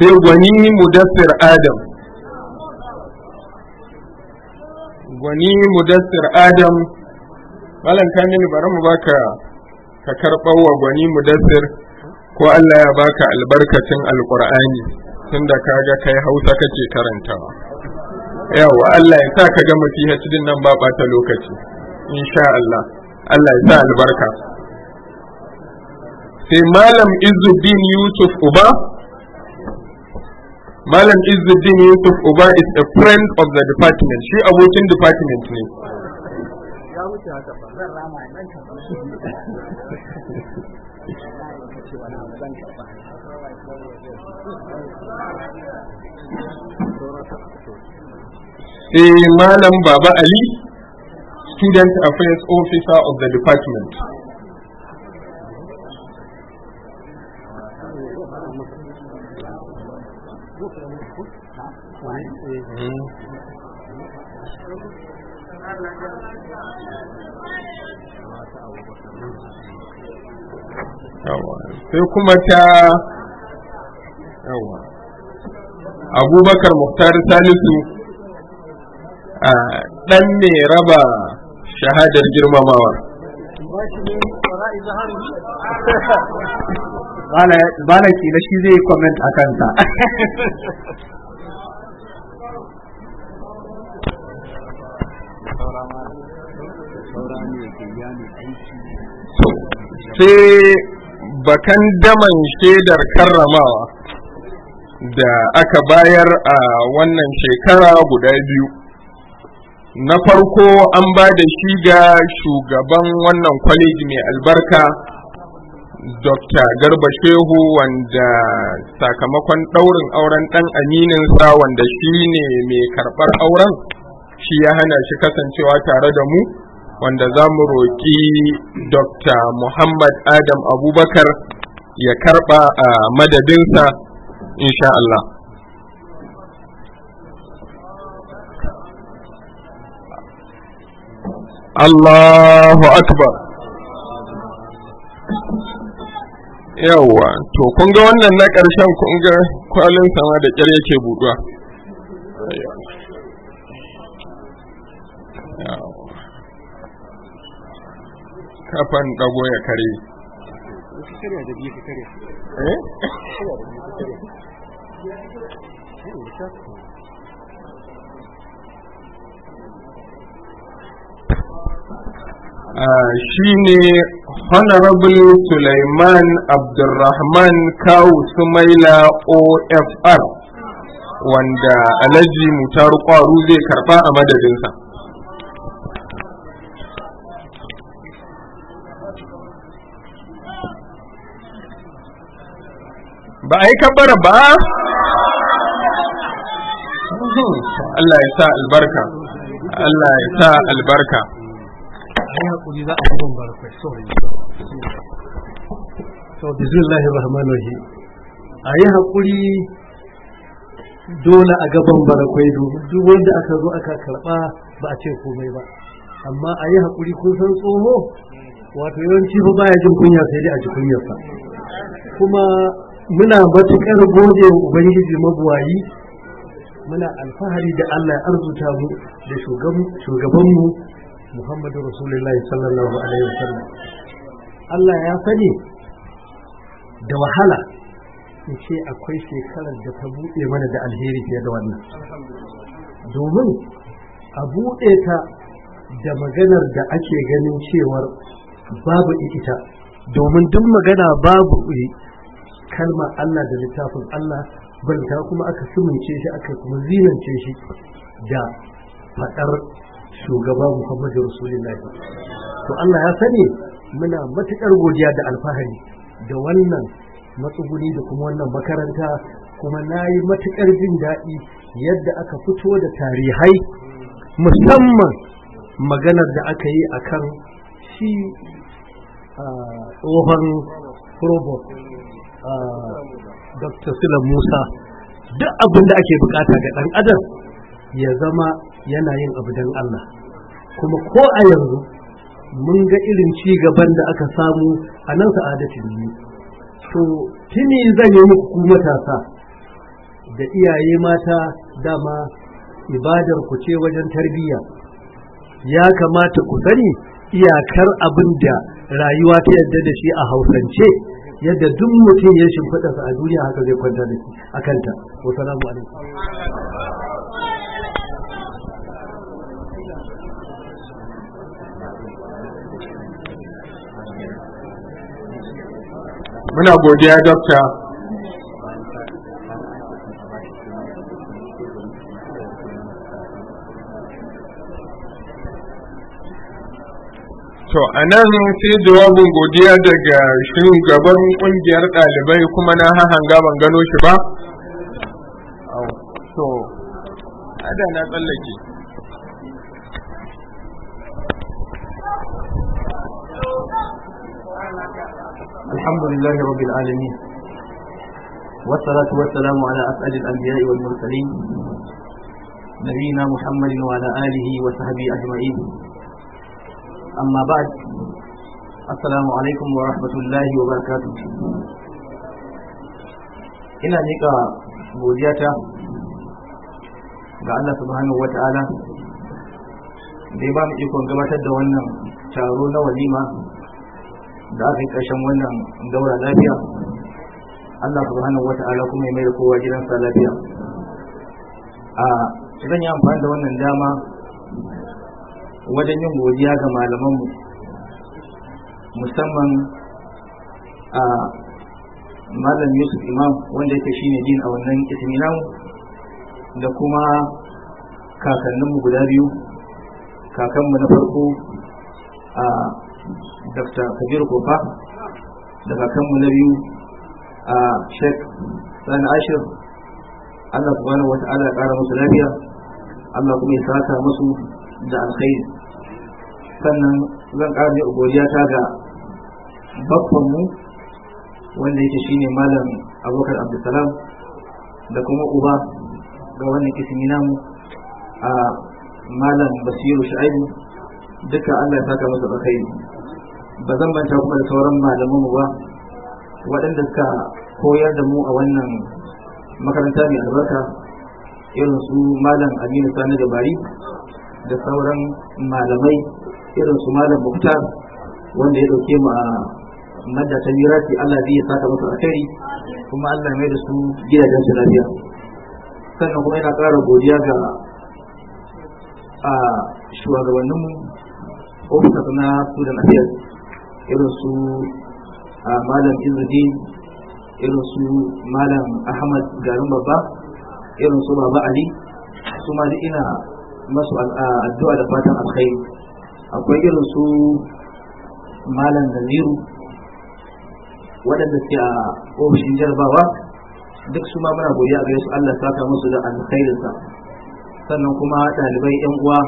sai gwani mudassir adam gwani mudassir adam malam kamil bari mu baka ka karɓar wa gwani mudassir ko Allah ya baka albarkacin alƙur'ani tunda kaga kai hausa kake karantawa yawa Allah ya sa ka gama PhD nan ba ɓata lokaci insha Allah Allah ya sa albarka sai malam Izzuddin Yusuf Uba Malam Izzuddin Yusuf Uba is a friend of the department shi abokin department ne Eh, malam baba ali student affairs officer of the department yawa sai kuma ta yawa abubakar muhtar salisu a ɗan ne raba shahadar girmamawa bala kila shi zai comment a kanta sai bakan daman shaidar karramawa da aka bayar a wannan shekara guda biyu na farko an ba da shi ga shugaban wannan kwaleji mai albarka dr garba shehu wanda sakamakon ɗaurin auren ɗan amininsa wanda shi ne mai karɓar auren shi ya hana shi kasancewa tare da mu wanda za mu roƙi dr muhammad adam abubakar ya karɓa a madadinsa insha Allah. Allahu akbar yawwa to kun ga wannan na ƙarshen kun kwalinsa ma da ƙyar yake buɗuwa kafan dago ya kare eh? ah, shi ne honorable suleiman abdulrahman kawu sumaila ofr wanda alhaji mutaru kwaru zai karba a madadinsa ba a yi kabbara ba Allah ya sa albarka Allah ya sa albarka za a yi haƙuri dole a gaban barakwai duk wanda aka zo aka karɓa ba a ce komai ba amma a yi haƙuri kun san tsoho wato yawanci ba ya jin kunya sai dai a ji kunyarsa kuma muna matuƙar gode wa ubangiji mabuwayi muna alfahari da Allah ya arzuta mu da shugabanmu Muhammadu Rasulullahi sallallahu alaihi wasallam Allah ya sani da wahala in ce akwai shekarar da ta buɗe mana da alheri fiye da wannan domin a buɗe ta da maganar da ake ganin cewar babu ikita, domin duk magana babu kalmar Allah da littafin Allah banta kuma aka sumince shi aka kuma zinance shi da faɗar shugaba Muhammadu Rasulullah to Allah ya sani muna matukar godiya da alfahari da wannan matsuguni da kuma wannan makaranta kuma na yi matuƙar jin daɗi yadda aka fito da tarihai musamman maganar da aka yi akan shi ah, tsohon robot Dr. Silam Musa duk abin da ake bukata ga ɗan adam ya zama yana yin abu don Allah kuma ko a yanzu mun ga irin ci gaban da aka samu a nan sa'adatin ne so tuni zan yi muku ku matasa da iyaye mata dama ibadar ku ce wajen tarbiyya ya kamata ku sani iyakar abin da rayuwa ta yadda da shi a hausance yadda duk mutum ya shimfiɗa a duniya haka zai kwanta da shi a kanta wasalamu alaikum muna godiya dokta To, a nan sai jawabin godiya daga shugaban kungiyar ɗalibai kuma na hahanga ban gano shi ba? To, ada na tsallake. الحمد لله رب العالمين والصلاة والسلام على أسأل الأنبياء والمرسلين نبينا محمد وعلى آله وصحبه أجمعين amma ba assalamu alaikum wa rahmatullahi wa barakatu ina miƙa godiyata ga Allah subhanahu wa ta'ala da ya ba mu ikon gabatar da wannan taro na walima da aka yi ƙarshen wannan daura lafiya Allah subhanahu wa ta'ala kuma ya mai da kowa gidansa lafiya a zan yi amfani da wannan dama wajen yin godiya ga malamanmu musamman a malam yusuf imam wanda yake shine din a wannan ismi da kuma kakanninmu guda biyu kakanmu na farko a dr kabir kofa da kakanmu na biyu a sheikh sani ashir allah subhanahu wa ta'ala ya kara musu lafiya allah kuma ya saka musu da alkhairi sannan zan ƙara da godiya ta ga babban mu wanda yake shine malam abokan abdulsalam da kuma uba ga wannan kisimi namu a malam basiru sha'ibu duka allah ya saka masa alkhairi ba zan banta kuma da sauran malamanmu ba waɗanda suka koyar da mu a wannan makaranta mai albarka irin su malam aminu sani da bari da sauran malamai irin su malam Muktar wanda ya dauke mu madda ta mirasi Allah zai ya saka musu alkhairi kuma Allah mai da su gidajen su lafiya sannan kuma yana ƙara godiya ga a shugabanninmu ofisas na Sudan Affairs irin su malam Izudin irin su malam Ahmad Garin Babba irin su Baba Ali su ma ina masu addu'a da fatan alkhairi akwai irin su malam zamiru waɗanda ke a ofishin jarabawa duk su ma muna godiya ga su Allah saka musu da alkhairinsa sannan kuma ɗalibai yan uwa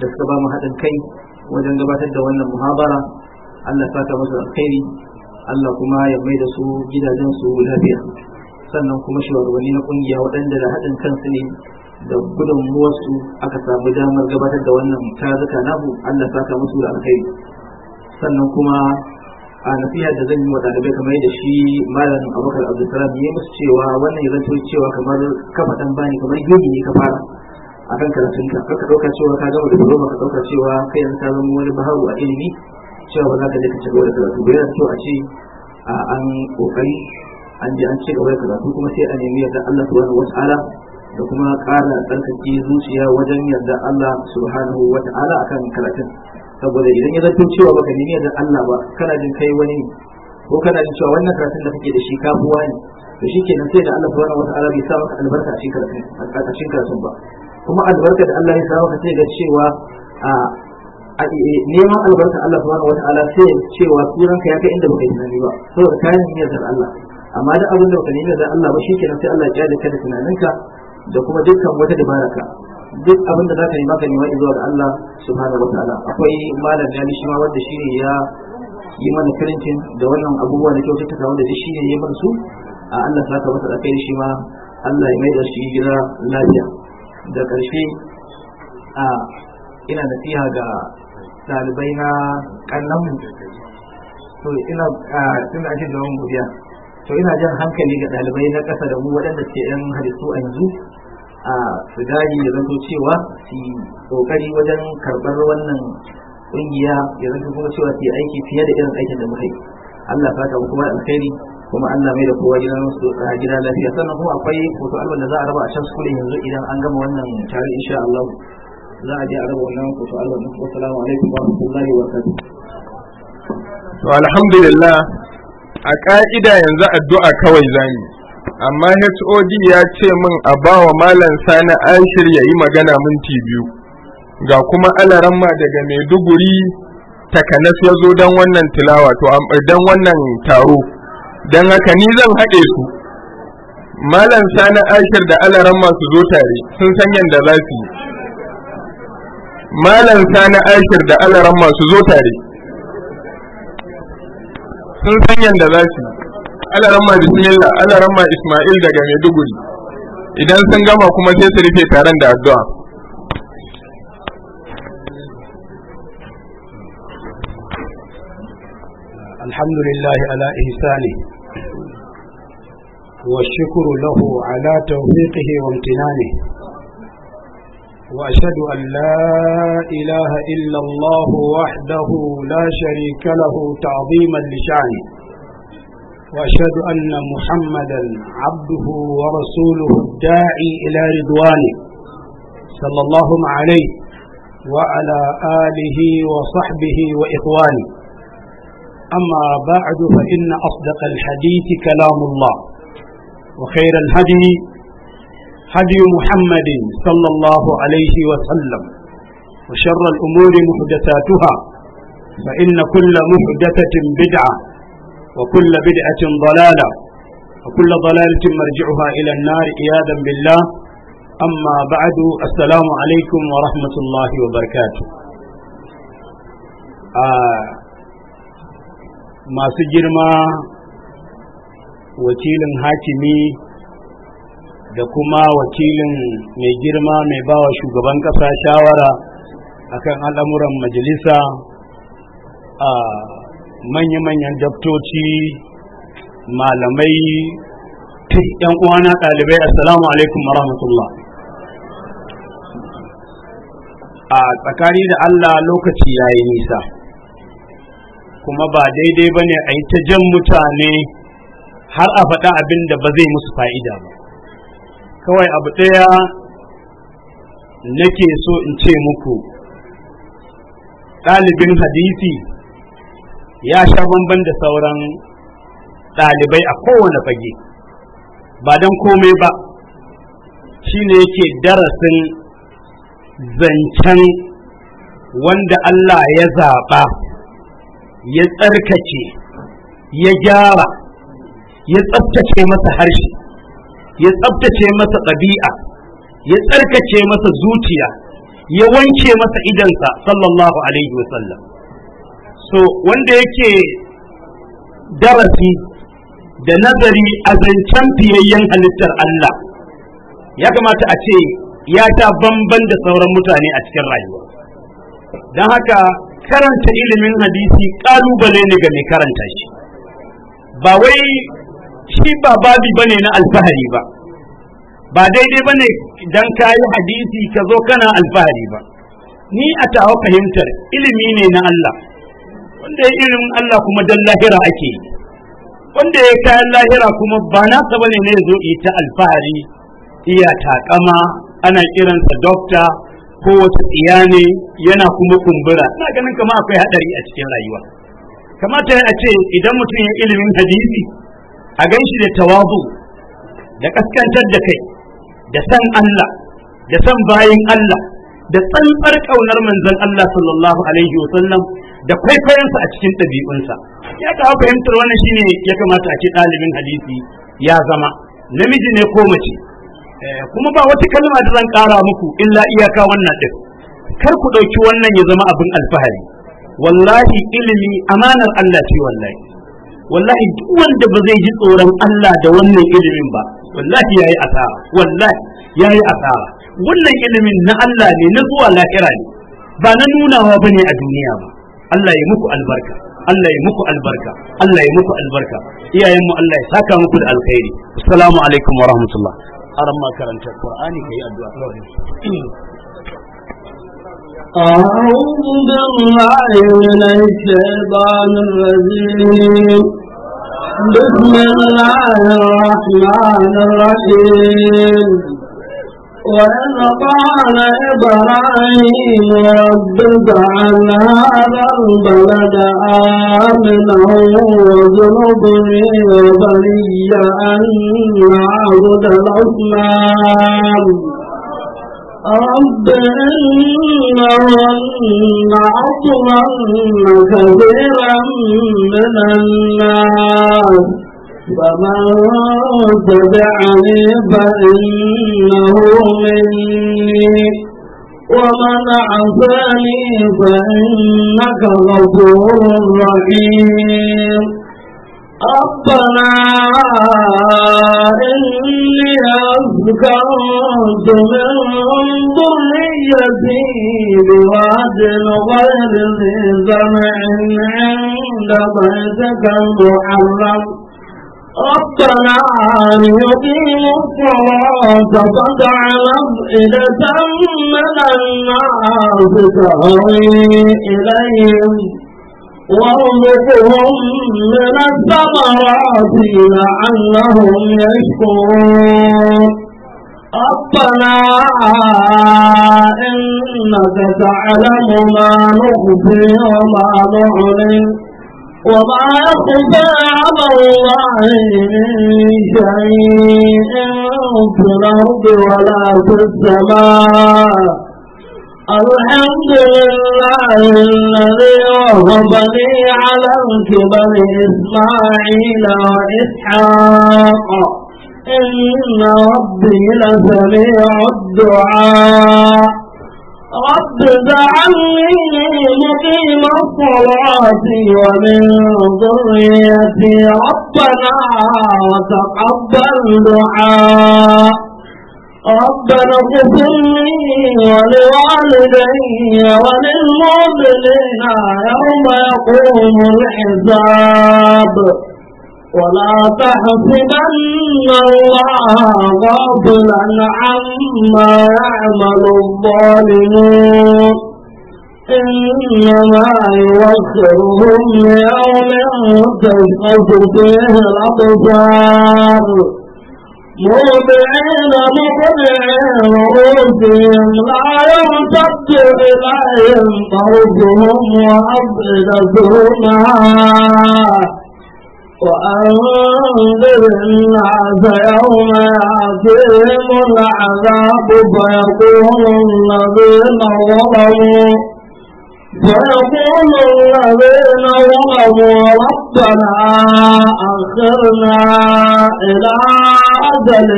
da suka ba mu haɗin kai wajen gabatar da wannan muhabara Allah saka musu alkhairi Allah kuma ya mai da su gidajen su lafiya sannan kuma shugabanni na kungiya waɗanda da haɗin kansu ne da wasu aka samu damar gabatar da wannan tazuka naku Allah saka musu da alkhairi sannan kuma a nafiya da zan yi wa ɗalibai kamar yadda shi malamin abokan abdulsalam ya musu cewa wannan ya zanto cewa kamar kafa dan bani kamar gini ne ka fara a kan karatunka ka ɗauka cewa ka gama da diploma ka ɗauka cewa kai yanzu ka zama wani bahawu a ilimi cewa ba za ka je ka ci gaba da karatu ba yana so a ce an kokari an je an ci gaba da karatu kuma sai a nemi yadda Allah subhanahu wa ta'ala da kuma ƙara tsarkake zuciya wajen yarda Allah subhanahu wa ta'ala akan karatun saboda idan ya zato cewa baka nemi yarda Allah ba kana jin kai wani ne ko kana jin cewa wannan karatun da kake da shi kafuwa ne to shikenan sai da Allah subhanahu wa ta'ala bai sa maka albarka a cikin karatun a karatun ba kuma albarka da Allah ya sa maka sai ga cewa a e, e, neman albarka Allah subhanahu wa ta'ala sai cewa suranka ya kai inda baka yi tunani ba saboda kayan niyyar Allah amma da abin da baka nemi da Allah ba shikenan sai Allah ya jada ka da tunaninka da kuma dukkan wata dabaraka duk abin da zaka yi maka nema zuwa ga Allah subhanahu wataala akwai malam ya shi ma wanda shine ya yi mana karantin, da wannan abubuwa da kyaututtuka wanda da shine ya mana su a Allah ta ka masa kai shi ma Allah ya mai da shi gida lafiya da karshe a ina nasiha ga talibai na mu to ina tun da ake da wani godiya to ina jan hankali ga ɗalibai na ƙasa da mu waɗanda ke yan halittu a yanzu a su gane ya zanto cewa su ƙoƙari wajen karɓar wannan ƙungiya ya zanto kuma cewa su aiki fiye da irin aikin da muka yi Allah fata kuma alkhairi kuma Allah mai da kowa gidan gida lafiya sannan kuma akwai hoto album da za a raba a can skulin yanzu idan an gama wannan tare insha Allah za a je a raba wannan hoto album din assalamu alaikum wa rahmatullahi wa barakatuh to alhamdulillah a ƙa'ida yanzu addu'a kawai zani amma hod ya ce min a bawa malam sani ashir ya yi magana minti biyu ga kuma alaramma daga maiduguri takanas ya zo don wannan tilawa to don wannan taro don haka ni zan haɗe su malam sani ashir da alaramma su zo tare sun san yadda za su yi malam sani ashir da alaramma su zo tare sun san yadda za su ala ramma bismillah ala ma isma'il daga maiduguri idan sun gama kuma sai su rufe taron da addu'a الحمد لله على إحسانه والشكر له على توفيقه وامتنانه وأشهد أن لا إله إلا الله وحده لا شريك له تعظيما لشعنه وأشهد أن محمدا عبده ورسوله الداعي إلى رضوانه صلى الله عليه وعلى آله وصحبه وإخوانه أما بعد فإن أصدق الحديث كلام الله وخير الهدي هدي محمد صلى الله عليه وسلم وشر الأمور محدثاتها فإن كل محدثة بدعة وكل بدعة ضلالة وكل ضلالة مرجعها إلى النار عياذا بالله أما بعد السلام عليكم ورحمة الله وبركاته آه ما سجر ما wakilin hakimi da kuma wakilin mai girma mai bawa shugaban kasa shawara akan al'amuran majalisa a manya-manyan daftoci malamai yan uwana ɗalibai assalamu alaikum warahmatullah a tsakani da allah lokaci ya yi nisa kuma ba daidai ba ne a yi ta jan mutane har a faɗa abin da ba zai musu fa'ida ba kawai abu ɗaya nake so in ce muku ɗalibin hadisi ya sha bamban da sauran ɗalibai a kowane fage ba don komai ba shi ne yake darasin zancen wanda Allah ya zaɓa ya tsarkake ya gyara ya tsabtace masa harshe ya tsabtace masa ɗabi'a ya tsarkace masa zuciya ya wanke masa idansa sallallahu alaihi wasallam so wanda yake darasi da nazari a zancen fiyayyen halittar Allah ya kamata a ce ya ta bamban da sauran mutane a cikin rayuwa don haka karanta ilimin hadisi ƙalubale ne ga mai karanta shi ba wai shi ba babi bane na alfahari ba ba daidai bane dan kayi hadisi ka zo kana alfahari ba ni a tawo fahimtar ilimi ne na Allah wanda ya irin Allah kuma dan lahira ake wanda ya kayan lahira kuma ba nasa bane ne zo ita alfahari iya takama ana kiransa dokta ko wata tsiya yana kuma kumbura ina ganin kama akwai hadari a cikin rayuwa kamata ya ce idan mutum ya ilimin hadisi a gan shi da tawazu da kaskantar da kai da san Allah da san bayin Allah da tsantsar kaunar manzon Allah sallallahu alaihi wasallam da kwaikwayonsa a cikin ɗabi'unsa ya ka fahimtar wannan shine ya kamata a ce ɗalibin hadisi ya zama namiji ne ko mace eh, kuma ba wata kalma da zan ƙara muku illa iyaka wannan ɗin kar ku ɗauki wannan ya zama abin alfahari wallahi ilimi amanar Allah ce wallahi wallahi duk wanda ba zai ji tsoron Allah da wannan ilimin ba wallahi yayi asara wallahi yayi asara wannan ilimin na Allah ne na zuwa lahira ne ba na nunawa bane a duniya ba Allah ya muku albarka Allah ya muku albarka Allah ya muku albarka iyayen mu Allah ya saka muku da alkhairi assalamu alaikum wa rahmatullah aran ma karanta qur'ani kai addu'a أعوذ بالله من الشيطان الرجيم بسم الله الرحمن الرحيم وإن قال إبراهيم رب اجعل هذا البلد آمنا واجنبني وبني أن نعبد الأصنام رب إنهن عطلا كثيرا من الناس فمن تبعني فإنه مني ومن عفاني فإنك غفور رحيم ربنا ربك أعد من ذريتي بواد غير ذي زمع عند بيتك المحرم ربنا يقيم الصلاة فاجعل أفئدة من الناس تهوي إليهم وارزقهم من الثمرات لعلهم يشكرون ربنا إنك تعلم ما نخفي وما نعلن وما يخفى على الله من شيء في الأرض ولا في السماء الحمد لله الذي وهبني على الكبر إسماعيل وإسحاق إن ربي لسميع الدعاء رب اجعلني مقيم الصلاة ومن ذريتي ربنا وتقبل دعاء ربنا اغفر لي ولوالدي وللمؤمنين يوم يقوم الحساب ولا تحسبن الله غافلا عما يعمل الظالمون إنما يوخرهم ليوم تشخص فيه الأبصار مبعين مبعين رؤوسهم لا يرتد إليهم طرفهم وأفئدتهم وأنذر الناس يوم يأتيهم العذاب فيقول الذين ظلموا فيقول الذين ظلموا ربنا أخرنا إلى أجل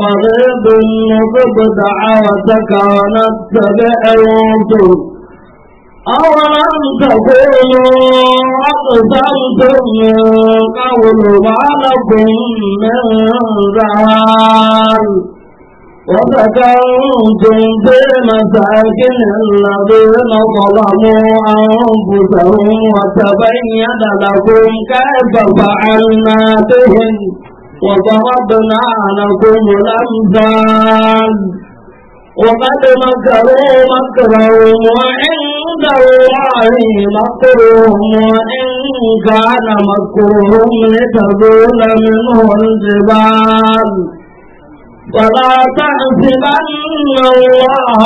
قريب نصب دعوتك ونتبع رسلك أولم تكونوا أقسمتم من قول ما لكم من زوال وسكنتم في مساكن الذين ظلموا أنفسهم وتبين لكم كيف فعلنا بهم وضربنا لكم الأمثال وقد مكروا مكرهم وعند الله مكرهم وإن كان مكرهم لتزول منه الجبال فلا تحسبن الله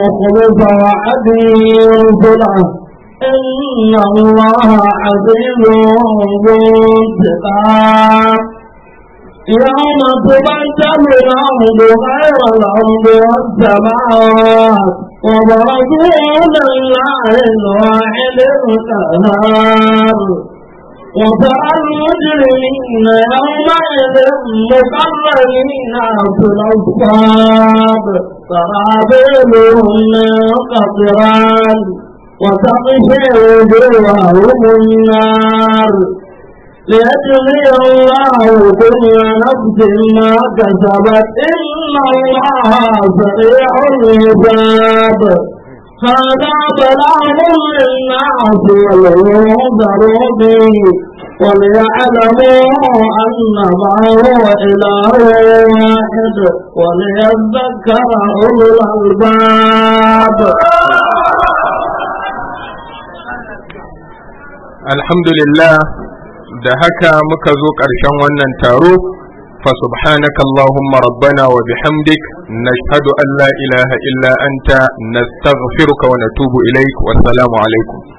مخلف وعده رسله إن الله عزيز ذو انتقام يوم تبدل الأرض غير الأرض والسماوات وبرزوا لله الواحد القهار وترى المجرمين يومئذ مقرنين في الأصفاد سرابيلهم من قطران وتغشي وجوههم النار ليجري الله كل نفس ما كسبت إن الله سريع الحساب هذا بلاغ للناس ولينذروا به وليعلموا أن ما هو إله واحد وليذكر أولو الألباب الحمد لله da haka muka zo ƙarshen wannan taro فسبحانك اللهم ربنا وبحمدك نشهد أن لا إله إلا أنت نستغفرك ونتوب إليك والسلام عليكم